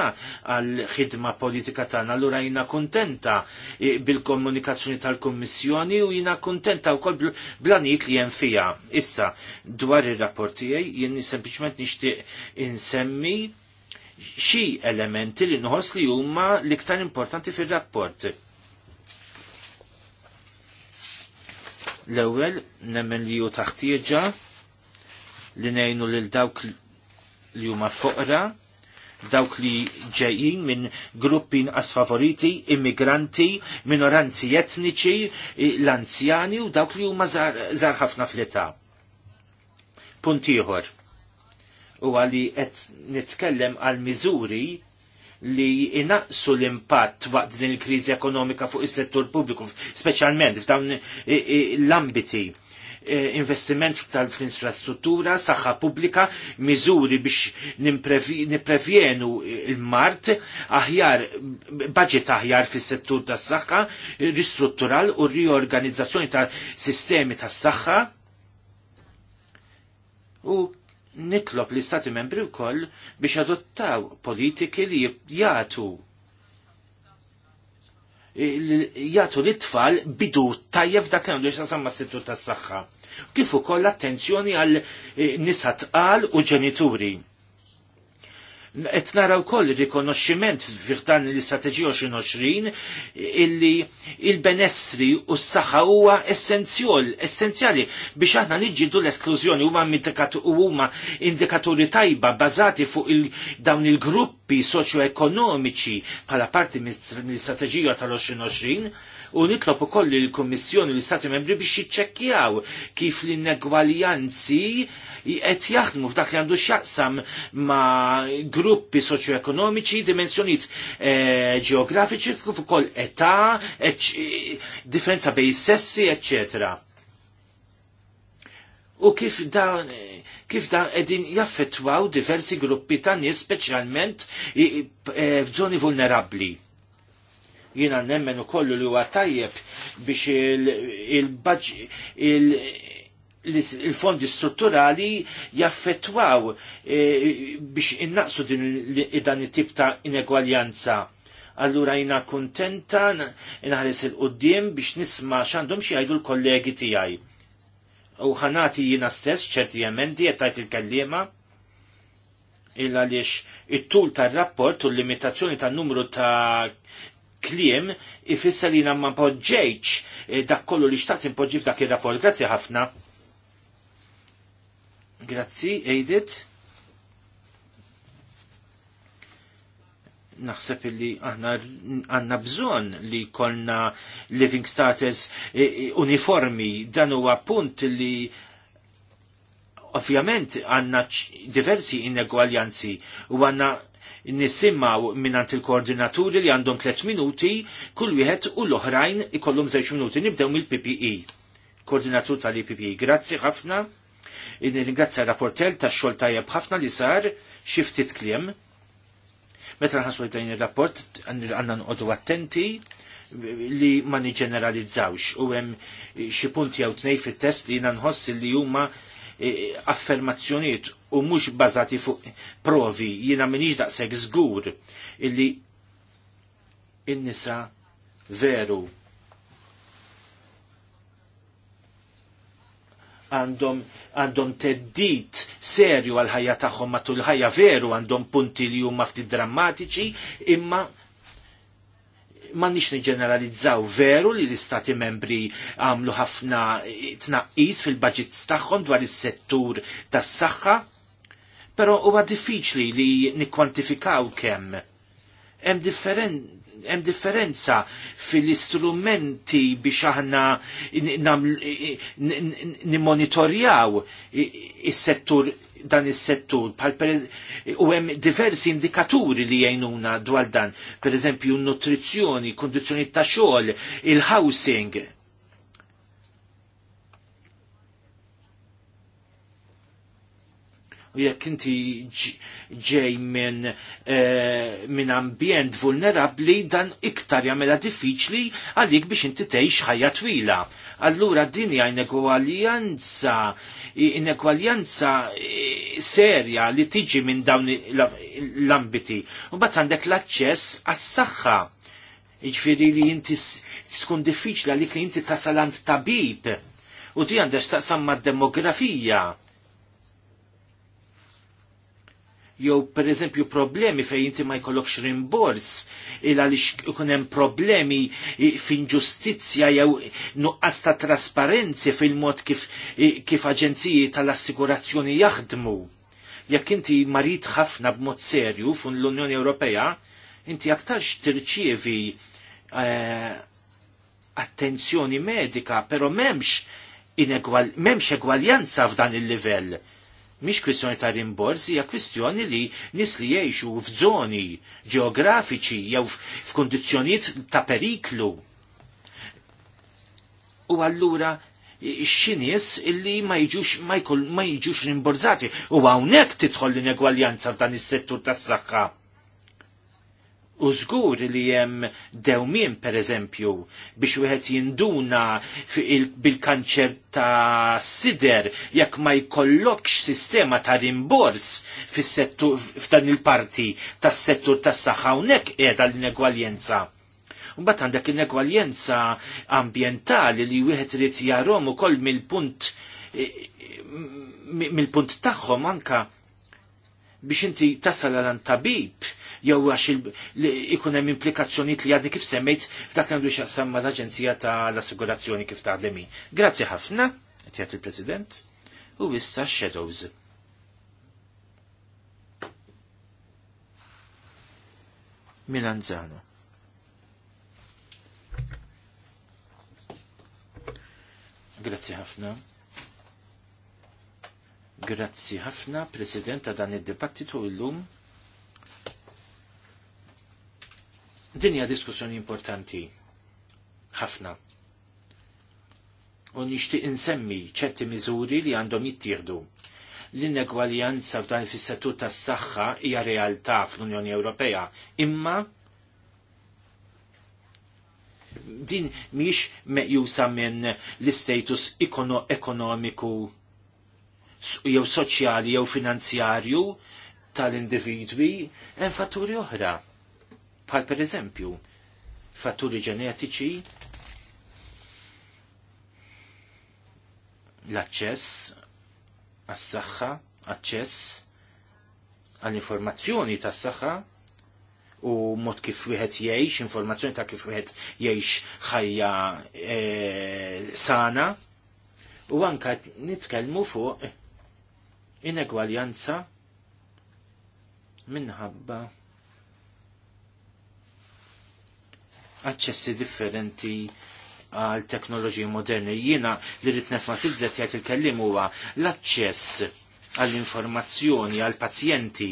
għal ħidma politika tagħna. Allura jina kuntenta eh, bil-komunikazzjoni tal-Kummissjoni u jina kuntenta wkoll blanik li hemm fiha. Issa dwar ir-rapport tiegħi jien sempliċement nixtieq insemmi xi elementi li nħoss li huma l-iktar importanti fir-rapport. L-ewwel nemmen li hu taħtieġa li ngħinu lil dawk li huma foqra, dawk li ġejjin minn gruppi nqas favoriti, immigranti, minoranzi etniċi, l-anzjani u dawk li huma żar ħafna fl-età. Punt ieħor. U għalli qed nitkellem għal miżuri li inaqsu l-impatt waqt din il-kriżi ekonomika fuq is-settur pubbliku, speċjalment f'dawn l-ambiti Eh, investiment tal-infrastruttura, saħħa pubblika, miżuri biex niprevjenu il-mart, aħjar, budget aħjar fis settur tas saħħa ristruttural u riorganizzazzjoni ta' sistemi tas saħħa u nitlob li stati membri wkoll biex adottaw politiki li jagħtu jgħatu l-itfall bidu tajjeb dak li għandu jxasam ma s-sittu tas saħħa kif ukoll attenzjoni għal eh, nisa tqal u ġenituri. Et naraw koll rikonoxximent f'dan l-istrateġija 2020 illi il-benessri u s-saħħa huwa essenzjol, essenzjali biex aħna niġġieldu l-esklużjoni huma huma indikaturi tajba bażati fuq il dawn il-gruppi soċjoekonomiċi bħala parti mill-istrateġija tal-2020 u nitlob ukoll il-Kommissjoni l istati membri biex jiċċekkjaw kif l-innegwaljanzi qed jaħdmu f'dak li għandu x'jaqsam ma' gruppi soċjoekonomiċi, dimensjonijiet eh, ġeografiċi, kif ukoll età, differenza bejn sessi, eccetera. U kif da kif dan edin jaffetwaw diversi gruppi ta' nies speċjalment eh, f'żoni vulnerabbli. Jina nemmen ukoll li huwa tajjeb biex il-fondi strutturali jaffettwaw eh, biex innaqsu din dan it-tip ta' inegwaljanza. Allura jina kontenta inħares il-qoddim biex nisma xandum xi jgħidu l-kollegi tiegħi. U ħanati jina stess ċerti emendi jettajt il-kallima illa għaliex it-tul tar rapport u l-limitazzjoni tan numru ta' kliem ifisser li ma poġġejċ eh, dak kollu li xtaqt impoġġi f'dak il-rapport. Grazzi ħafna. Grazzi, Edith. naħseb illi aħna għanna bżon li konna living status eh, eh, uniformi dan huwa punt li ovvjament għanna diversi inegwaljanzi u għanna nisimgħu minant il-koordinaturi li għandhom 3 minuti kull wieħed u l-oħrajn ikollhom 6 minuti. Nibdew mill-PPE. Koordinatur tal-PPE. E, grazzi ħafna. Nirringrazzja rapportel tax-xogħol tajjeb ħafna li sar xi ftit kliem. Meta nħassu dan ir-rapport għandna nqogħdu attenti li ma niġġeneralizzawx u hemm xi punti jew tnej fit-test li jiena nħoss li huma E, e, affermazzjoniet u mhux bazati fuq provi jiena minix daqshekk żgur illi innisa nisa veru għandhom għandhom teddit serju għal ħajja tagħhom matul ħajja veru għandhom punti li huma ftit drammatiċi imma ma nix niġeneralizzaw veru li l-istati membri għamlu ħafna tnaqqis fil-budgets tagħhom dwar is-settur tas-saħħa, però huwa diffiċli li nikkwantifikaw kemm. Hemm differen hemm differenza fil-istrumenti biex aħna nimonitorjaw is-settur dan is-settur bħal u hemm diversi indikaturi li jgħinuna dwar dan, pereżempju n-nutrizzjoni, kondizzjoni ta' xogħol, il-housing u jekk inti ġej minn eh, min ambjent vulnerabli dan iktar jagħmilha diffiċli għalik biex inti tgħix ħajja twila. Allura din hija inegwaljanza inegwaljanza eh, serja li tiġi minn dawn l-ambiti. U bat għandek l-aċċess għas-saħħa. Iġifieri li inti tkun diffiċli għalik li inti tasal għand tabib u ti għandek staqsam mad-demografija jew per eżempju problemi fej inti ma jkollokx rimbors il għaliex ikun hemm problemi f'inġustizzja jew nuqqas ta' trasparenzi fil-mod kif, kif aġenziji tal-assigurazzjoni jaħdmu. Jekk inti marit ħafna b'mod serju fun l-Unjoni Ewropea, inti aktarx tirċievi eh, attenzjoni medika, pero memx memx egwaljanza f'dan il-livell Mhix kwistjoni ta' rimbors, hija kwistjoni li nis li jgħixu f'żoni ġeografiċi jew f'kundizzjonijiet ta' periklu. U allura x-xinis illi ma jiġux ma jiġux rimborzati. U hawnhekk tidħol l-inegwaljanza f'dan is-settur tas-saħħa. U żgur li hemm dewmien pereżempju biex wieħed jinduna bil-kanċer ta' sider jekk ma jkollokx sistema ta' rimbors f'dan il-parti tas-settur tas-saħħa hawnhekk qiegħda l-inegwaljenza. Mbagħad għandek inegwaljenza ambjentali li wieħed irid jarom ukoll mill-punt mill-punt tagħhom anka biex inti tasal għal tabib jew għax ikun hemm implikazzjonijiet li għadni kif semmejt f'dak għandu x'jaqsam l aġenzija tal-Assigurazzjoni kif taħdemi. Grazzi ħafna, qed il-President, u issa Shadows. Milanzano. Grazzi ħafna. Grazzi ħafna, President, ta' dan id-dibattitu illum. lum Din hija diskussjoni importanti ħafna. U nixtieq insemmi ċerti miżuri li għandhom jittieħdu. L-inegwaljanza f'dan fis-settur tas-saħħa hija realtà fl-Unjoni Ewropea, imma din miex meqjusa minn l-istatus ekonomiku jew soċjali jew finanzjarju tal-individwi hemm fatturi oħra bħal per eżempju fatturi ġenetiċi, l-aċċess għas-saħħa, aċċess għall-informazzjoni tas-saħħa u mod kif wieħed jgħix, informazzjoni ta' kif wieħed jgħix ħajja e, sana u anka nitkellmu fuq inegwaljanza minħabba aċċessi differenti għal teknoloġiji moderni. Jiena li rrit nefasizza jgħat il-kellim huwa l-aċċess għall informazzjoni għal pazjenti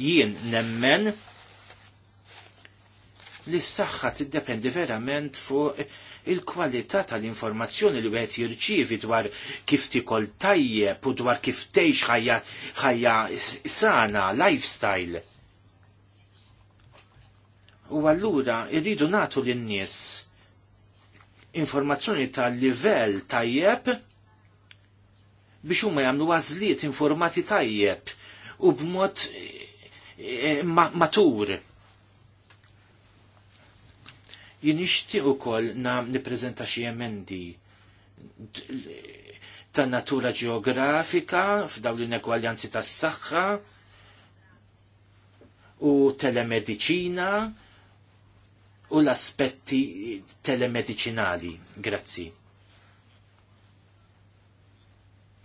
jien nemmen li s-saxħa tiddependi verament fuq il-kwalità tal-informazzjoni li wieħed jirċievi dwar kif tikol tajjeb u dwar kif tgħix ħajja sana, lifestyle U allura irridu natu lin-nies informazzjoni tal-livell tajjeb biex huma jagħmlu għażliet informati tajjeb u b'mod eh, eh, matur. Jien nixtieq ukoll nippreżenta xi emendi ta' natura ġeografika f'dawn l-inegwaljanzi tas-saħħa u telemedicina u l-aspetti telemedicinali. Grazzi.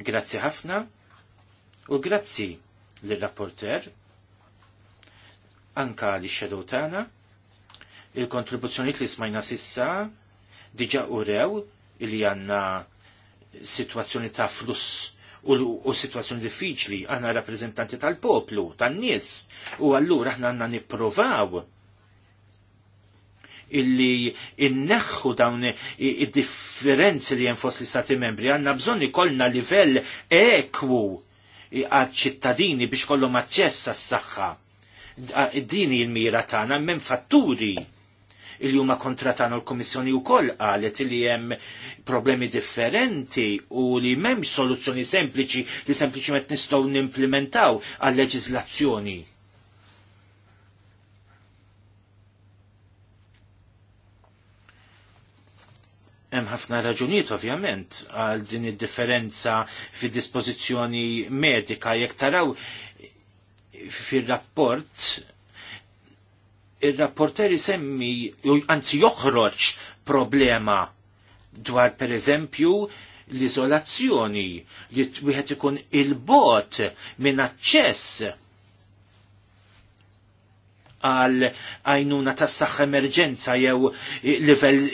Grazzi ħafna u grazzi l-rapporter anka li xedow tana il-kontribuzzjoni li smajna sissa diġa rew li għanna situazzjoni ta' fluss u situazzjoni diffiċli għanna rappresentanti tal-poplu, tan-nies u allura aħna għanna nipprovaw illi inneħħu dawn id-differenzi li fost l-istati membri għanna bżon ikollna livell ekwu għad ċittadini biex kollhom aċċess għas-saħħa. Dini il-mira tagħna minn fatturi il huma kontratana l-Komissjoni u koll għalet li jem problemi differenti u li m'hemmx soluzzjoni sempliċi li sempliċement nistgħu nimplementaw għal leġizlazzjoni Hemm ħafna raġunijiet ovvjament għal din id-differenza fid dispożizzjoni medika jekk taraw fir-rapport ir-rapporteri semmi anzi joħroġ problema dwar pereżempju l-izolazzjoni li wieħed ikun il-bot minn aċċess għal għajnuna ta' saħħa emerġenza jew livell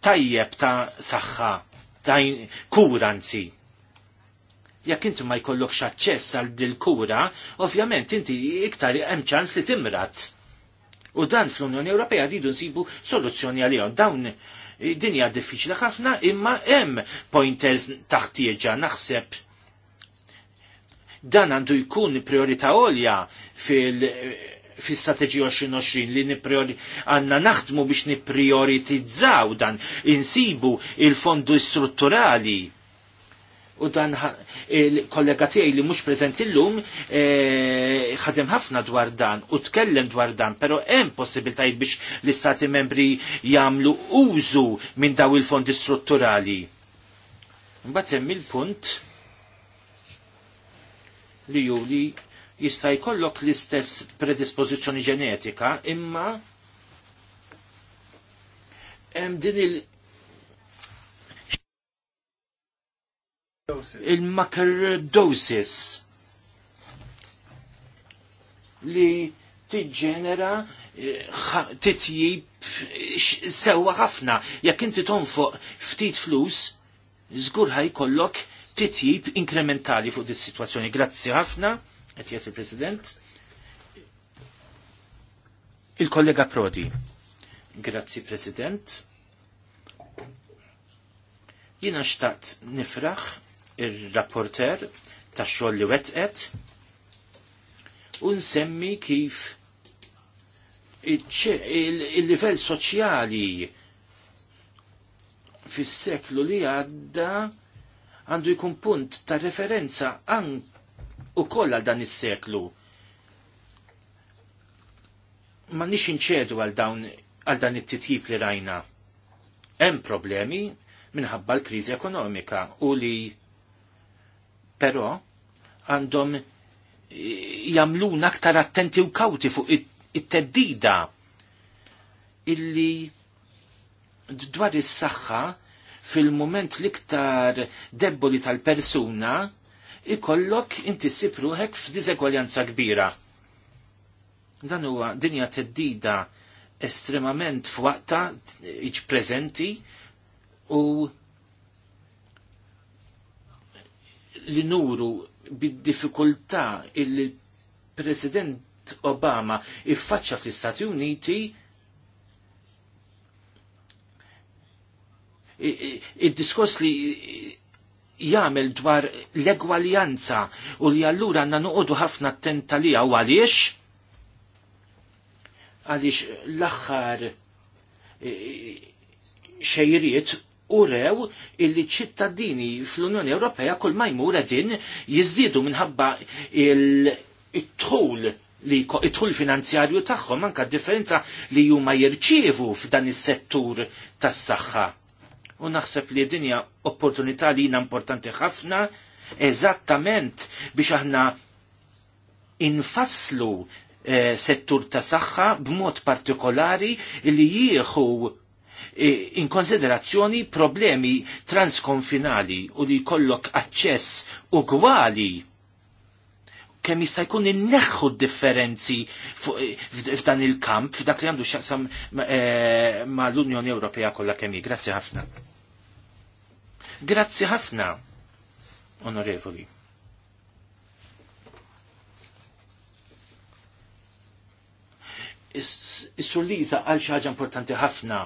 tajjeb ta' saħħa, ta' kuranzi. Jekk inti ma jkollokx aċċess għal dil kura, ovvjament inti iktar hemm ċans li timrat. U dan fl-Unjoni Ewropea rridu nsibu soluzzjoni għalihom. Dawn eh, dinja diffiċli ħafna imma hemm pointers taħtieġa naħseb dan għandu jkun priorità għolja fil- fi strategi 2020 li nipriori għanna naħdmu biex niprioritizzaw dan insibu il-fondu strutturali u dan il-kollega tiegħi li mhux preżenti llum eh, ħadem ħafna dwar dan u tkellem dwar dan, però hemm possibiltajiet biex l-istati membri jagħmlu użu minn daw il-fondi strutturali. Mbagħad hemm il-punt li juli jista' jkollok l-istess predispożizzjoni ġenetika, imma hemm din il- il-macrodosis li tiġġenera eh, titjib eh, sewwa ħafna. Jekk inti tonfoq ftit flus, żgur ħajkollok titjib inkrementali fuq dis-sitwazzjoni. Grazzi ħafna qed jgħid il-President. Il-kollega Prodi. Grazzi President. Jiena xtaqt nifraħ ir-rapporter tax-xogħol li wetqet u nsemmi kif il-livell soċjali fis-seklu li għadda għandu jkun punt ta' referenza anke u koll dan is-seklu. Ma nix inċedu għal dawn għal dan it-titjib li rajna. Hemm problemi minħabba l-kriżi ekonomika u li però għandhom jamlun aktar attenti u kawti fuq it-teddida illi dwar is-saħħa fil-moment iktar deboli tal-persuna ikollok inti sipruħek f'diżegwaljanza kbira. Dan huwa dinja teddida estremament f'waqta iġ prezenti u li nuru bid-diffikultà il-President Obama iffaċċa fl-Istati Uniti il diskors li jagħmel dwar l-egwaljanza u li allura għandna noqogħdu ħafna attenta li u għaliex? Għaliex l-aħħar e, xejriet u rew illi ċittadini fl-Unjoni Ewropea kull ma jmur qegħdin jiżdiedu minħabba il-tħul li it-tħul finanzjarju tagħhom anke differenza li huma jirċievu f'dan is-settur tas-saħħa u naħseb li dinja opportunità li jina importanti ħafna eżattament biex aħna infasslu e, settur ta' saħħa b'mod partikolari li jieħu eh, in konsiderazzjoni problemi transkonfinali u li jkollok aċċess ugwali kemm jista' jkun inneħħu differenzi eh, f'dan il-kamp f'dak li għandu x'aqsam ma' l-Unjoni Ewropea kollha kemm hi. Grazzi ħafna. Grazzi ħafna, onorevoli. Is-sulliza għal xaġa importanti ħafna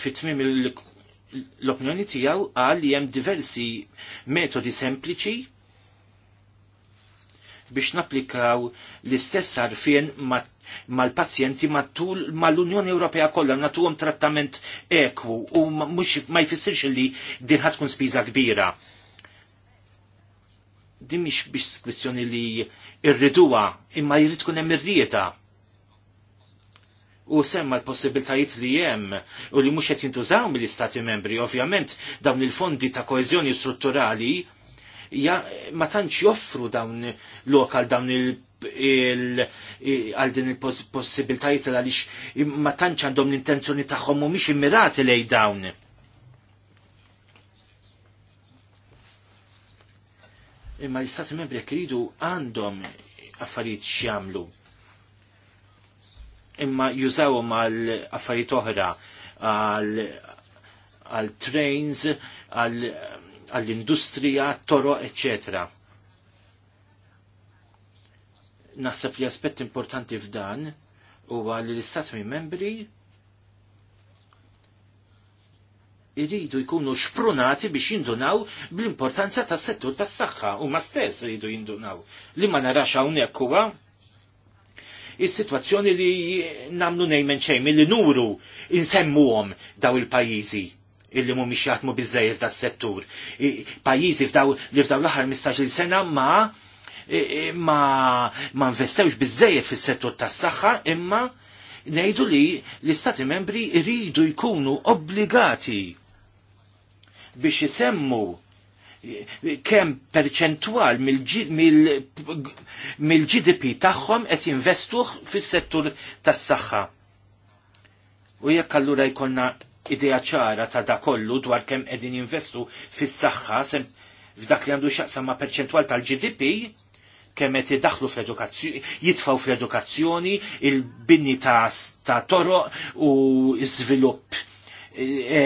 fit-tmim l-opinjoni tijaw għal li jem diversi metodi sempliċi biex naplikaw l-istess arfien mal-pazjenti matul mal-Unjoni Ewropea kollha nagħtuhom trattament ekwu u ma jfissirx li din ħadkun spiża kbira. Din mhix biex kwistjoni li irriduha imma jrid tkun hemm rieta u semma l-possibiltajiet li jem u li mhux qed jintużaw mill-Istati membri, ovvjament dawn il-fondi ta' koezjoni strutturali ma tantx joffru dawn lokal dawn il- għal din il-possibilitajiet għaliex ma tantx għandhom l-intenzjoni tagħhom mhumiex immirati lej dawn. Imma l-Istati Membri jekk iridu għandhom affarijiet x'jagħmlu. Imma jużawhom għal affarijiet oħra għal għal trains, għal għall-industrija, toro, etc. Naħseb li aspett importanti f'dan huwa li l mi membri iridu jkunu xprunati biex jindunaw bl-importanza tas settur tas saħħa u ma stess iridu jindunaw. Li ma narax hawnhekk huwa is-sitwazzjoni li namlu nejmen xejn li nuru insemmuhom daw il-pajjiżi illi mhumiex jaħdmu biżejjed tas-settur. Pajjiżi f'daw li f'daw l-aħħar mistax il sena ma ma ma investewx biżejjed fis-settur tas-saħħa imma ngħidu li l-istati membri jridu jkunu obbligati biex isemmu kem perċentwal mill-GDP tagħhom qed jinvestuh fis-settur tas-saħħa. U jekk allura jkollna idea ċara ta' da kollu dwar kemm qegħdin jinvestu fis-saħħa f'dak li għandu x'aqsam ma' perċentwal tal-GDP kemm qed idaħlu fl-edukazzjoni, jitfgħu fl-edukazzjoni, il-binni ta', ta toroq u żvilupp e,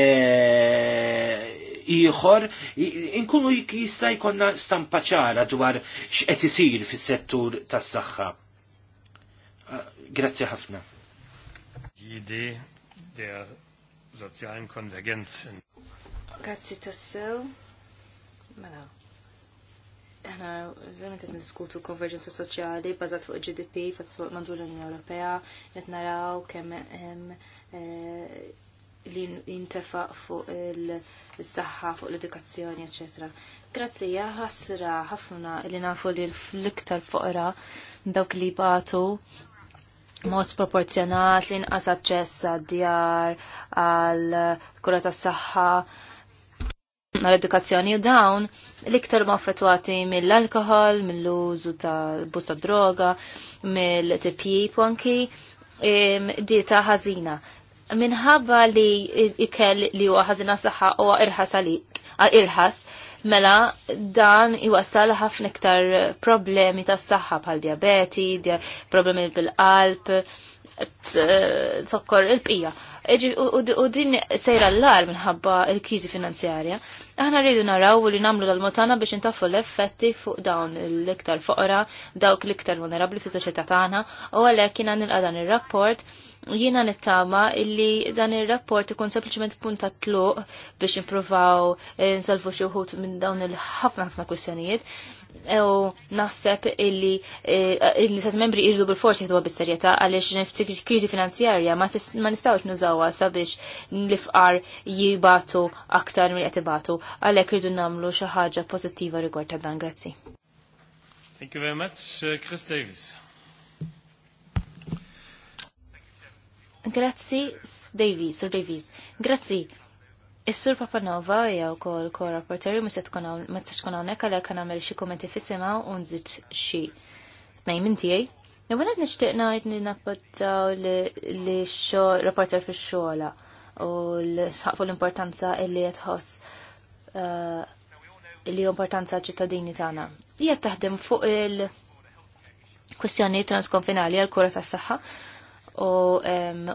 ieħor inkunu jista' jkollna stampa ċara dwar x'qed isir fis-settur tas-saħħa. Grazzi ħafna. Jidi sozialen Konvergenz. Grazzi tassew. Mela. Aħna verament qed diskutu konverġenza soċjali bazat fuq GDP fas-suq mandur l-Unjoni Ewropea qed naraw kemm hemm eh, li jintefaq fuq il-saħħa, fuq l-edukazzjoni, eccetera. Grazzi, ħasra ħafna li nafu li l-iktar foqra dawk li batu mod sproporzjonat li nqas aċċess għad-djar għal kura tas-saħħa għal-edukazzjoni u dawn l-iktar ma' affettwati mill-alkohol, mill-użu tal busta droga, mill-tipjib anki dieta ħażina. Minħabba li ikel li huwa ħażina saħħa huwa irħas għalik, irħas, mela dan iwassal ħafna iktar problemi tas saħħa bħal diabeti, problemi bil-qalb, sokkor il-bqija. U din sejra l-lar minħabba il kizi finanzjarja. Aħna rridu naraw li namlu l-motana biex intaffu l-effetti fuq dawn l-iktar foqra, dawk l-iktar vulnerabli fi soċjetà tagħna, u għalhekk kien il dan ir-rapport Jiena nittama illi dan ir-rapport ikun sempliċement punta tluq biex nippruvaw eh, nsalvu xi wħud minn dawn il-ħafna ħafna kwistjonijiet. U naħseb illi eh, il-nisat membri irdu bil-forsi jħduha bis-serjetà għaliex kriżi finanzjarja ma nistgħux nużawha sabiex l-ifqar jibatu aktar minn qed ibatu għalhekk irdu nagħmlu xi ħaġa pożittiva rigward ta' dan. Grazzi. Thank you very much, uh, Chris Davis. Grazzi, Davies, Sir Davies. Grazzi. Is-Sur Papanova hija wkoll korrapporteri ma se tkun ma se tkun hawnhekk għalhekk nagħmel xi kummenti fisimha u nżid xi tnejn minn tiegħi. Nibgħu nixtieq ngħid li nappoġġaw li rapporter fix-xogħla u l-saqfu l-importanza illi jitħoss eh, li importanza ċittadini tagħna. Hija taħdem fuq il-kwestjoni transkonfinali għal kura tas-saħħa u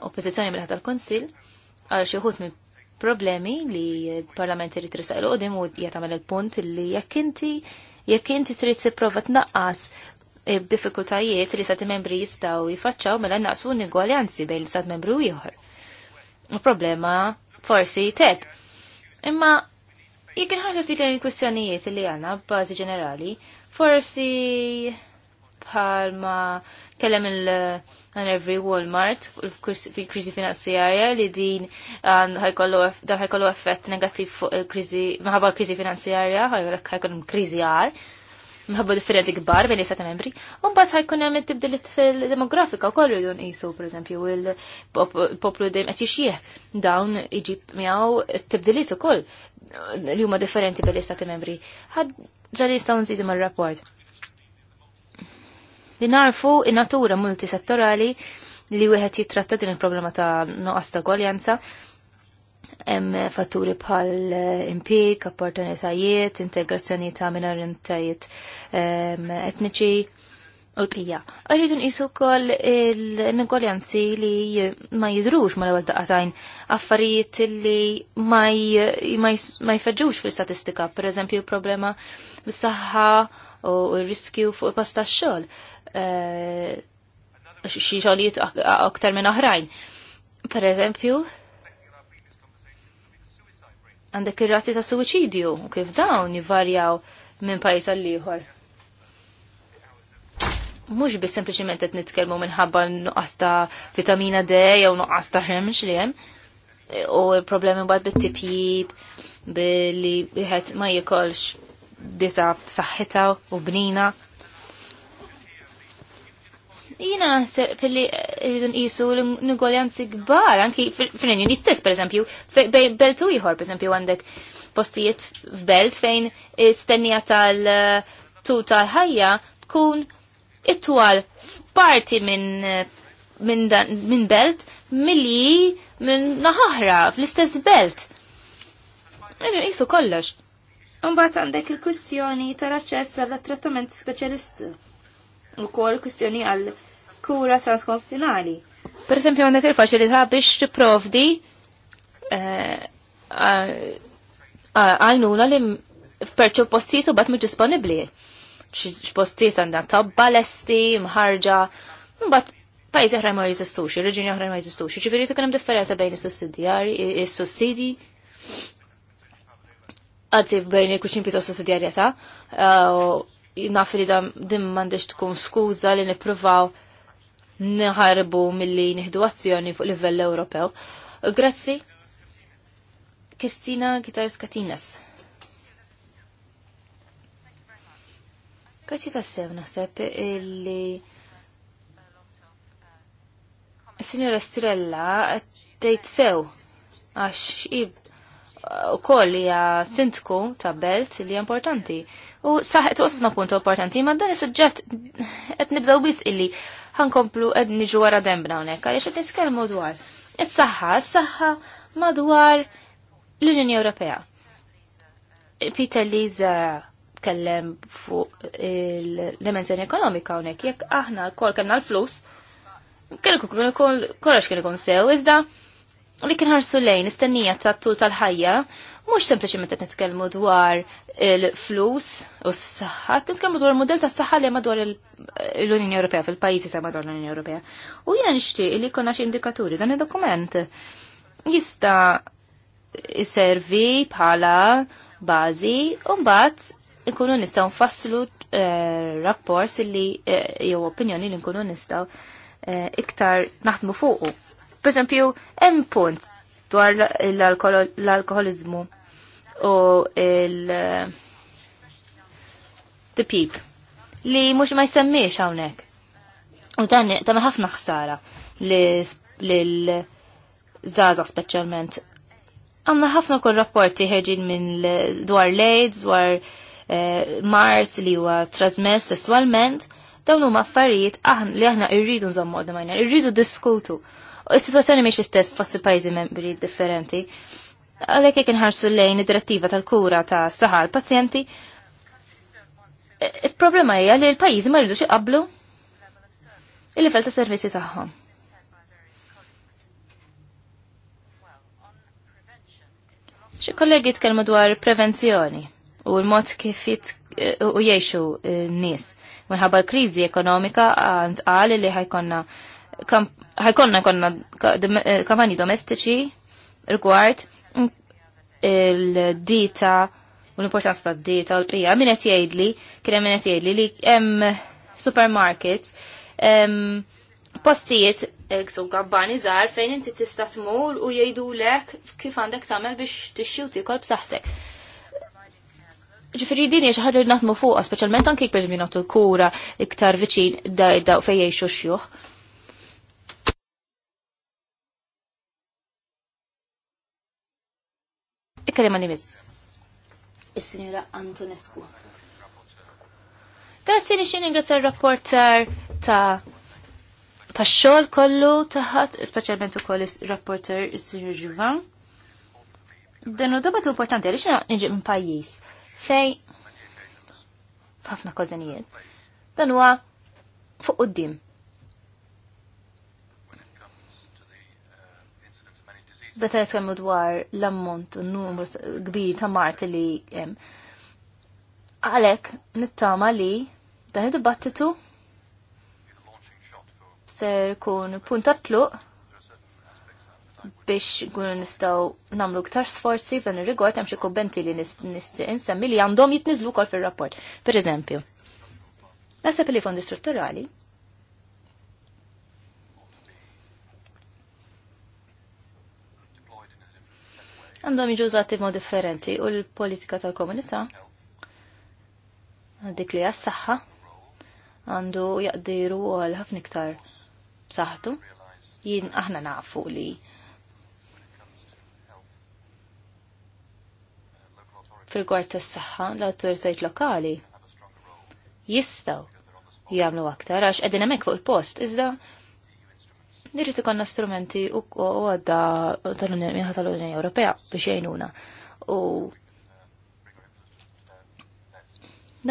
oppożizzjoni mill tal-Konsil għal xi wħud minn problemi li l-Parlament irid tristaq il qudiem u jagħmel il-punt li jekk inti jekk inti trid tipprova tnaqqas b'diffikultajiet li stati membri jistgħu jifaċċaw mela naqsu n-igwaljanzi bejn sat membru ieħor. Problema forsi teb. Imma jekk inħarġu ftit lejn kwistjonijiet li għandna b'bażi ġenerali, forsi bħalma kellem il uh, every Walmart fil-krizi finanzjarja li din um, ħajkollu effett negattiv fuq il-krizi, maħabba l-krizi finanzjarja, ħajkollu krizi għar, maħabba differenzi kbar bejn is-seta membri, u mbagħad ħajkun hemm tibdilit fil-demografika wkoll jridu nqisu pereżempju il-poplu dejjem qed jixjieħ dawn iġib miegħu t-tibdiliet ukoll li huma differenti bil-istati membri. Ħad ġali nistgħu nżidu mar-rapport li narfu in-natura multisettorali li wieħed jitratta din il-problema ta' noqas ta' gwaljanza hemm fatturi bħal eh, impik, opportunitajiet, integrazzjoni ta' minoritajiet ehm, etniċi u l-pija. Rridu nqisu wkoll il-negoljanzi li ma jidrux ma l-ewwel daqatajn affarijiet li ma jfeġġux fil-statistika, pereżempju problema bis-saħħa u r-riskju fuq il-pasta x-xogħol Eh, xi xogħlijiet aktar minn oħrajn. Per eżempju, għandek ir-rati ta' suwiċidju u kif dawn jivarjaw minn pajjiż għal ieħor. Mhux biss sempliċiment qed nitkellmu minħabba nuqqas ta' vitamina D jew nuqqas ta' xemx li hemm u l-problemi mbagħad bit-tipjib billi wieħed ma jikolx dita b'saħħitha u bnina Jina fil li rridun nqisu l ngoljanzi kbar, anki fil-Renju Unit stess, per esempio, beltu ieħor, per esempio, għandek postijiet f'belt fejn istennija tal-tu tal-ħajja tkun it-twal f'parti minn minn belt milli minn naħahra fl-istess belt. Irridu jisu kollox. Mbagħad għandek il kustjoni tal-aċċess għall-trattament specialist. u kol kustjoni għal kura transkonfinali. Per esempio, għandek il-faċilità biex tipprovdi eh, għajnuna li f'perċu postijiet u bat mux disponibli. X-postijiet għandak ta' balesti, mħarġa, mbagħad pajjiż oħra ma il reġjuni oħra ma jeżistux. Ġifieri tkun hemm differenza bejn is-sussidjarji, il sussidi għadzi bejn il-kuċin pjuttost sussidjarjetà, eh, naf li dam dim m'għandix tkun skuża li nippruvaw nħarbu milli nieħdu azzjoni fuq livell Ewropew. Grazzi. Kristina Gitaris Katinas. Grazzi tassew naħseb illi Signora Strella tgħid sew għax ib u koll hija sintku ta' belt li importanti. U saħet ħafna punto importanti, ma dan is-suġġett qed nibżgħu biss illi ħankomplu qed niġu wara dembna hawnhekk għaliex qed nitkellmu dwar is-saħħa, s-saħħa madwar l-Unjoni Ewropea. Peter Lisa eh, tkellem fuq l-dimensjoni ekonomika hawnhekk jekk aħna l-kol kellna l-flus, kien kol, kolax kien kun sew, iżda li kien ħarsu lejn istennija tat-tul tal-ħajja mhux sempliċement qed nitkellmu dwar il-flus u s-saħħa, nitkellmu dwar il-modell tas-saħħa li madwar l-Unjoni Ewropea fil-pajjiżi ta' madwar l-Unjoni Ewropea. U jiena nixtieq li jkollna xi indikaturi dan id-dokument jista' iservi bħala bażi u mbagħad inkunu nistgħu nfasslu eh, rapport li eh, jew opinjoni li nkunu nistgħu eh, iktar naħdmu fuqu. Per esempio, hemm punt dwar l-alkoholizmu u il- eh, the peep li mux ma jsemmiex hawnhekk. U dan tagħmel ħafna ħsara lil Zaza speċjalment. Għandna ħafna kol rapporti ħerġin minn dwar l-AIDS, dwar eh, Mars li huwa trasmess sessualment, dawn huma affarijiet aħna li aħna rridu nżommu għadhom irridu diskutu. U s-sitwazzjoni mhix l-istess fossi pajjiżi membri differenti. Għalhekk jek inħarsu lejn id-direttiva tal-kura ta' saħa l-pazjenti, e, il-problema hija li l-pajjiżi ma rridux iqablu il-livell ta' servizzi tagħhom. Xi kollegi tkellmu dwar prevenzjoni u l-mod kif u jgħixu e, n-nies. Minħabba l-kriżi ekonomika għand qal li ħajkonna ħajkonna konna e, kampanji domestiċi rigward il-dita u l-importanza ta' dita u l-pija. Min qed jgħidli, kien hemm min qed jgħidli li hemm supermarkets, postijiet għsum eh, għabbani żgħar fejn inti tista' tmur u jgħidulek kif għandek tagħmel biex tixxi kol tikol b'saħħtek ġifiri dini xaħġa id-natmu fuqa, specialment anki kbeż minn kura iktar viċin da' fejn jgħixu xjuħ. Il-kelima li miss. Is-Sinjura Antonescu. Grazzi li xin ingrazzja il-rapporter ta' ta' xol kollu taħat, specialment u koll il-rapporter il-Sinjur Juvan. Dan u tu importanti, għalix nġi minn pajis fej ħafna kozenijiet. Dan huwa fuq qoddim. Beta nitkellmu dwar l-ammont, n-numru kbir ta' marti li hemm. Għalhekk nittama li dan id-dibattitu ser kun punta tluq biex kun nistaw namlu ktar sforzi f'dan ir-rigord hemm xi kubbenti li nistgħu insemmi li għandhom jitniżlu wkoll fir-rapport. Per eżempju, naħseb li fondi strutturali għandhom jiġu użati mod differenti u l-politika tal-komunità dik li għas-saħħa għandu jaqdiru għal ħafna iktar saħħtu. Jien aħna nafu li fil gwart tas-saħħa l-awtoritajiet lokali jistgħu jagħmlu aktar għax qegħdin hemmhekk fuq il-post iżda Dirrit ikonna strumenti u għadda tal-Unjoni Ewropea biex jgħinuna. U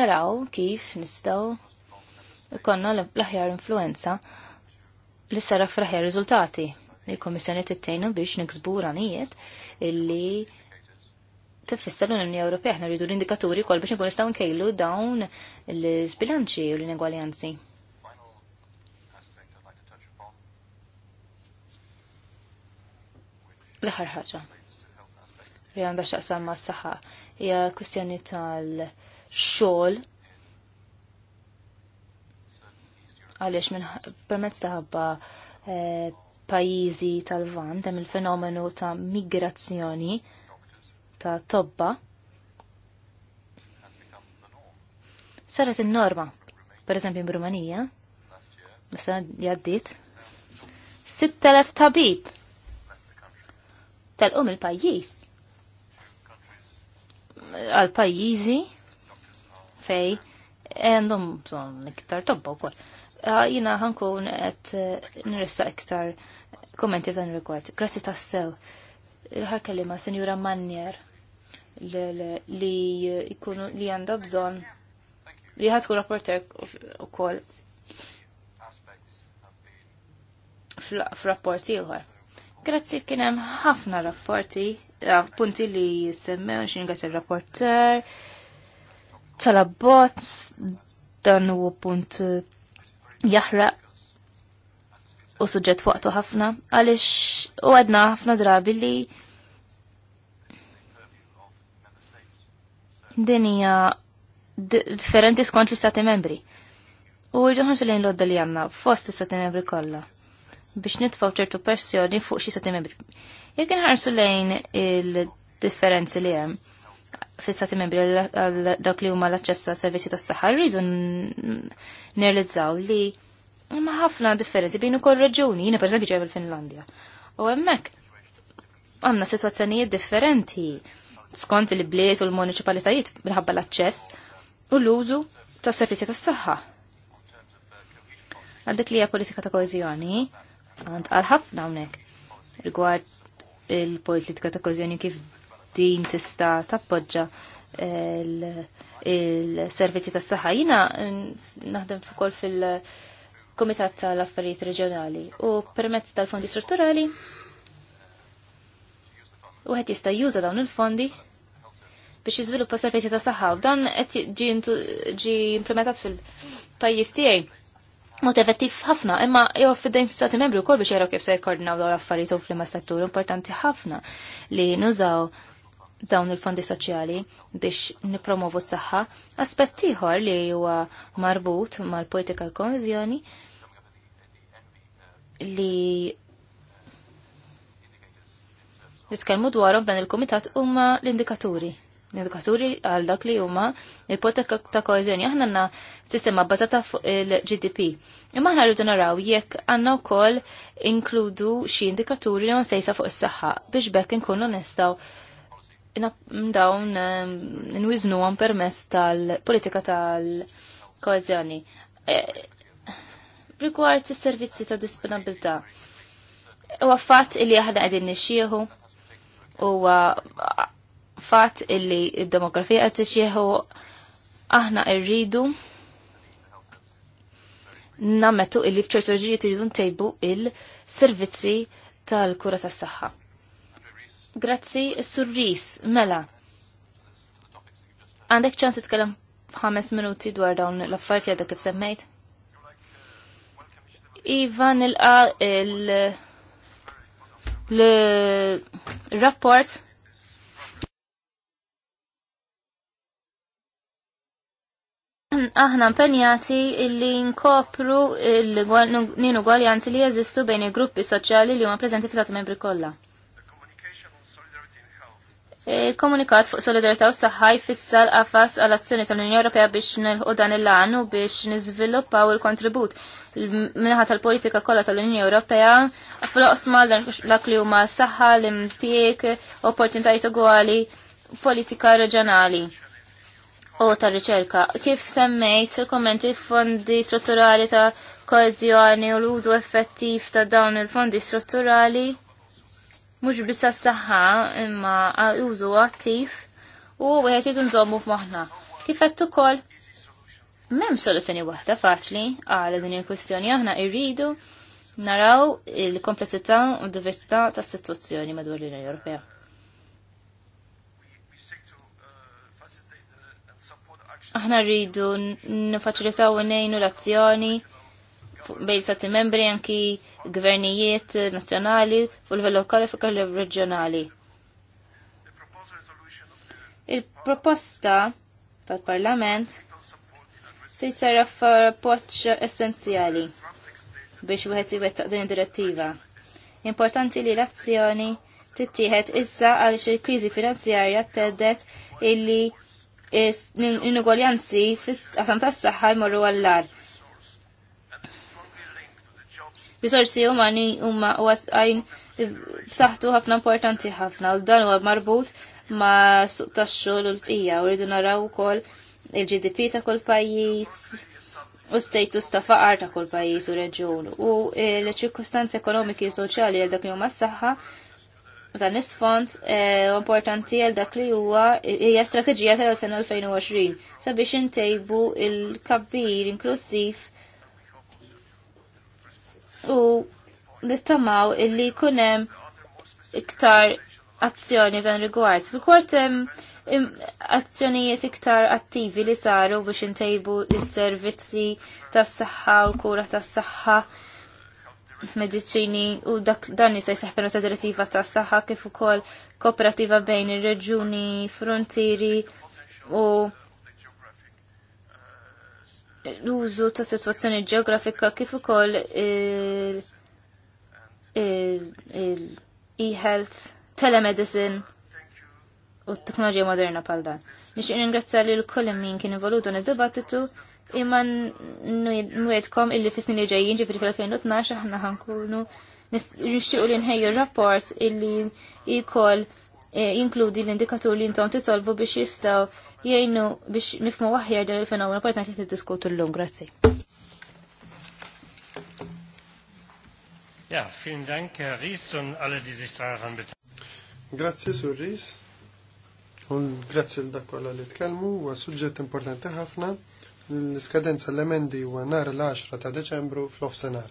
naraw kif nistaw ikonna l-aħjar influenza li sara fraħjar riżultati. Il-Komissjoni tittejnu biex niksbu ranijiet illi tifissa l-Unjoni Ewropea ħna rridu l-indikaturi kol biex nkun nkejlu dawn l-sbilanċi u l-inegwaljanzi. L-aħħar ħaġa li għandha x'aqsam mas-saħħa Ija kustjoni tal-xogħol għaliex permezz taħabba eh, pajjiżi tal van hemm il-fenomenu ta' migrazzjoni ta' tobba saret in-norma. Per eżempju in Rumanija, mesa jaddit, 6000 tabib tal-qum il-pajjiż. Għal pajjiżi fej għandhom bżonn iktar tobba wkoll. Ah, jina ħankun għet eh, nirista iktar kommenti f'dan il il-rekord. Grazzi tassew. Il-ħar kelima, senjura Mannier, li jkunu li għandha bżonn li ħadku rapporter ukoll f'rapport uħar. Grazzi kienem ħafna rapporti, eh, punti li jissemmew, xingas ir rapporter tal-abbozz, dan huwa punt eh, jahraq u suġġett waqtu ħafna, għalix u għedna ħafna drabi li dinija differenti skont l-istati membri. U ġoħnġ lejn l-odda li għanna, fost l-istati membri kolla biex nitfaw ċertu persjoni fuq xi sati membri. Jekk inħarsu lejn il-differenzi li hemm fis stati membri għal dak li huma l-aċċess għal servizzi tas-saħħa rridu nerlizzaw li ma ħafna differenzi bejn ukoll reġuni, jiena pereżempju ġej fil-Finlandja. U hemmhekk għandna sitwazzjonijiet differenti skont il-bliet u l-municipalitajiet minħabba l-aċċess u l-użu tas servizzi tas-saħħa. Għal dik li hija politika ta' koeżjoni, għand għalħafna ħafna hawnhekk rigward il-politika ta' kozjoni kif din tista' tappoġġa il-servizzi s saħħa jina naħdem ukoll fil-Kumitat tal-Affarijiet Reġjonali u permezz tal-fondi strutturali U għet jista' juża dawn il-fondi biex jiżviluppa servizzi ta' saħħa u dan qed ġi implementat fil-pajjiż tiegħi mot effettiv ħafna, imma jew fidejn stati membri wkoll biex jaraw kif se jkoordinaw dawn l-affarijiet u fl-imma settur importanti ħafna li nużaw dawn il-fondi soċjali biex nipromovu s-saħħa. Aspett ieħor li huwa marbut mal-politika l-konvizjoni li nitkellmu dwarhom dan il-kumitat huma l-indikaturi edukaturi għal dak li huma ipoteka ta' koeżjoni. Aħna għandna sistema bbażata fuq il-GDP. Imma aħna rridu naraw jekk għandna wkoll inkludu xi indikaturi li sejsa fuq is-saħħa biex bekk inkunu nistgħu dawn inwiżnuhom eh, permezz tal-politika tal-koeżjoni. Eh, rigward is-servizzi ta' disponibilità. Huwa fatt li aħna qegħdin nixxieħu huwa fatt illi id-demografija qed tixjieħu aħna rridu nammetu illi f'ċertu ġrijiet irridu ntejbu il-servizzi tal-kura tas-saħħa. Grazzi, surris, mela. Għandek ċans titkellem ħames minuti dwar dawn l-affarijiet għadda kif semmejt? Iva nilqa il-rapport aħna impenjati illi nkopru il-ninu gwaljanzi li jeżistu bejn il-gruppi soċjali li huma preżenti fil membri kollha. Il-komunikat e, fuq solidarità u saħħa jfissal qafas għal azzjoni tal-Unjoni Ewropea biex nilħu dan il-lan u biex niżviluppaw il-kontribut minħat tal-politika kollha tal-Unjoni Ewropea fl-oqsma dak li huma saħħa, l-impjieg, opportunitajiet ugwali, politika reġjonali u ta' riċerka. Kif semmejt il-kummenti kommenti fondi strutturali ta' koezjoni u l-użu effettiv ta' dawn il-fondi strutturali mhux bissa s-saħħa imma użu attiv u wieħed jidu nżommu f'moħħna. Kif qed ukoll m'hemm soluzzjoni waħda faċli għal din il kwestjoni aħna irridu naraw il-komplessità u d-diversità tas-sitwazzjoni madwar l-Unjoni Ewropea. aħna rridu nifaċilitaw nejnu l-azzjoni bejn stati membri anki gvernijiet nazzjonali u livell lokali fuq livell reġjonali. Il-proposta tal-Parlament se jsar f'appoġġ essenzjali biex wieħed jwettaq din id-direttiva. Importanti li l-azzjoni tittieħed issa għaliex il-kriżi finanzjarja tedet illi l inugoljanzi fis tas-saħħa jmorru għall-lar. Risorsi umani huma għajn b'saħħtu ħafna importanti ħafna u dan huwa marbut ma' suq tax-xogħol u l-bqija u rridu naraw ukoll il-GDP ta' kull pajjiż, u status ta' faqar ta' kull pajjiż u reġjun u l-ċirkustanzi ekonomiki u soċjali għal dak li huma s-saħħa ta' nisfont eh, importanti għal dak li huwa hija strateġija tal-sena 2020 sabiex intejbu il-kabbir inklusiv u nittamaw illi kunem iktar azzjoni dan rigward. Fil-kwart azzjonijiet iktar attivi li saru biex intejbu il-servizzi tas-saħħa u kura tas-saħħa medicini u dak dan jista' jseħħ permezz direttiva tas saħħa kif ukoll kooperativa bejn ir-reġuni, frontieri u l-użu ta' sitwazzjoni ġeografika kif ukoll il-e-health, telemedicine u t-teknoloġija moderna pal dan. Nixtieq ningrazzja lil kull min kien involutu nid-dibattitu imma nwedkom illi fis-snin li ġejjin ġifri fil-2012 aħna ħankunu nixtiequ li nħejju rapport illi jkoll jinkludi l-indikatur li intom titolbu biex jistaw jgħinu biex nifmu waħjar dan il-fenomenu importanti li tiddiskutu llum. Grazzi. Ja, vielen Dank, Ries und alle, sich daran Grazie, Sur Ries. Un grazie l-dakolla li tkellmu, huwa suġġett importanti ħafna l-skadenza l-emendi u nhar l-10 ta' Deċembru fl-ofsenar.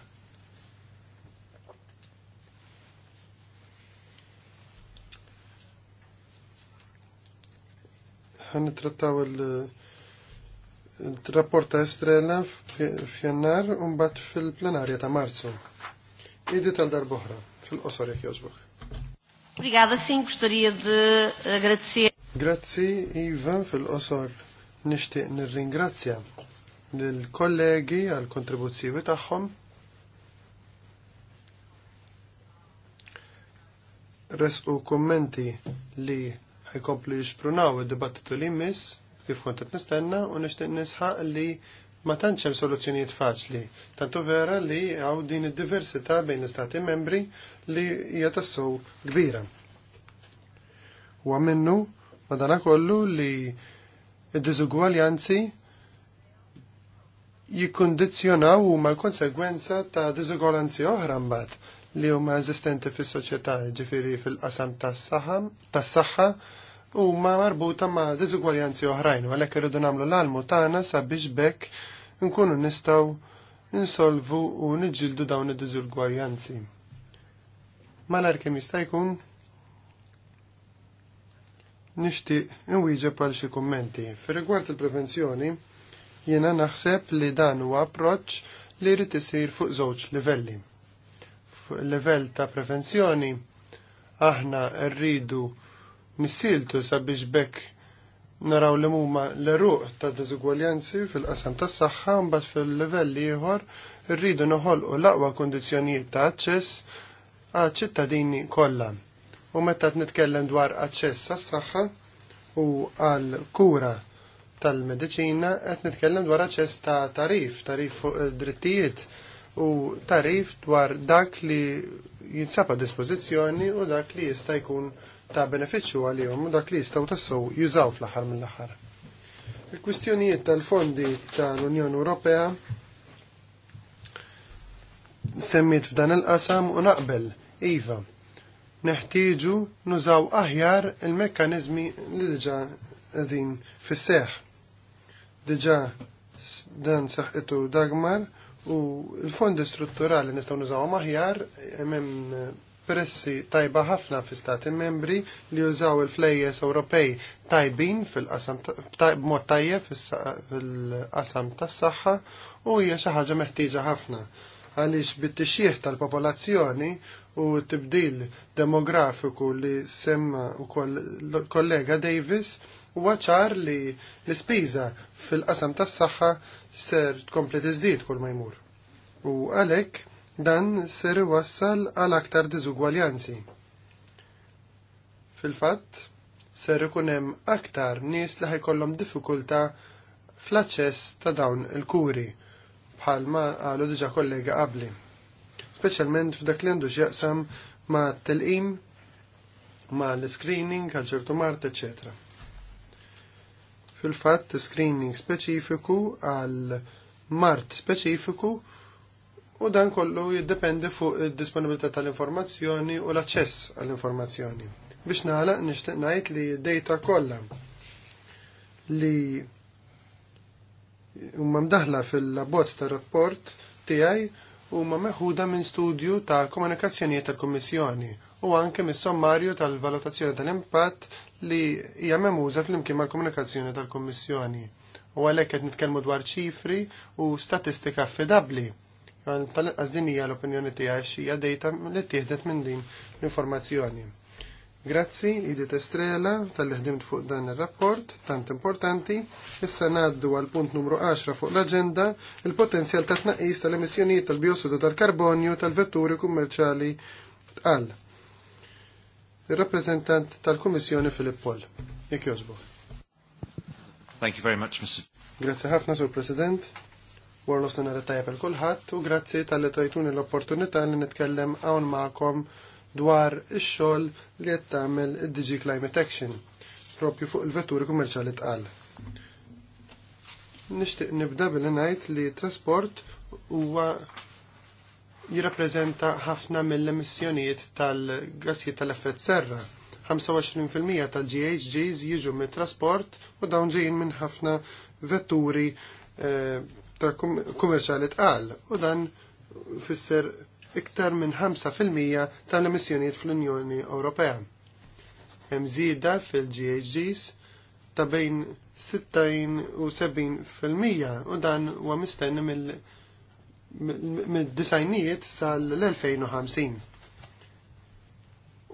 Għan trattaw il-rapport ta' Estrella f'jannar un bat fil-plenarja ta' Marzu. Idi tal-darboħra fil-qosor jek jogħġbok. Obrigada, sim, gostaria de agradecer. Grazzi, Iva, fil-qosor nixtieq nirringrazzja lill kollegi għall kontribuzzjoni tagħhom. Resqu kummenti li ħajkomplu jixprunaw id-dibattitu li jmiss kif kont qed nistenna u nixtieq nisħaq li ma tantx hemm soluzzjonijiet faċli. Tantu vera li hawn din id-diversità bejn l-istati membri li hija tassew kbira. Huwa minnu madanakollu li id-diżugwaljanzi jikkondizjonaw huma l-konsegwenza ta' dizugwaljanzi oħra mbagħad li huma eżistenti fis-soċjetà, ġifieri fil-qasam tas-saħħa huma marbuta ma' dizugwaljanzi oħrajn, għalhekk irridu nagħmlu l-almu tagħna sabiex bekk nkunu nistgħu insolvu u niġġieldu dawn id-diżugwaljanzi. Malar kemm jista' jkun nixtieq nwiġe għal xi kummenti. Fir-rigward il-prevenzjoni, jiena naħseb li dan huwa approċċ li jrid isir fuq żewġ livelli. Fuq il-livell ta' prevenzjoni aħna rridu nissiltu sabiex bekk naraw li huma l-eruq ta' diżugwaljanzi fil-qasam tas-saħħa mbagħad fil-livelli ieħor rridu noħolqu l-aqwa kondizzjonijiet ta' aċċess għal ċittadini kollha u meta nitkellem dwar aċċess għas-saħħa u għal kura tal-medicina qed nitkellem dwar aċċess ta' tarif, tarif fuq drittijiet u tarif dwar dak li jinsab a dispożizzjoni u dak li jista' jkun ta' benefiċċju għalihom u dak li jistgħu tassew jużaw fl-aħħar mill-aħħar. Il-kwistjonijiet tal-fondi tal-Unjoni Ewropea semmit f'dan il-qasam u naqbel, iva, neħtieġu nużaw aħjar il-mekkaniżmi li diġa' qegħdin fis-seħ. Diġà dan saħqitu dagmar u l-fondi strutturali nistgħu nużaw aħjar hemm pressi tajba ħafna fi stati membri li jużaw il-flejjes Ewropej tajbin fil-qasam b'mod tajjeb fil-qasam tas-saħħa u hija xi ħaġa meħtieġa ħafna għaliex bit-tixjih tal-popolazzjoni u tibdil demografiku li semma u kollega Davis huwa ċar li l-ispiża fil-qasam tas-saħħa ser tkompli tiżdied kull ma jmur. U għalhekk dan ser iwassal għal aktar diżugwaljanzi. Fil-fatt, ser ikun hemm aktar nies li ħajkollhom diffikultà fl-aċċess ta' dawn il-kuri bħalma qalu diġà kollega qabli speċjalment f'dak li għandu x'jaqsam ma' telqim, ma' l-screening għal ċertu mart, ecc. Fil-fatt, screening speċifiku għal mart speċifiku u dan kollu jiddependi fuq id-disponibilità tal-informazzjoni u l-aċċess għall-informazzjoni. Biex nagħlaq nixtieq ngħid li d-data kollha li huma mdaħla fil-abbozz ta' rapport tiegħi huma meħuda minn studju ta' komunikazzjonijiet tal-Kummissjoni u anke mis-sommarju tal-valutazzjoni tal-impatt li hija memuża flimkien mal-komunikazzjoni tal-Kummissjoni. U għalhekk qed nitkellmu dwar ċifri u statistika affidabbli. Għal din hija l-opinjoni tiegħi xija dejta li tieħdet minn din l-informazzjoni. Grazzi, Idit Estrela, tal-ħdimt fuq dan il-rapport, tant importanti. Issa naddu għal punt numru 10 fuq l-agenda, il-potenzjal ta' tnaqis tal-emissjonijiet tal-biossidu tal-karbonju tal-vetturi kummerċali għal. Il-rappresentant tal-Kummissjoni Filipp Poll. Jek jozbu. Thank you very much, Mr. Grazzi ħafna, Sur President. Warlof sena tajab il-kulħat u grazzi tal-li tajtuni l-opportunità li nitkellem għawn ma'kom dwar ix-xogħol li qed tagħmel id-DG Climate Action propju fuq il-vetturi kummerċjali tqal. Nixtieq nibda billi ngħid li trasport huwa jirrappreżenta ħafna mill-emissjonijiet tal-gassijiet tal-effett serra. 25% tal-GHGs jiġu mit-trasport u dawn ġejjin minn ħafna vetturi eh, ta' kummerċjali tqal u dan fisser iktar minn 5% tal-emissjonijiet fl-Unjoni Ewropea. Hemm żieda fil-GHGs ta' bejn 60 u 70% u dan huwa mistenni mill- mid-disajnijiet sal-2050.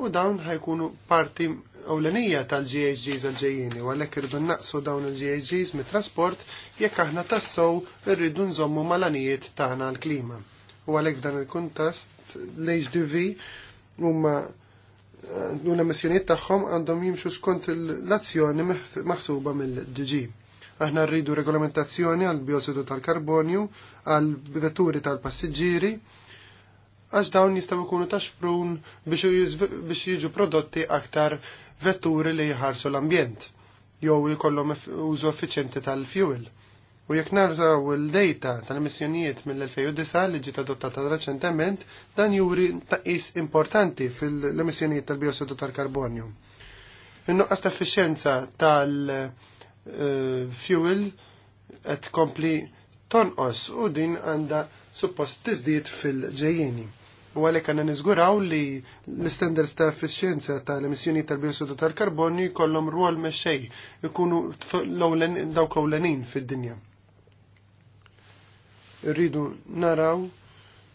U dawn ħajkunu parti ewlenija tal-GHGs għal-ġejjini, u għalhekk irridu naqsu dawn il-GHGs mit-trasport jekk aħna tassow irridu nżommu mal tagħna l-klima u għalhekk f'dan il-kuntast l-HDV huma u eh, l-emissjoniet tagħhom għandhom jimxu skont l-azzjoni maħsuba mill-DG. Aħna rridu regolamentazzjoni għal biosidu tal-karbonju, għal vetturi tal-passiġġieri, għax dawn jistaw ikunu ta' xprun biex jiġu prodotti aktar vetturi li jħarsu l-ambjent jew jkollhom użu effiċjenti tal-fuel. U jekk narraw il-data tal-emissjonijiet mill-2009 li ġiet adottata reċentement, dan juri taqis importanti fil-emissjonijiet tal-biossidu tal-karbonju. Innuqqas nuqqas ta' efficienza tal-fuel eh, qed kompli tonqos u din għandha suppost tiżdied fil-ġejjeni. U għalhekk għandna niżguraw li l-standards ta' effiċjenza tal emissjoni tal-biossidu tal-karbonju jkollhom rwol meċċej ikunu dawk l-ewlenin fil dinja rridu naraw,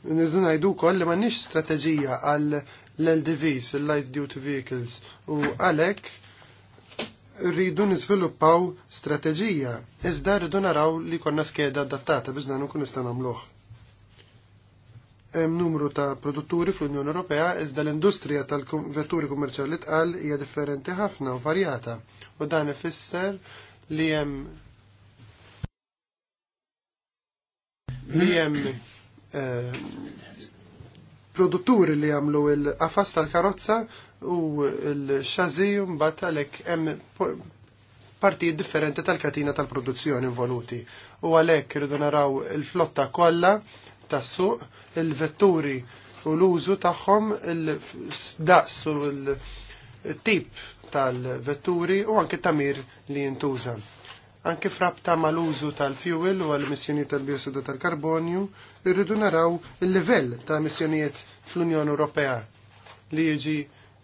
rridu najdu koll li nix strategija għal l-LDVs, l-Light Duty Vehicles, u għalek rridu nizviluppaw strategija, iżda rridu naraw li konna skeda adattata biex dan nkun nista' nagħmluh. Hemm numru ta' produtturi fl-Unjoni Ewropea iżda l-industrija tal-vetturi kummerċjali tqal hija differenti ħafna u varjata u dan ifisser li hemm li eh, produtturi li jamlu il-qafas tal-karozza u l-xazi mbagħad għalhekk hemm partijiet differenti tal-katina tal-produzzjoni involuti. U għalhekk irridu naraw il-flotta kollha tas-suq, il-vetturi u l-użu tagħhom, il-daqs u l-tip tal-vetturi u anke tamir li jintuża anke frabta mal-użu tal-fuel u għal-emissjonijiet tal-biossidu tal-karbonju, irridu naraw il-livell ta' emissjonijiet fl-Unjoni Ewropea li jiġi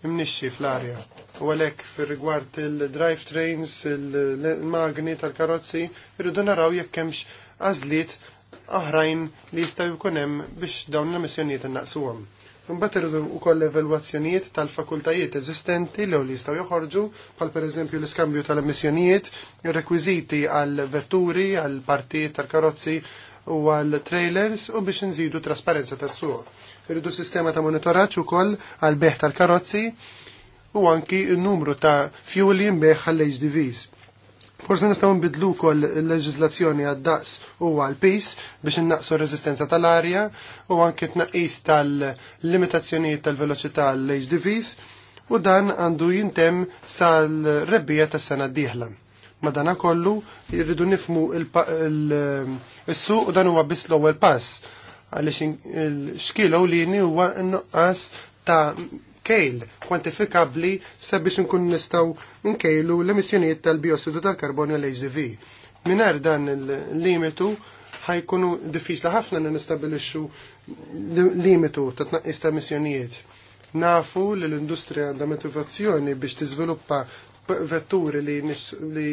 imnixxi fl-arja. U għalhekk fir-rigward il-drive trains, il-magni tal-karozzi, irridu naraw jekk hemmx għażliet oħrajn li jistgħu jkun hemm biex dawn l-emissjonijiet innaqsuhom. Mbagħad irridu wkoll evalwazzjonijiet tal-fakultajiet eżistenti li li jistgħu joħorġu bħal pereżempju l-iskambju tal-emissjonijiet, ir-rekwiżiti għal vetturi, għal partijiet tal-karozzi u għal trailers u biex inżidu trasparenza tas-suq. Irridu sistema ta' monitoraġġ ukoll għal beħ tal-karozzi u anki n-numru ta' fjuli jinbeħ għall-HDVs. Forse nistgħu nbidlu wkoll il leġizlazzjoni għad-daqs u għal-pis biex innaqsu r resistenza tal-arja u anke tnaqqis tal-limitazzjonijiet tal-veloċità l-HDVs u dan għandu jintem sal-rebbija tas-sena d-dieħla. Madana kollu jirridu nifmu il-suq u dan huwa biss l-ewwel pass għaliex xkilu lini huwa n-nuqqas ta' kejl kwantifikabli sabiex nkun nistaw nkejlu l-emissjonijiet tal-biossidu tal-karbonju l azv Minar dan il-limitu ħajkunu diffiċli ħafna li nistabilixxu limitu ta' tnaqqis ta' emissjonijiet. Nafu li l-industrija għandha motivazzjoni biex tiżviluppa vetturi li, li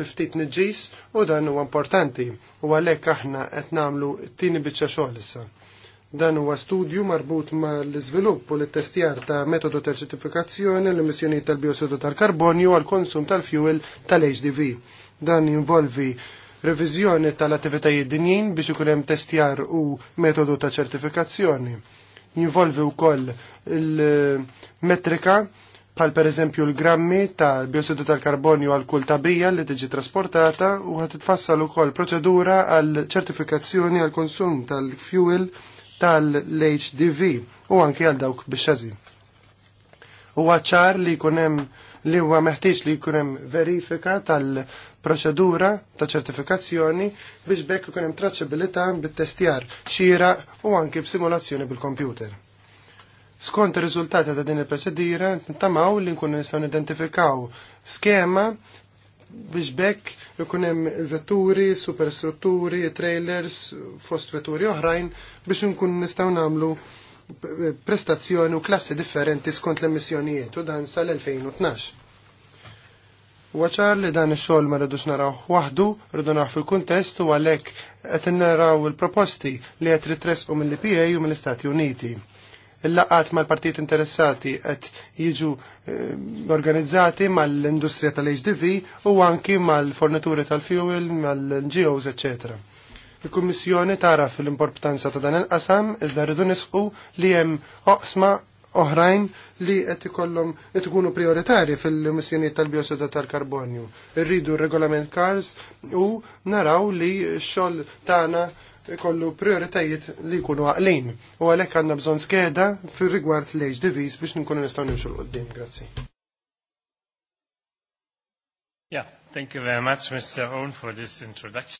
biftit nġis u dan huwa importanti u għalhekk aħna qed nagħmlu t-tieni biċċa xogħol issa Dan huwa studju marbut ma l-iżvilupp u l-testjar ta' metodu ta' ċertifikazzjoni l-emissjoni tal biosodu tal-karbonju għal konsum tal-fuel tal-HDV. Dan jinvolvi reviżjoni tal-attivitajiet dinjin biex ikun hemm testjar u metodu ta' ċertifikazzjoni. Jinvolvi wkoll il-metrika bħal per eżempju l-grammi tal biosidu tal-karbonju għal kull tabija li tiġi trasportata u ħat tfassal ukoll proċedura għal ċertifikazzjoni għal konsum tal-fuel tal-HDV u anke għal dawk bixxazi. U ċar li kunem li huwa meħtieġ li kunem verifika tal-proċedura ta' ċertifikazzjoni biex bekk ikun hemm traċċabilità bit-testjar xira u anke b'simulazzjoni bil-kompjuter. Skont ir-riżultati ta' din il proċedira nittamaw li nkunu nistgħu nidentifikaw skema biex bekk ikun hemm vetturi, superstrutturi, trailers, fost vetturi oħrajn biex nkun nistgħu nagħmlu eh, prestazzjoni u klassi differenti skont l-emissjonijiet u dan sal-2012. Waċar li dan ix-xogħol ma rridux naraw wahdu, rridu naraw fil-kuntest u għalhekk qed naraw il-proposti li qed ritresqu mill-IPA u mill-Istati Uniti Il-laqat mal-partijiet interessati qed jiġu eh, organizzati mal-industrija tal-HDV u anki mal-fornituri tal-fuel, mal-NGOs, ecc. Il-Kummissjoni tara fil-importanza ta' dan il-qasam iżda rridu nisqu li hemm oqsma oħrajn li qed ikollhom qed ikunu prioritarji fil-missjonijiet tal-biosoda tal-karbonju. Irridu regolament cars u naraw li x-xogħol tagħna ikollu prioritajiet li jkunu għaqlin. U għalek għanna bżon skeda fir rigward l age divis biex nkunu nistaw nimxu l-qoddim. Grazie. Yeah, thank you very much, Mr. Owen, for this introduction.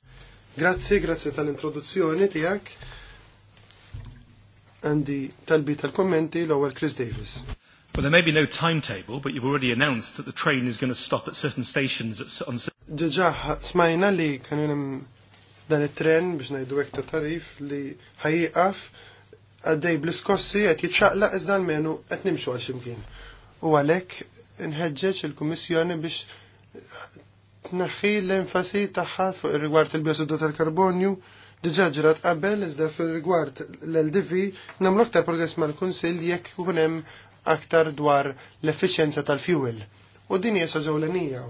Grazie, grazie tal-introduzzjoni tijak. Għandi talbi tal-kommenti l-ewwel Chris Davis. Well, there may be no timetable, but you've already announced that the train is going to stop at certain stations at on certain... Ġaġa, smajna li kanunem dan it-tren biex ngħidu hekk ta' tarif li ħajjiqaf għaddej bl-iskossi qed jitxaqlaq iżda l-menu qed nimxu għal ximkien. U għalhekk nħedġeċ il-Kummissjoni biex tnaħħi l-enfasi tagħha fuq rigward il-biossidu tal-karbonju diġa ġrat qabel iżda fil-rigward l-LDV nagħmlu aktar progress mal-Kunsill jekk ikun hemm aktar dwar l-effiċjenza tal-fuel. U din hija saġewlenija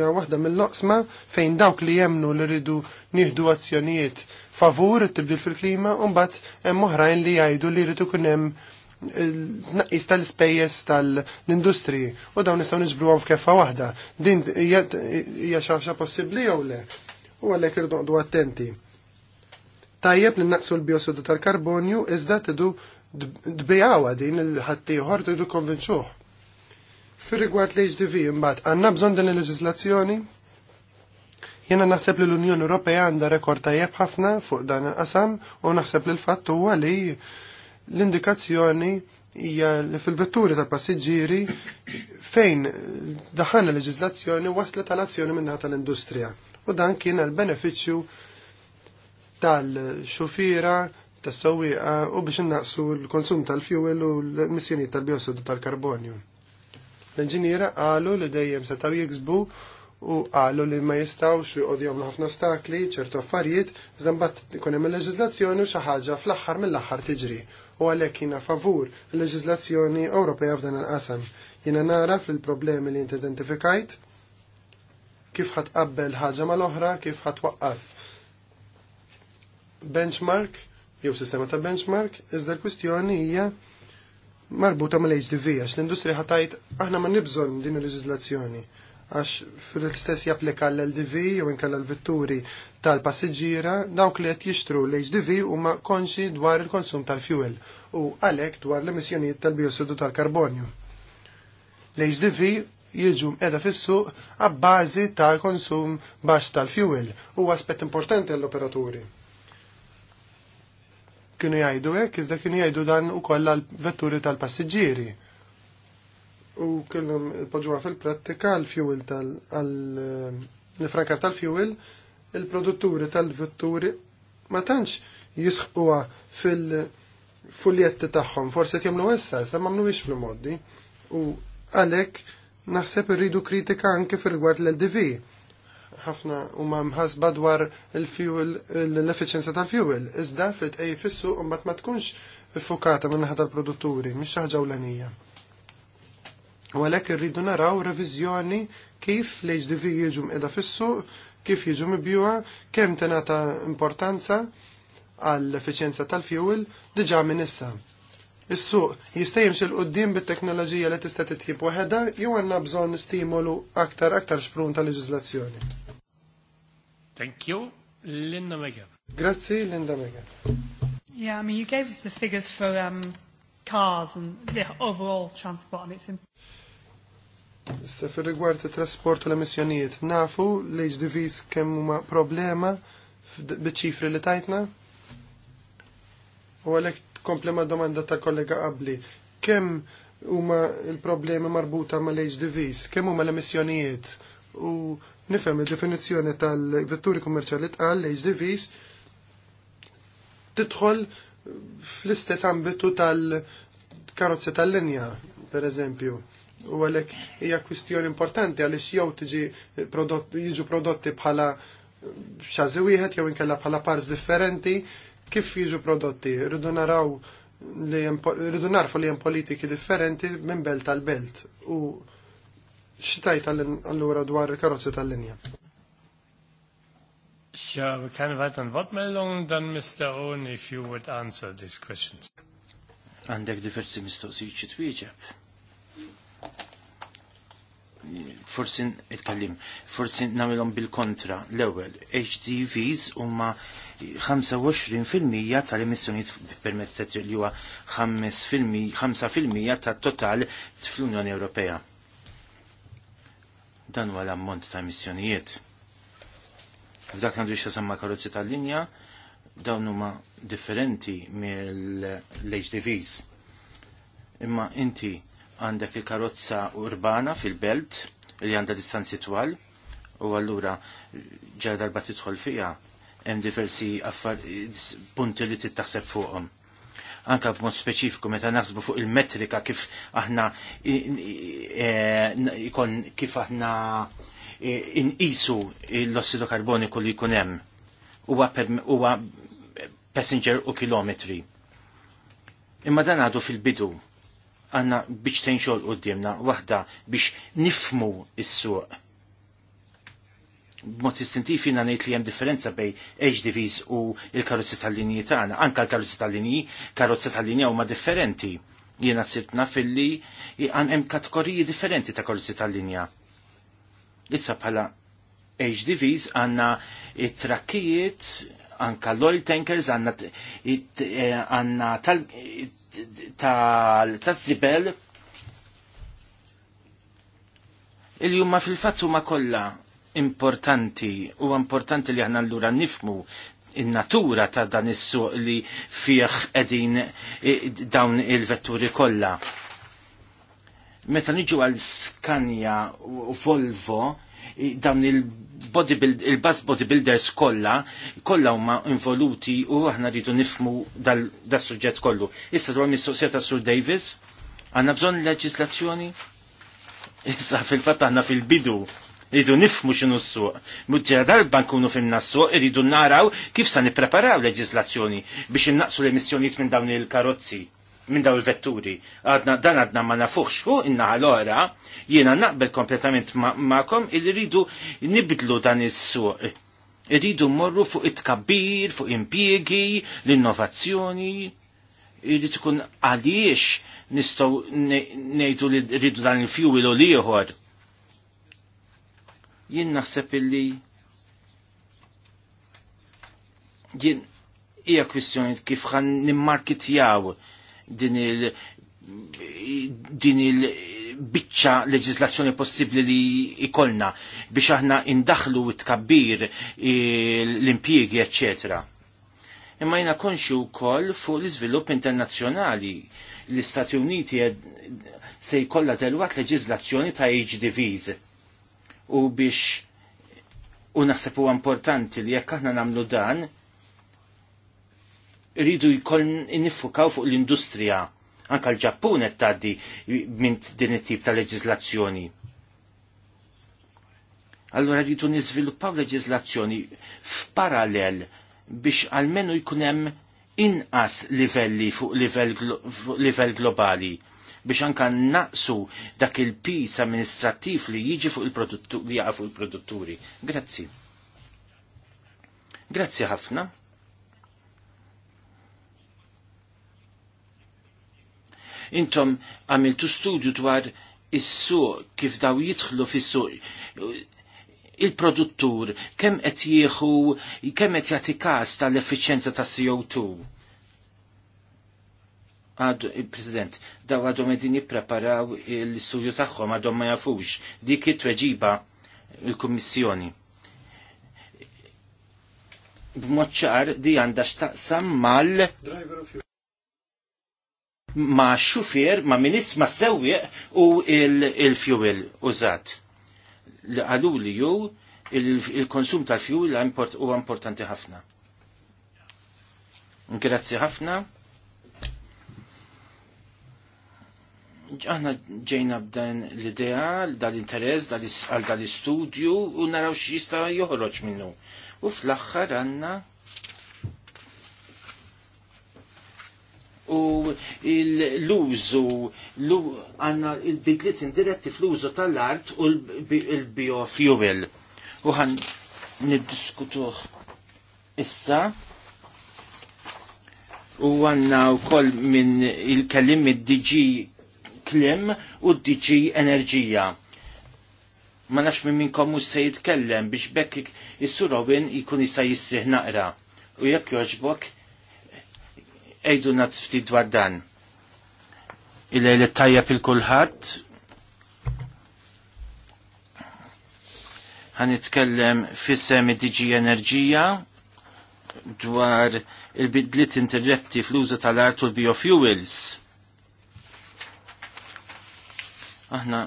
waħda mill-loqsma fejn dawk li jemnu li rridu nieħdu azzjonijiet favur tibdil fil-klima u mbagħad hemm oħrajn li jgħidu li rridu kun hemm t-tnaqqis tal ispejjeż tal-industriji u dawn nistgħu niġbruhom f'keffa waħda. Din hija xi possibbli jew le? U għalhekk irridu noqdu attenti. Tajjeb li naqsu l biosodu tal-karbonju iżda tidu dbijawa din il-ħaddieħor tridu konvinċuh Fir-rigward l-HDV imbagħad għandna bżonn din il leġislazzjoni Jena naħseb li l-Unjoni Ewropea għandha rekord tajjeb ħafna fuq dan il-qasam u naħseb li l-fatt huwa li l-indikazzjoni hija li fil-vetturi tal-passiġġieri fejn daħan il leġislazzjoni waslet tal-azzjoni minna tal-industrija. U dan kien għal-benefiċċju tal-xufira, tas-sewwieqa u biex innaqsu l-konsum tal-fuel u l-emissjoni tal-biossidu tal-karbonju. L-inġiniera qalu li dejjem setaw jiksbu u qalu li ma jistawx jgħodjom ħafna stakli ċertu affarijiet, iżda mbagħad ikun hemm il-leġiżlazzjoni u xi ħaġa fl-aħħar mill-aħħar tiġri. U għalhekk jiena favur il-leġiżlazzjoni Ewropea f'dan il-qasam. Jiena nara fil-problemi li inti identifikajt kif ħadd qabbel ħaġa mal-oħra, kif ħadd waqqaf. Benchmark jew sistema ta' benchmark, iżda l-kwistjoni hija marbuta mal-HDV, għax l-industrija ħatajt aħna ma nibżon din il-leġizlazzjoni, għax fil-istess japplika l-LDV jew inkella l-vetturi tal-passiġġiera dawk li qed jixtru l-HDV huma konxi dwar il-konsum tal-fuel u għalhekk dwar l-emissjonijiet tal-biossidu tal-karbonju. L-HDV jiġu edha fis-suq għabbażi tal-konsum baxx tal-fuel huwa aspett importanti għall-operaturi kienu jgħidu hekk, iżda kienu jgħidu dan ukoll għall-vetturi tal-passiġġieri. U kellhom poġġuha fil-prattika l-fuel tal-frankar eh, tal-fuel, il-produtturi tal-vetturi ma tantx jisħquha fil-fuljetti tagħhom, forsi qed jagħmlu issa, iżda m'għamluhiex fil-modi. U għalhekk naħseb irridu kritika anke fil-rigward l-LDV ħafna huma mħasba dwar il-fuel l-efficienza tal-fuel. Iżda fit ej fissu mbagħad ma tkunx fukata minn naħa tal-produtturi, mhix xi ħaġa ewlenija. U għalhekk irridu naraw reviżjoni kif l-HDV jiġu mqeda fis-suq, kif jiġu mibjuha, kemm tingħata importanza għall-efficienza tal-fuel diġà minn issa. Is-suq jista' jimxi l qudiem bit-teknoloġija li tista' titjib waħedha jew għandna bżonn stimolu aktar aktar xprun ta' leġiżlazzjoni. Thank you. Linda Megan. Grazie, Linda Megan. Yeah, I mean, you gave us the figures for um, cars and the overall transport and it's in... Se fil rigward trasport u l-emissjonijiet, nafu li ġdivis kemm huma problema biċifri li tajtna? U għalhekk komplema domanda ta' kollega qabli, kemm huma l problema marbuta ma' mal-HDVs, kemm huma l-emissjonijiet u nifhem il definizzjoni tal-vetturi kummerċjali tqal HDVs tidħol fl-istess ambitu tal-karozzi tal-linja, per eżempju. U għalek hija kwistjoni importanti għaliex jew tiġi jiġu prodotti bħala xażi wieħed jew inkella bħala pars differenti kif jiġu prodotti. Rridu naraw li jem, li hemm politiki differenti minn belt tal-belt. U xitajt allura dwar il-karozzi tal-linja? we Ich habe keine weiteren Wortmeldungen, dann Mr. Owen, if you would answer these questions. Għandek diversi mistoqsi xi twieġeb. Forsi itkallim, forsin namilom bil-kontra. l ewel HDVs umma 25% tal-emissjonijiet permezz li huwa 5% tal total fl-Unjoni Ewropea dan huwa l-ammont ta' emissjonijiet. F'dak għandu samma karozzi tal-linja, dawn huma differenti mill-HDVs. Imma inti għandek il-karozza urbana fil-belt li għandha distanzi twal u allura ġarda darba tidħol fija hemm diversi punti li titaħseb fuqhom anka b'mod speċifiku meta naħsbu fuq il-metrika kif aħna e, ikon kif aħna inqisu l-ossidu karboniku li jkun hemm huwa passenger u kilometri. Imma dan għadu fil-bidu għanna biex tenxol u d-dimna, wahda biex nifmu s-suq mod istintifi na ngħid li hemm differenza bej HDVs u il-karozzi tal-linji tagħna. Anka l-karozzi tal-linji, karozzi tal-linja huma differenti. Jiena sirt fil-li għan hemm kategoriji differenti ta' karozzi tal-linja. Issa bħala HDVs għanna it-trakkijiet, anka l-oil tankers, għanna eh, tal-zibel, il-jumma fil-fattu ma kolla importanti u importanti li aħna allura nifmu in-natura ta' dan is-suq li fih qegħdin e, dawn il-vetturi kollha. Meta niġu għal Scania u Volvo, e, dawn il-bus bodybuilders kolla, kolla huma involuti u aħna rridu nifmu dal-suġġett kollu. Issa dwar mistoqsija ta' Sur Davis, għandna bżonn leġislazzjoni? Issa fil-fatt aħna fil-bidu Ridu nifmu xinu s-suq. Mudġera darba nkunu finna s-suq, ridu naraw kif sa nipreparaw leġizlazzjoni biex innaqsu l-emissjoniet minn dawn il-karozzi minn dawn il-vetturi. Għadna dan għadna ma nafuħx u innaħa l-ora jiena naqbel kompletament ma'kom ma il-ridu nibdlu dan is-suq. Irridu morru fuq it-kabbir, fuq impjiegi, l-innovazzjoni. Irrid ikun għaliex nistgħu ngħidu li rridu dan il-fjuwil u liħor jien naħseb illi jinn hija kwistjoni kif ħan nimmarkitjaw din il din il biċċa leġislazzjoni possibbli li ikolna biex aħna indaħlu it-kabbir l-impjiegi, eccetera. Imma jina konxu wkoll fuq l-iżvilupp internazzjonali l-Istati Uniti se jkollha delwat leġislazzjoni ta' HDVs u biex u naħseb huwa importanti li jekk aħna nagħmlu dan rridu jkoll nifukaw fuq l-industrija. Anka l-Ġappun qed tgħaddi minn din it-tip ta' leġiżlazzjoni. Allora rridu niżviluppaw leġiżlazzjoni f'parallel biex almenu jkun hemm inqas livelli fuq livell glo globali biex anka naqsu dak il-pis amministrattiv li jiġi fuq il-produtturi li fuq il-produtturi. Grazzi. Grazzi ħafna. Intom għamiltu studju dwar is-suq kif daw jitħlu fis-suq il-produttur kemm qed jieħu kemm qed jagħti każ tal-effiċjenza tas CO2 għadu il-President, daw għadhom medin jippreparaw l-istudju tagħhom għadhom ma jafux dik it-tweġiba il-Kummissjoni. B'moċċar di għandha x'taqsam mal ma xufier, ma minis, ma sewwieq u il-fuel użat. Li għalu li ju il-konsum tal-fuel huwa importanti ħafna. Grazzi ħafna. aħna ġejna b'dan l-idea, dal-interess, għal dal-istudju u naraw x'jista joħroġ minnu. U fl-aħħar għandna u l-użu għanna il-bidliet indiretti fl-użu tal-art u l-biofuel. U għan niddiskutuh issa u għanna u koll minn il-kellim id-DG klim u d-DG Enerġija. Ma nafx minn minnkom mhux se jitkellem biex bekk is-surowin jkun jista' jistrih naqra. U jekk jogħġbok ejdu nat ftit dwar dan. Il-lejl tajjeb il-kulħadd ħanitkellem fissem id-DG Enerġija dwar il-bidlit interretti fl-użu tal-art u l-biofuels Aħna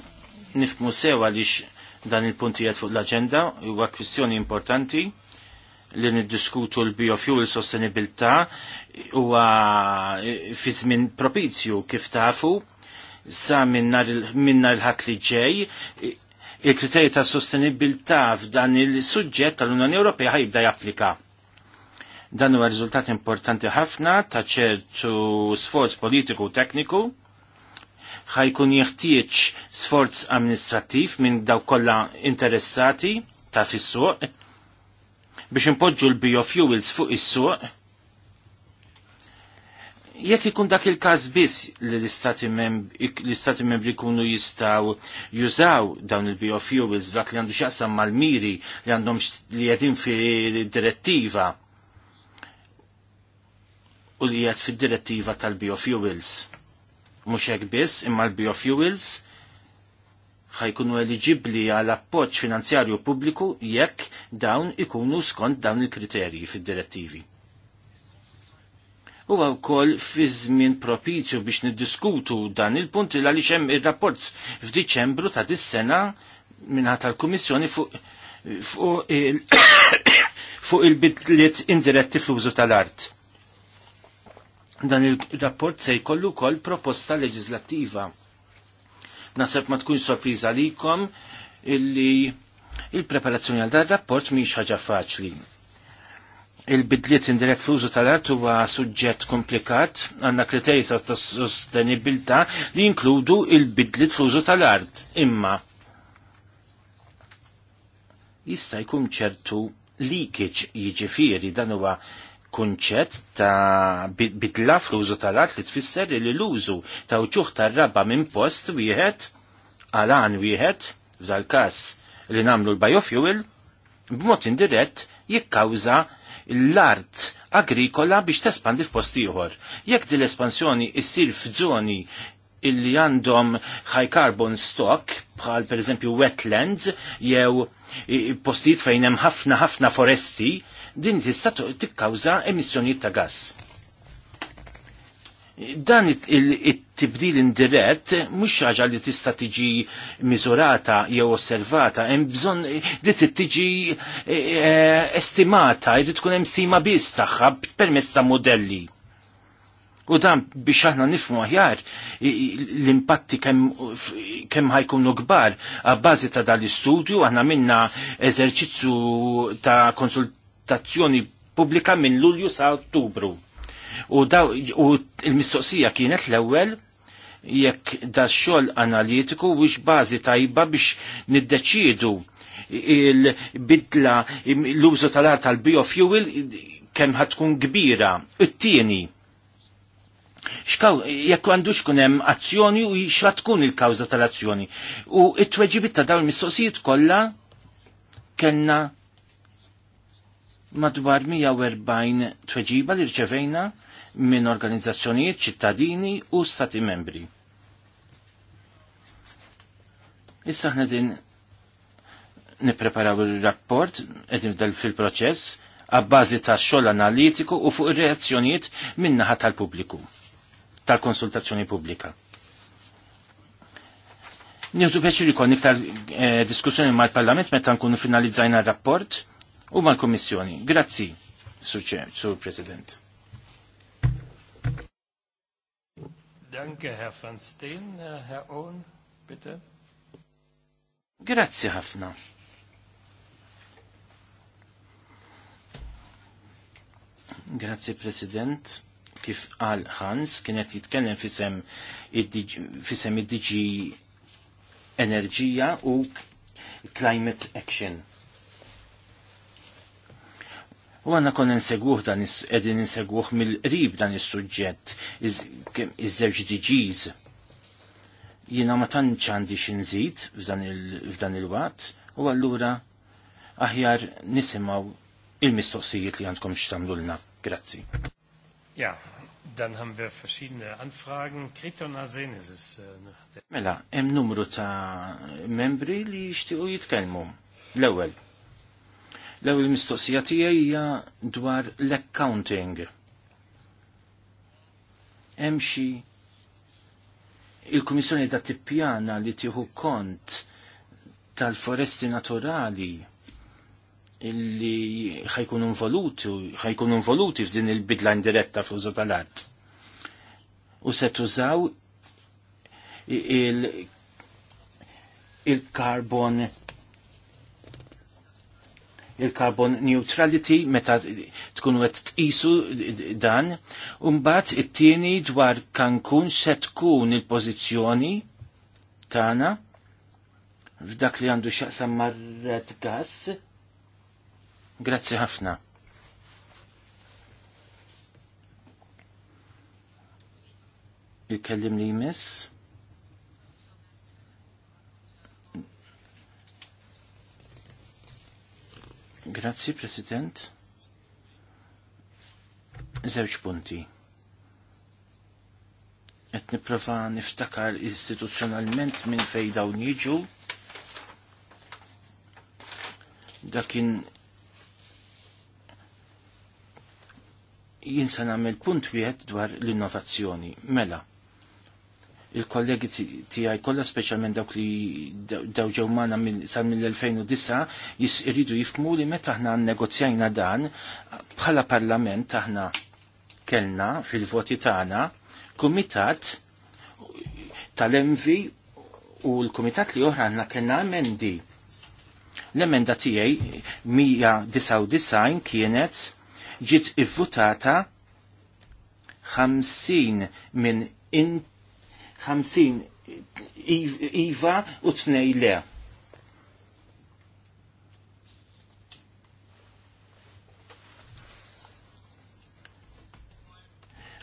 nifmu sewa għaliex dan il-puntijiet fuq l-agenda huwa kwistjoni importanti li niddiskutu l-biofuel sostenibilità huwa fi żmien propizju kif tafu sa minna il-ħat li ġej il-kriterji ta' sostenibilità f'dan il-suġġett tal-Unjoni Ewropea ħajbda japplika. Dan huwa riżultat importanti ħafna ta' ċertu sforz politiku u tekniku ħajkun jeħtieġ sforz amministrattiv minn daw kollha interessati ta' fis-suq biex impoġġu l-biofuels fuq is-suq jekk ikun dak il-każ biss li l-istati membri jkunu jistgħu jużaw dawn il-biofuels dak li għandu xaqsam mal-miri li għandhom li għedin fil-direttiva u li għed fid direttiva tal-biofuels mhux hekk biss imma l-biofuels ħajkunu eligibli għal appoġġ finanzjarju pubbliku jekk dawn ikunu skont dawn il-kriterji fid-direttivi. U wkoll fi żmien propizju biex niddiskutu dan il-punt il għaliex hemm ir-rapport f'Diċembru ta' dis-sena minħat tal-Kummissjoni fuq il-bidliet indiretti fl-użu tal-art. Dan il-rapport se jkollu kol proposta leġislattiva. Naseb ma tkun sorpriża likom illi il-preparazzjoni għal dan rapport miex ħaġa faċli. Il-bidliet indirett fl-użu tal-art huwa suġġett komplikat għandna kriterji ta' sostenibilità li jinkludu il-bidliet fl-użu tal-art. Imma jista' jkun ċertu leakage jiġifieri dan huwa kunċett ta' bidla fl-użu tal-art li tfisser li l-użu ta' uċuħ tar-rabba minn post wieħed għalan wieħed f'dal każ li namlu l-biofuel b'mod indirett jikkawża l-art agrikola biex tespandi f'post ieħor. Jekk din l-espansjoni issir f'żoni illi għandhom high carbon stock bħal per eżempju wetlands jew postijiet fejn hemm ħafna ħafna foresti din tista' tikkawża emissjonijiet ta' gass. Dan it-tibdil indirett mhux ħaġa li tista' tiġi miżurata jew osservata, hemm bżonn dit tiġi eh, eh, estimata, jrid tkun hemm stima biss tagħha permezz ta' modelli. U dan biex aħna nifmu aħjar l-impatti kemm ħajkunu kbar għabbażi ta' dal-istudju aħna minna eżerċizzu ta' konsult tazzjoni pubblika minn Lulju sa' Ottubru. U, daw, u il-mistoqsija kienet l-ewwel jekk da xogħol analitiku u bażi tajba biex niddeċiedu il-bidla l-użu tal-art tal-biofuel kemm tkun kbira. It-tieni jekk jekk għandux hemm azzjoni u xa tkun il kawża tal-azzjoni. U it-tweġibit ta' dawn il-mistoqsijiet kollha kellna madwar 140 tweġiba li rċevejna minn organizzazzjonijiet ċittadini u stati membri. Issa ħna din nipreparaw il-rapport edin fil-proċess għabbażi ta' xogħol analitiku u fuq ir-reazzjonijiet min-naħa tal-pubbliku tal-konsultazzjoni pubblika. Nieħdu peċi li kon iktar eh, diskussjoni mal-Parlament meta nkunu finalizzajna r-rapport u mal-Komissjoni. Grazzi, Sur President. Danke, Herr van Steen. Herr Ohn, bitte. Grazzi ħafna. Grazzi, President. Kif għal Hans, kienet jitkellem fisem id-DG Enerġija u Climate Action U għanna kon inseguħ dan edin inseguħ mill-qrib dan is-suġġett iż-żewġ diġiż. Jiena ma tantx għandi xinżid f'dan il-waqt u allura aħjar nisimgħu il-mistoqsijiet li għandkom l-na. Grazzi. Ja, dan għan wir verschiedene Anfragen. Kriton Asenis ist... Äh, mela, hemm numru ta' membri li jixtiequ jitkellmu. L-ewwel. L-ewwel mistoqsija tiegħi hija dwar l-accounting. Hemm xi il-Kummissjoni ta' tippjana li tieħu kont tal-foresti naturali illi ħajkun involuti, ħajkun involuti f'din il-bidla indiretta fl-użu tal-art. U se tużaw il-carbon il il-carbon neutrality meta tkun qed tqisu dan, u mbagħad it-tieni dwar Cancun se tkun il-pożizzjoni tagħna f'dak li għandu x'aqsam marret gas. Grazzi ħafna. Il-kellim li jmiss. Grazzi, President. Zewċ punti. Et niprofa niftakar istituzzjonalment minn fej dawn jiġu. Dakin jinsan għamil punt wieħed dwar l-innovazzjoni. Mela, il-kollegi tiegħi kolla specialment dawk li daw ġew magħna sal mill-2009 jridu jifmu li meta ħna negozjajna dan bħala parlament taħna kellna fil-voti tagħna kumitat tal-envi u l-kumitat li uħra ħna kellna emendi. L-emenda tiegħi 199 kienet ġiet ivvutata 50 minn int 50 iva u tnej le.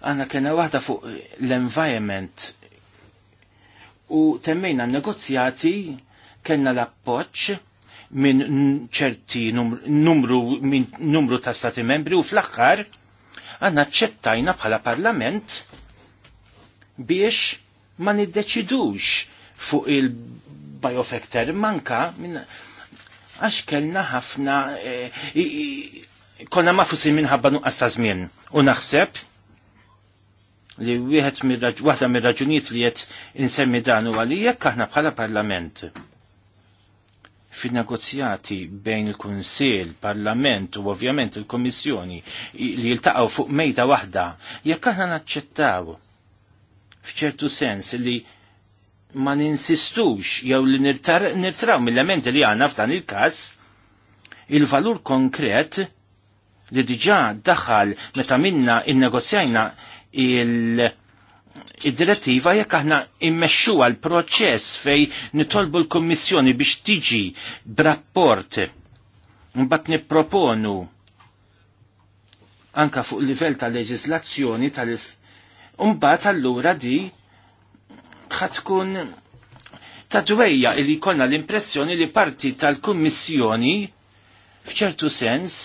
Għanna kena waħda fuq l-environment u temmejna negozjati kena l-appoċ minn ċerti numru, min numru ta' stati membri u fl-axħar għanna ċettajna bħala parlament biex ma niddeċidux fuq il-biofactor manka minn għax kellna ħafna e, konna mafusi minħabba nuqqas ta' żmien u naħseb li wieħed waħda mir-raġunijiet li qed insemmi dan huwa li jekk aħna bħala parlament fin-negozjati bejn il-Kunsil, Parlament u ovvjament il kommissjoni li jiltaqgħu fuq mejda waħda, jekk aħna naċċettaw fċertu sens li ma ninsistux jew li nirtraw mill-elementi li għanna f'dan il-każ il-valur konkret li diġa daħal meta minna il-negozjajna il- id-direttiva jekk aħna immexxu għal proċess fej nitolbu l-Kommissjoni biex tiġi b'rapport mbagħad nipproponu anka fuq livell ta' leġislazzjoni tal Umbat allura di ħatkun ta' dwejja li konna l-impressjoni li parti tal-Kummissjoni fċertu sens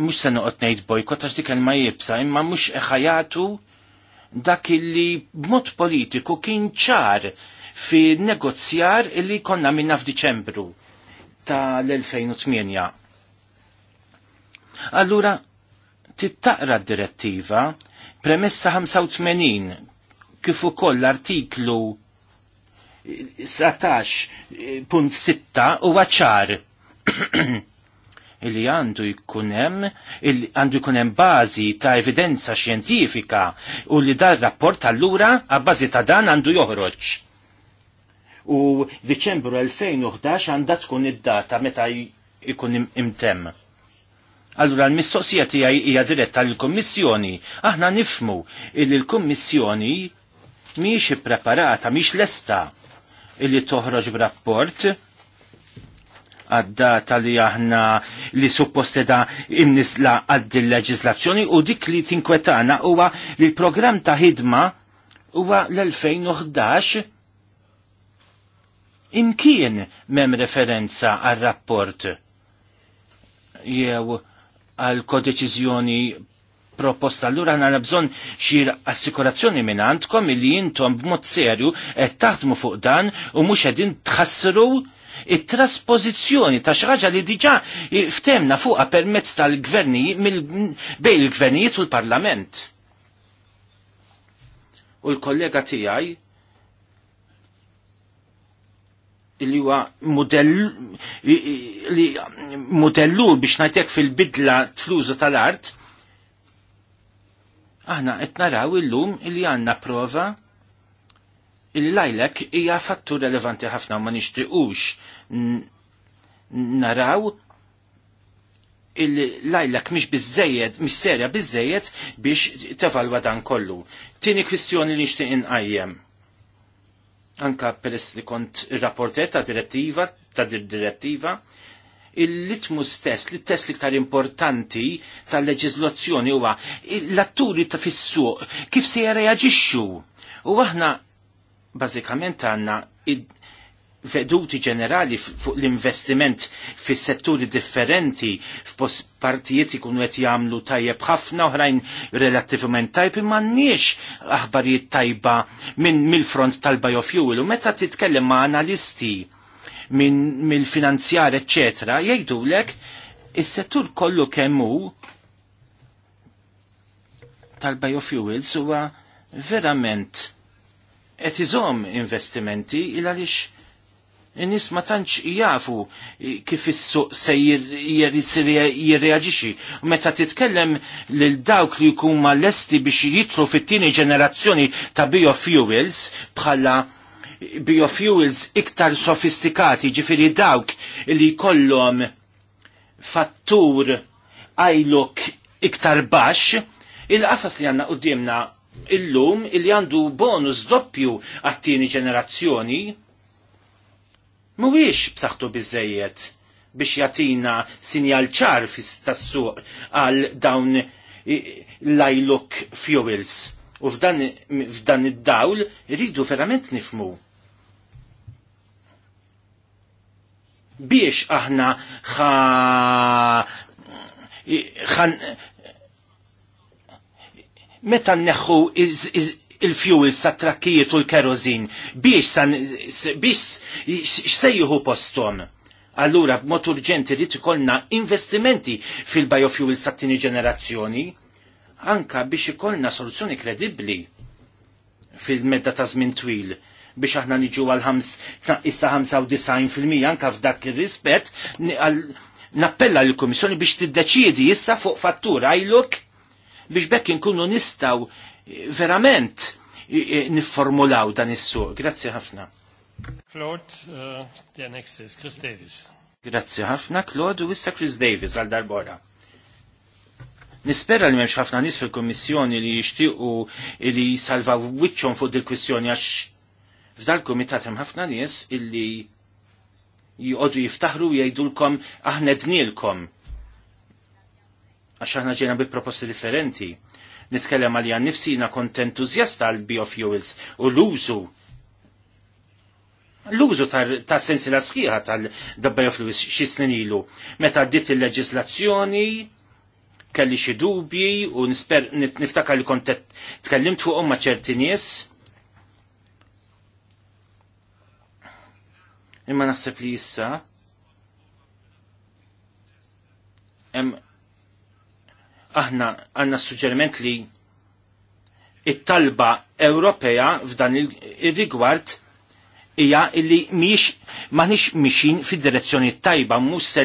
mux se otnejt nejt bojkot għax dik ma jibsa imma mux eħajatu dak li b'mod politiku kien ċar fi negozjar li konna minna f'Diċembru tal-2008. Allura, tittaqra d-direttiva premessa 85 kif ukoll l-artiklu 17.6 huwa ċar Li għandu jkunem għandu jkunem bazi ta' evidenza xjentifika u li dal rapport allura għabbażi ta' dan għandu joħroġ. U Diċembru 2011 għandha tkun id-data meta jkun imtem. Im Allura l-mistoqsija tiegħi hija diretta lill kummissjoni Aħna nifmu li l-Kummissjoni mhix ippreparata, mhix lesta illi toħroġ b'rapport għaddata li aħna li supposteda imnisla għad l-leġislazzjoni u dik li tinkwetana huwa li l-programm ta' ħidma huwa l-2011 imkien mem referenza għal rapport jew għal kodeċiżjoni proposta. Allura għana bżon xir assikurazzjoni minn għandkom li jintom b'mod serju qed taħdmu fuq dan u mhux qegħdin tħassru it-traspożizzjoni ta' xi ħaġa li diġà ftemna fuqha permezz tal gverni bejn il-gvernijiet u l-Parlament. U l-kollega tiegħi li huwa li modellur biex ngħidlek fil-bidla fl tal-art, aħna qed naraw illum li għandna prova il lajlek hija fattur relevanti ħafna ma nixtiequx naraw il-lajlek mhix biżejjed, mhix serja biżejjed biex tevalwa dan kollu. Tieni kwistjoni li nixtieq inqajjem anka peress li kont rapportet ta' direttiva, ta' direttiva, il-litmu stess, li test liktar importanti tal-leġizlazzjoni huwa l-atturi ta' fissu, kif se reaġixxu. U aħna bażikament għandna veduti ġenerali fuq l-investiment fis setturi differenti f'post partijiet ikunu qed jagħmlu tajjeb ħafna oħrajn relattivament tajb imma m'għandniex aħbarijiet tajba minn mill-front tal-biofuel u meta titkellem ma' analisti minn mill-finanzjar eċċetera jgħidulek is-settur kollu kemm hu tal-biofuels huwa verament qed iżomm investimenti il għaliex n-nis ma tantx jafu kif is-suq se jirreagixxi. Meta titkellem lil dawk li jkuma lesti biex jitlu fit-tieni ġenerazzjoni ta' biofuels bħala biofuels iktar sofistikati, ġifiri dawk li kollhom fattur għajluk iktar baxx, il-qafas li għanna qoddimna illum il-li għandu bonus doppju għattini ġenerazzjoni, mhuwiex b'saħħtu biżejjed biex jatina sinjal ċar tas-suq għal dawn lajluk fuels. U f'dan id-dawl rridu verament nifmu. Biex aħna xa, xan... meta neħu il-fuels ta' trakkijiet u l-kerozin biex san biex sejjuhu postom. Allura b'mod urġenti li tkollna investimenti fil-biofuels ta' tini ġenerazzjoni anka biex ikollna soluzzjoni kredibbli fil-medda ta' żmien twil biex aħna niġu għal tnaqqis ta' mija anka f'dak ir-rispett nappella l-Komissjoni biex tiddeċiedi issa fuq fattura ajluk, biex bekk inkunu nistaw verament nifformulaw dan is-suq. Grazzi ħafna. Claude, uh, the next is Chris Davis. Grazzi ħafna, Claude, u issa Chris Davis għal darbora. Nispera li memx ħafna nis fil-Kommissjoni li jishtiqu li jisalvaw wiċċhom fuq dil-kwistjoni għax f'dal-Kumitat hemm ħafna nies illi jgħodu jiftaħru jgħidulkom aħna dnilkom. Għax aħna ġejna bi proposti differenti nitkellem jan nifsina kont entuzjasta għal biofuels u l-użu l-użu ta' la sħiħa tal-biofuels xi snin ilu. Meta għaddit il-leġislazzjoni kelli xi dubji u niftakar li kont tkellimt fuqhom ma' ċerti nies. Imma naħseb li issa aħna għanna suġġeriment li it-talba Ewropea f'dan il-rigward hija li miex maħniex mixin fid-direzzjoni tajba mhux se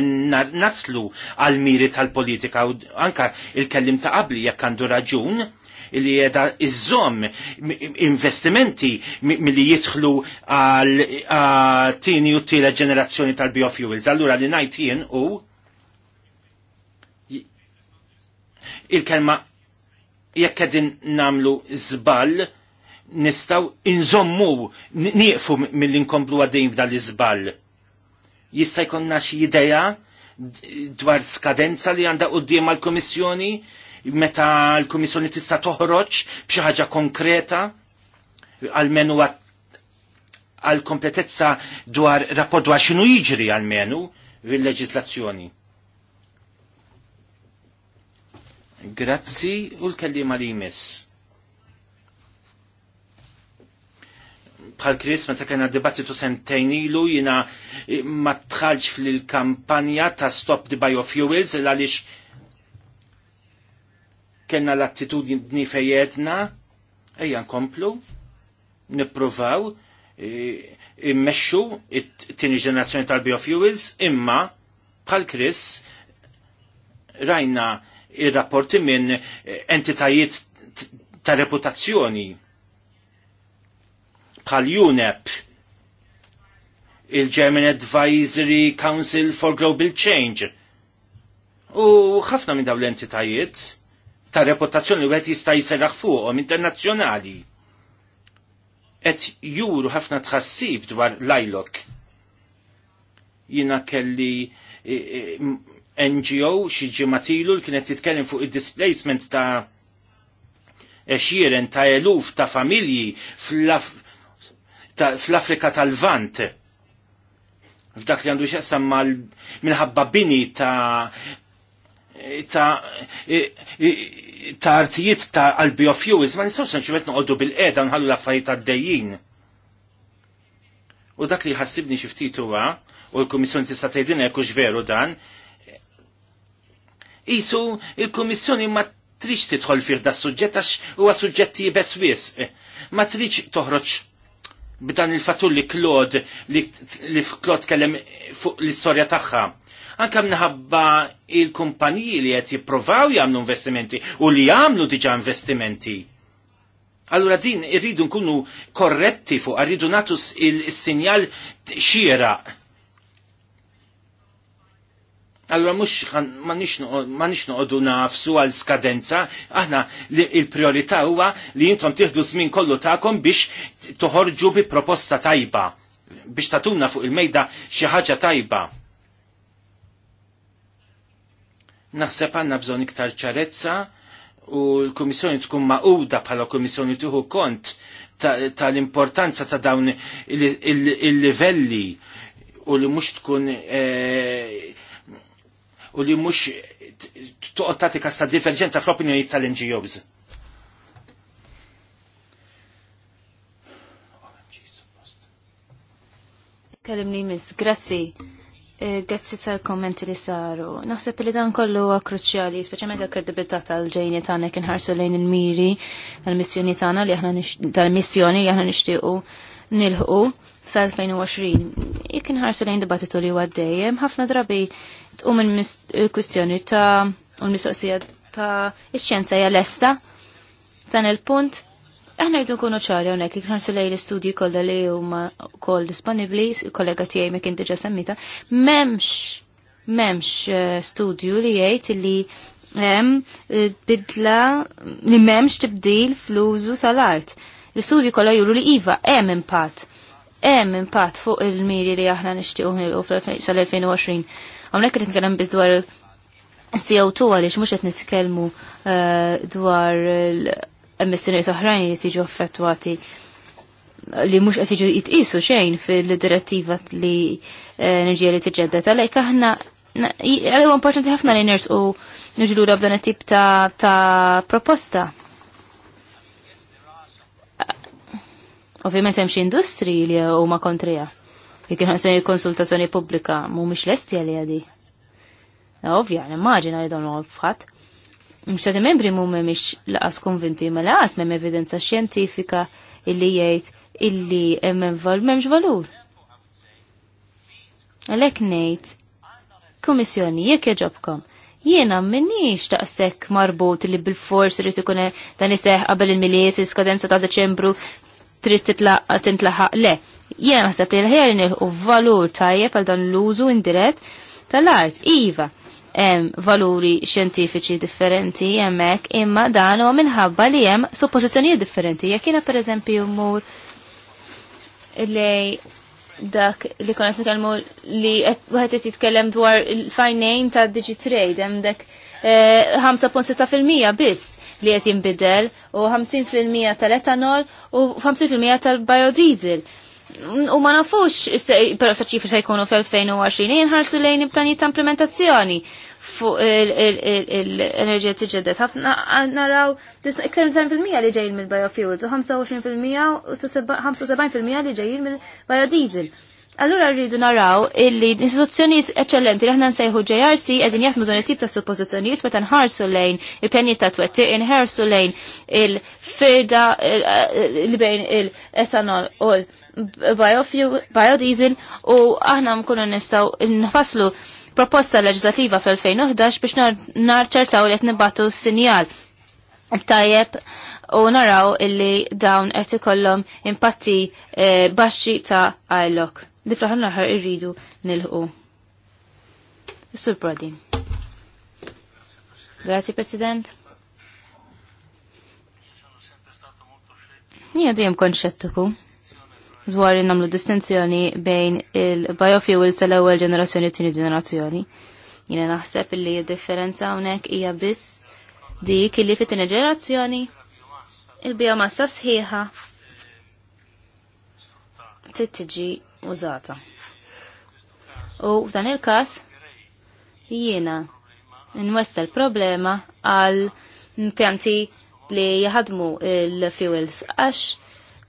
naslu għal miri tal-politika u anka il-kellim ta' qabli jekk għandu raġun li jeda iżżomm investimenti milli jidħlu għal tini u tila ġenerazzjoni tal-biofuels. Allura li najt jien u il-kelma jekk qegħdin namlu żball nistaw inżommu, nieqfu mill-inkomplu għaddejn f'dal l-iżball. Jista' jkollna xi idea dwar skadenza li għandha quddiem għall-Kummissjoni, meta l-Kummissjoni tista' toħroġ b'xi ħaġa konkreta, għalmenu għal kompletezza dwar rapport dwar xinu jiġri għalmenu fil-leġislazzjoni. Grazzi u l-kellima li jmiss. bħal Kris meta kena dibattitu sentejn ilu jina ma tħalġ fil-kampanja ta' Stop the Biofuels l għaliex kena l-attitudni fejedna ejja nkomplu nippruvaw e, immexxu it-tieni ġenerazzjoni tal-biofuels imma bħal Kris rajna ir-rapporti minn eh, entitajiet ta' reputazzjoni bħal UNEP il-German Advisory Council for Global Change. U ħafna minn dawn l-entitajiet ta' reputazzjoni u għet jista' jiseraħ fuqhom internazzjonali. Et juru ħafna tħassib dwar lajlok. Jina kelli eh, eh, NGO xi ġimatilu li kienet titkellem fuq id-displacement ta' xieren ta' eluf ta' familji fl-Afrika tal-Vant. F'dak li għandu xaqsam mal minħabba bini ta' ta' e, e, ta' artijiet ta' għal-biofuels, ma' nistawx nċimet noqoddu bil-qeda nħallu l-affarijiet għaddejjin. U dak li ħassibni xiftitu huwa, u l-Komissjoni tista' tgħidilna jekk veru dan, Isu il-Kummissjoni ma trix tidħol fih da suġġett għax huwa suġġetti bes Ma trix toħroġ b'dan il-fatul li Klod li Klod kellem fuq l-istorja tagħha. Anka minħabba il-kumpaniji li qed jippruvaw jagħmlu investimenti u li jagħmlu diġà investimenti. Allura din irridu nkunu korretti fuq, irridu natus il-sinjal xiera Allora mux ma nix noqodu nafsu għal skadenza, aħna il-priorità huwa li jintom tieħdu żmien kollu tagħkom biex toħorġu bi proposta tajba, biex tatuna fuq il-mejda xi ħaġa tajba. Naħseb għandna bżonn iktar ċarezza u l-Kummissjoni tkun maquda bħala Kummissjoni tieħu kont tal-importanza ta', ta, ta dawn il-livelli il il u li mhux tkun eh, u li mhux toqgħod tagħti kasta divergenza fl-opinjoni tal-NGOs. Kellimni mis, grazzi. Eh, grazzi tal-kommenti li saru. Naħseb li dan kollu huwa kruċjali, speċjalment il-kredibilità tal-ġejni tagħna kien ħarsu lejn il-miri tal-missjoni tagħna li aħna tal-missjoni li aħna nixtiequ nilħu sa' 2020. Jek nħarsu lejn dibattitu li għaddejjem, ħafna drabi minn il-kwistjoni ta' u l-mistoqsija ta' iċċenza hija lesta. tan il-punt, aħna rridu nkunu ċari hawnhekk jekk nħarsu lejn l-istudji kollha li huma wkoll disponibbli, kollega tiegħi mek inti ġa semmita, m'hemmx m'hemmx eh, studju li jgħid li hemm eh, bidla li m'hemmx tibdil fl-użu tal-art. L-istudji kollha juru li iva hemm impatt hemm impatt fuq il-miri li aħna nixtiequ nilqu sal-2020. Hawnhekk qed nitkellem biż dwar CO2 għaliex mhux qed nitkellmu eh, dwar l emissjonijiet oħrajn li tiġu effettwati li mhux qed jiġu jitqisu xejn fil-direttiva li eh, enerġija li tiġġedded għalhekk aħna għu importanti ħafna li nersqu niġlura b'dan it-tip ta' proposta. Ovvijament hemm xi industri li huma kontrija. Jekk il konsultazzjoni pubblika mhumiex l-estja li għadi. Ovvja, nimmaġina li dawn bħat. Mxati membri mhumiex laqas konvinti ma laqas m'hemm evidenza xjentifika illi jgħid illi hemm m'hemmx valur. Għalhekk ngħid, kummissjoni jekk jaġobkom, jiena minnix taqsek marbut li bil-fors rrit ikun dan iseħ qabel il-miliet, il-skadenza ta' Deċembru, trid tintlaħaq le. Jien naħseb li l-ħjar nilħu valur tajjeb għal dan l-użu indirett tal-art. Iva, hemm valuri xjentifiċi differenti hemmhekk imma dan huwa minħabba li hemm suppożizzjonijiet differenti. Jekk jiena pereżempju mmur lej dak li konet nitkellmu li wieħed qed jitkellem dwar il-fajnejn ta' DigiTrade hemm dak 5.6% eh, biss li qed jinbidel u 50% tal-etanol u 50% tal-biodiesel. U ma nafux, pero sa ċifri se jkunu fl-2020, jinħarsu lejn il-plani ta' implementazzjoni fuq l-enerġija tiġedet. Ħafna naraw iktar minn 10% li ġejjin mill-biofuels u 25% u 75% li ġejjin mill-biodiesel. Allura rridu naraw illi l-istituzzjonijiet eccellenti li aħna nsejħu JRC qegħdin jaħdmu dan it-tip ta' suppożizzjonijiet meta nħarsu lejn il-penji ta' twetti, inħarsu lejn il-firda eh, li bejn il-etanol u l-biodiesel u aħna nkunu nistgħu nfasslu proposta leġislativa fl-2011 biex narċertaw li qed nibatu s-sinjal tajjeb u naraw illi dawn qed ikollhom impatti eh, baxxi ta' għajlok li fl-ħan l-ħar irridu nilħu. Sur Brody. Grazie, President. Nija dijem konċettuku dwar namlu distinzjoni bejn il-biofuels tal ewel ġenerazzjoni u t tini ġenerazzjoni. Jina naħseb li differenza unek hija biss dik li fit tini ġenerazzjoni il-biomassa sħiħa tittiġi użata. U f'dan il-każ jiena nwessa l-problema għal impjanti li jħadmu il-fuels għax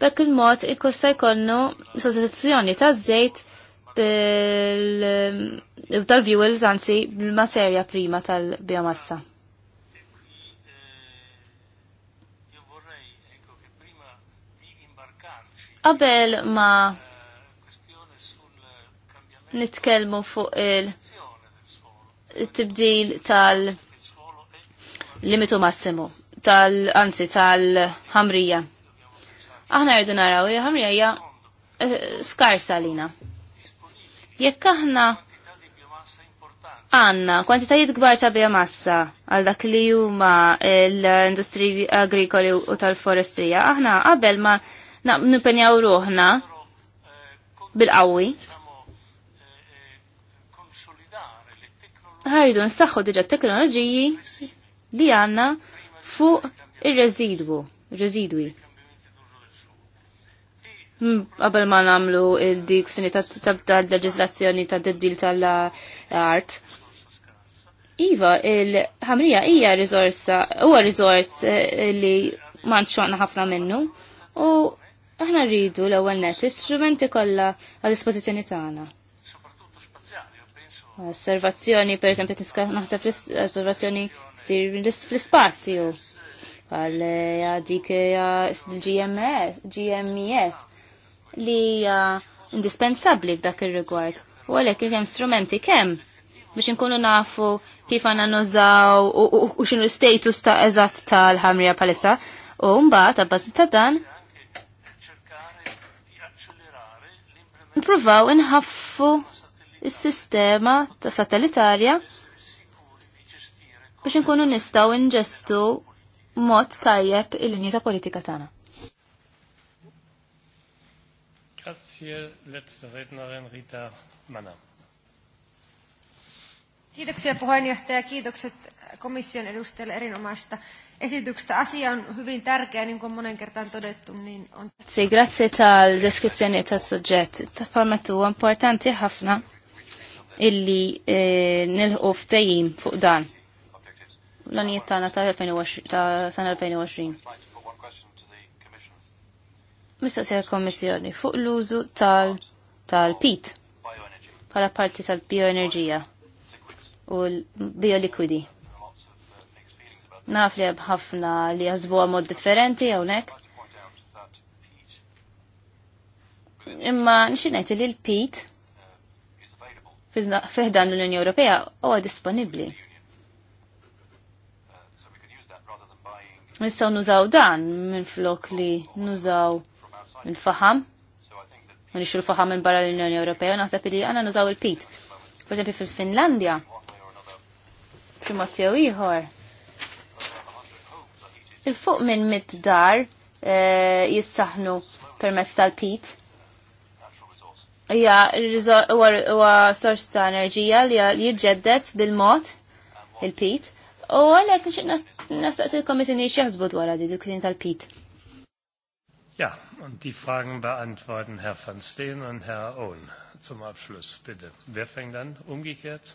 bekk il-mod ikkosta jkollnu sostituzzjoni ta' żejt tal-fuels anzi bil-materja prima tal-biomassa. qabel ma nitkellmu fuq il-tibdil tal-limitu massimu, tal-anzi tal-ħamrija. Aħna rridu naraw li ħamrija hija eh, skarsa lina. Jekk aħna għanna kwantitajiet kbar ta' biomassa għal dak li huma l-industri agrikoli u tal-forestrija, aħna qabel ma nipenjaw ruħna bil-qawwi ħajdu nsaħħu diġa teknoloġiji li għanna fuq ir-residwu, residwi. Qabel ma namlu dik tabta ta' leġislazzjoni ta' d-dil tal-art. Iva, il-ħamrija hija risorsa, huwa rizors eh, li manċoqna ħafna minnu u aħna rridu l-ewwel net istrumenti kollha għal dispożizzjoni tagħna osservazzjoni, per esempio tiska naħseb osservazzjoni sir fl-spazju. Eh, għal dik GMES eh, e li indispensabbli f'dak ir-rigward. U għalhekk il-hemm strumenti kemm biex inkunu nafu kif għanna nużaw u xinu l-status ta' eżatt tal-ħamrija palissa. U mbagħad għabbażi ta' dan Nipruvaw inħaffu il sistema ta' satellitarja biex nkunu nistaw inġestu mod tajjeb il-linji ta' politika tagħna. Grazie, letzte Rednerin Rita Manna. Kiitoksia puheenjohtaja, kiitokset komission edustajalle erinomaista esityksestä. Asia on hyvin tärkeä, niin kuin monen kertaan todettu. Niin on... Grazie, grazie tal deskrizioni tal soggetti. Tappamettu on importanti ħafna illi eh, nilħu ftejjim fuq dan. l għanijiet tagħna ta' 2020. Mistaqsija l-Kommissjoni fuq l-użu tal-pit bħala parti tal-bioenerġija u l-bioliquidi. Naf li ħafna li jazbuha mod differenti hawnhekk. Imma nxinajt li l-pit fiħdan l-Unjoni Ewropea huwa disponibbli. Nistgħu nużaw dan minn flok li nużaw il-faham. Minix il-faham minn barra l-Unjoni Ewropea, naħseb li għana nużaw il-pit. Per fil-Finlandja, f'imod jew ieħor, il-fuq minn mit dar eh, jissaħnu permezz tal-pit. Ija, huwa sors ta' enerġija li jiġġedded bil-mod il-pit u għalek għalhekk nixtieq nistaqsilkom isini x'jaħsbu dwar di dukrin tal-pit. Ja, und die Fragen beantworten Herr van Steen und Herr Owen zum Abschluss, bitte. Wer fängt an? Umgekehrt?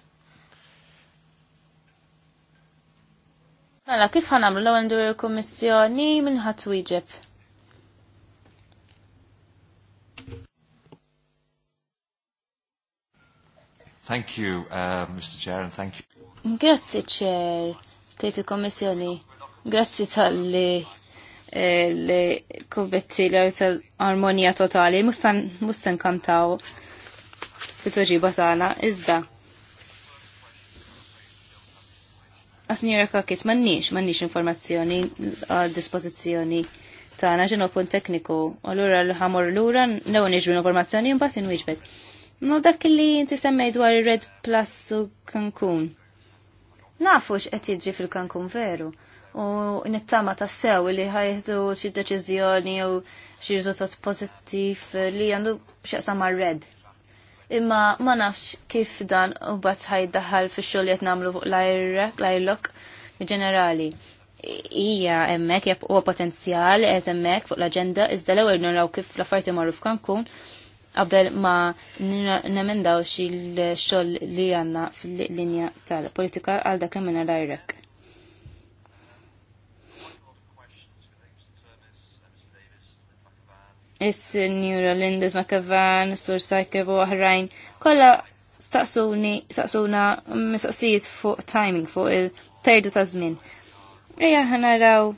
Mela, kif ħanamlu l-għandu il-Kommissjoni minn ħat wieġeb? Thank you, uh, Mr. Chair, and thank you. Grazzi, Chair, tejt il-Kommissjoni. Grazzi tal-li eh, l-kubetti l tal-armonija totali. Mussan kantaw fit-tweġiba tagħna iżda. Ah, Għasnjura kakis, mannix, mannix informazzjoni għal-dispozizjoni tagħna ġenu punt tekniku. Allura l-ħamur l-ura, l-għu informazzjoni, mbagħad inwieġbek. Ma dak li inti semmej dwar ir-Red Plus u Cancun. Nafux qed jiġri fil-Cancun veru. U nittama ta' sew li ħajħdu xi deċiżjoni u xi riżultat pożittiv li għandu x'aqsam mar-red. Imma ma nafx kif dan u bat ħajdaħal fix-xogħol qed nagħmlu fuq l-ajrlok ġenerali hija hemmhekk huwa potenzjal qed hemmhekk fuq l-aġenda iżda l-ewwel naraw kif l-affarijiet imorru f'Kankun għabdel ma nemendaw xil xol li għanna fil-linja tal-politika għal dak li minna dajrek. Is-Njura Lindes Makavan, Sur Sajkev u oħrajn, kolla staqsuni, staqsuna mistoqsijiet fuq timing, fuq il-perdu ta' zmin. żmien. ħana raw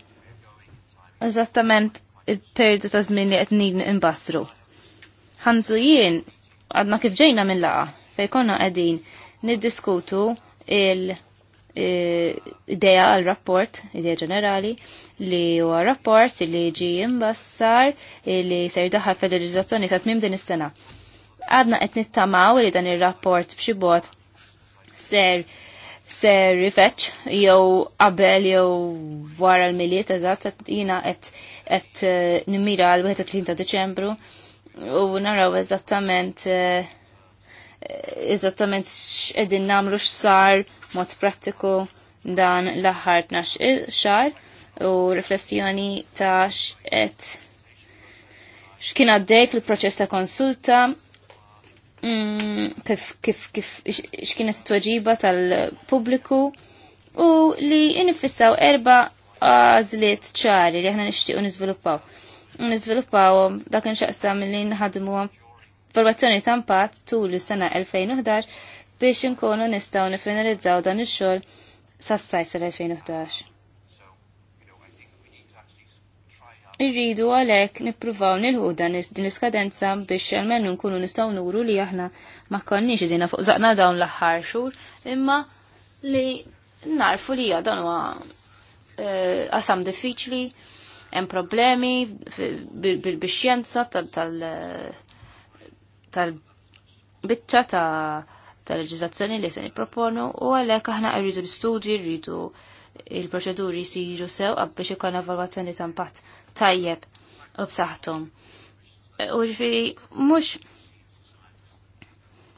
eżattament il-perdu ta' zmin li għetnin imbasru ħanżujien jien għadna kif ġejna minn laqa fej konna qegħdin niddiskutu il e, ideja għal rapport, ideja ġenerali, li huwa rapport li ġi jimbassar li ser daħal fil-leġizzazzjoni sa' tmim din is-sena. Għadna qed nittamaw li dan ir-rapport b'xi bod ser ser rifetx jew qabel jew wara l-miliet eżatt jina qed qed e, nimmira għal 31 ta' Deċembru u naraw eżattament eh, eżattament x'qegħdin nagħmlu x'sar mod prattiku dan l-aħħar tnax xar u riflessjoni ta' x'qed x'kien għaddej fil-proċess ta' konsulta mm, kif kif kif x'kienet it-tweġiba tal-pubbliku u li nifissaw erba' għażliet ċari li aħna nixtiequ niżviluppaw nizviluppawhom dak inxaqsam li nħadmuhom formazzjoni ta' impatt tul is-sena 2011 biex inkunu nistgħu nifinalizzaw dan ix-xogħol sas-sajf tal-2011. Irridu għalhekk nippruvaw nilħu dan din iskadenza biex almenu nkunu nistgħu nuru li aħna ma konniex idina fuq zaqna dawn l-aħħar xhur, imma li narfu li dan huwa eh, qasam diffiċli hemm problemi bil-bixjenza tal bitta ta' tal-leġizzazzjoni li se nipproponu u għalhekk aħna rridu l-istudji rridu il-proċeduri jsiru sew biex ikun evalwazzjoni ta' impatt tajjeb u b'saħħthom. U ġifieri mhux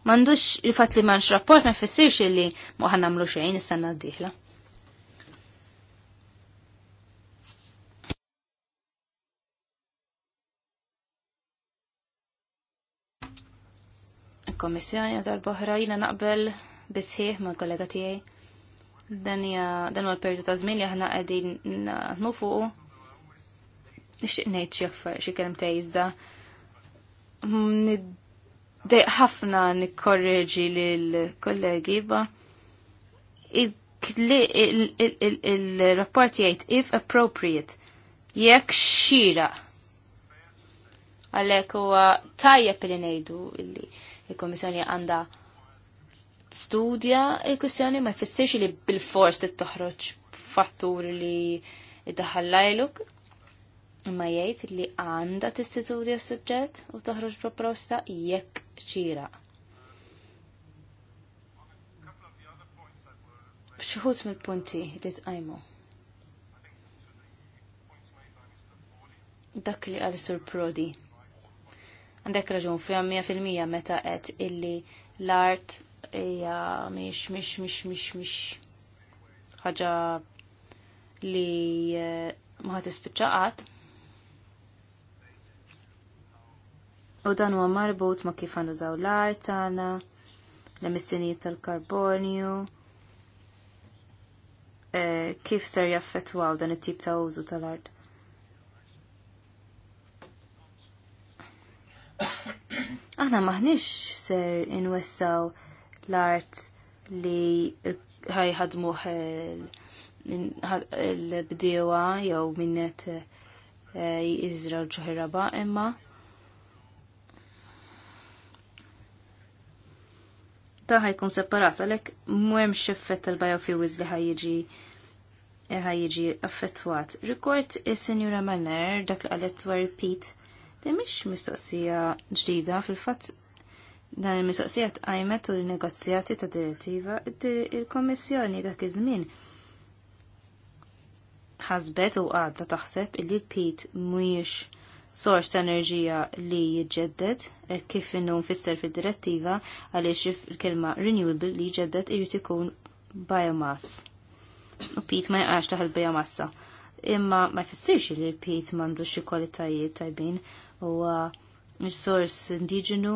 m'għandux il-fatt li m'għandx rapport ma jfissirx li ma nagħmlu xejn is-sena d-dieħla. il-Kommissjoni tal bohra jina naqbel bisħieħ ma' kollega tiegħi. Dan huwa l-perjodu ta' żmien li aħna qegħdin naħdmu fuq. Nixtieq ngħid xi affar xi kelm tgħidda. Dej ħafna nikkorreġi lil kollegi ba il-rapport jgħid if appropriate jekk xira għalek huwa tajjeb li ngħidu illi il-Komissjoni għandha studja il-kwistjoni ma jfissirx li bil-fors toħroġ fattur li id-daħallajluk imma jgħid li għandha istitudja s-suġġett u toħroġ proposta jekk ċira. Bċuħut mill-punti li t-għajmu. Dak li għal surprodi Prodi. Għandek raġun fija fil-mija meta qed illi l-art hija miex mhix mhix mhix mhix ħaġa li eh, ma ħad U dan huwa marbut ma kif għandużaw l-art tagħna, l-emissjonijiet tal-karbonju, eh, kif ser jaffettwaw dan it-tip ta' użu tal-art. Aħna maħniex ser inwessaw l-art li ħadmuħ l-bdiewa jew minnet jizra eh, l-ġuħiraba imma ta' ħajkun separat għalek mwem xeffet tal-biofuels li ħajġi ħajġi affettwat. Rikord is-Senjura Manner dak li għalet dwar Pete Di mhix mistoqsija ġdida fil-fatt dan il-mistoqsija tqajmet u l-negozjati ta' direttiva il-Kommissjoni dak iż-żmien ħasbet u għadda taħseb li l-pit mhuwiex sors ta' enerġija li jiġġedded e kif innu nfisser fid-direttiva għaliex il-kelma renewable li jiġġedded irid ikun biomass. U pit ma jqax taħ il-biomassa. Imma ma jfissirx li l-pit m'għandux xi kwalitajiet tajbin huwa risors indiġenu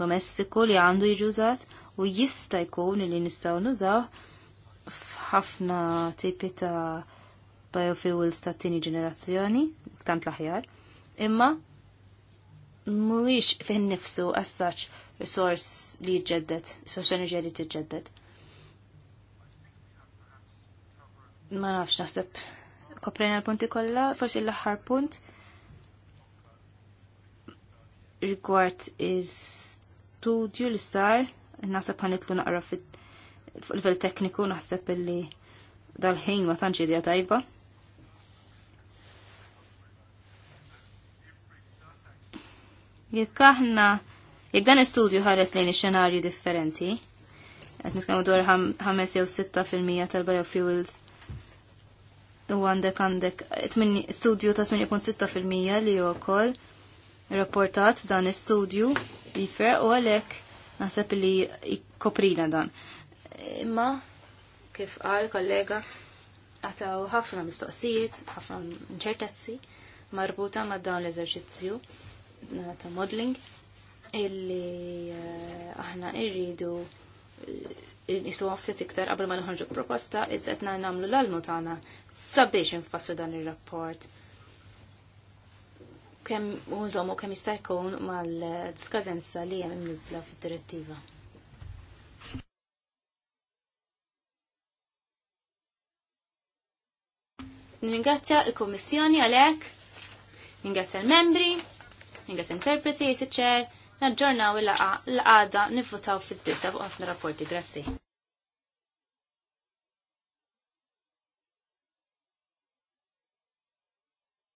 domestiku li għandu jiġużat u jista' jkun li nistgħu nużaw f'ħafna tipi ta' biofuels ta' tieni ġenerazzjoni, tant l-aħjar, imma mhuwiex fejn nifsu as such risors li jġeddet, sors enerġija li tiġġedded. Ma nafx naħseb koprejna l-punti kollha, forsi l-aħħar punt rigward il-studju li sar, nasab ħanitlu naqra fuq level tekniku naħseb illi dal-ħin ma tanċi idea tajba. Jekk aħna jekk dan istudju ħares lejn ix-xenarji differenti, qed nitkellmu dwar 5 jew 6 fil-mija tal-biofuels u għandek għandek studju ta' 8.6 fil-mija li wkoll rapportat f'dan l-istudju jifer u għalek naħseb li koprina dan. Imma, kif għal kollega, għataw ħafna mistoqsijiet, ħafna nċertazzi marbuta ma' dawn l-eżerċizzju ta' modeling illi eh, aħna irridu eh, nisu ftit iktar qabel ma nħarġu proposta, iżda qed nagħmlu l-almu tagħna sabiex nfassu dan ir-rapport kem użomu kem jistajkun mal-diskadenza li jem nizla fit direttiva Ningrazzja il-Kommissjoni għalek, ningrazzja l-membri, l interpreti, jisiċer, naġġornaw il-għada nifvotaw fit disa fuq ħafna rapporti. Grazzi.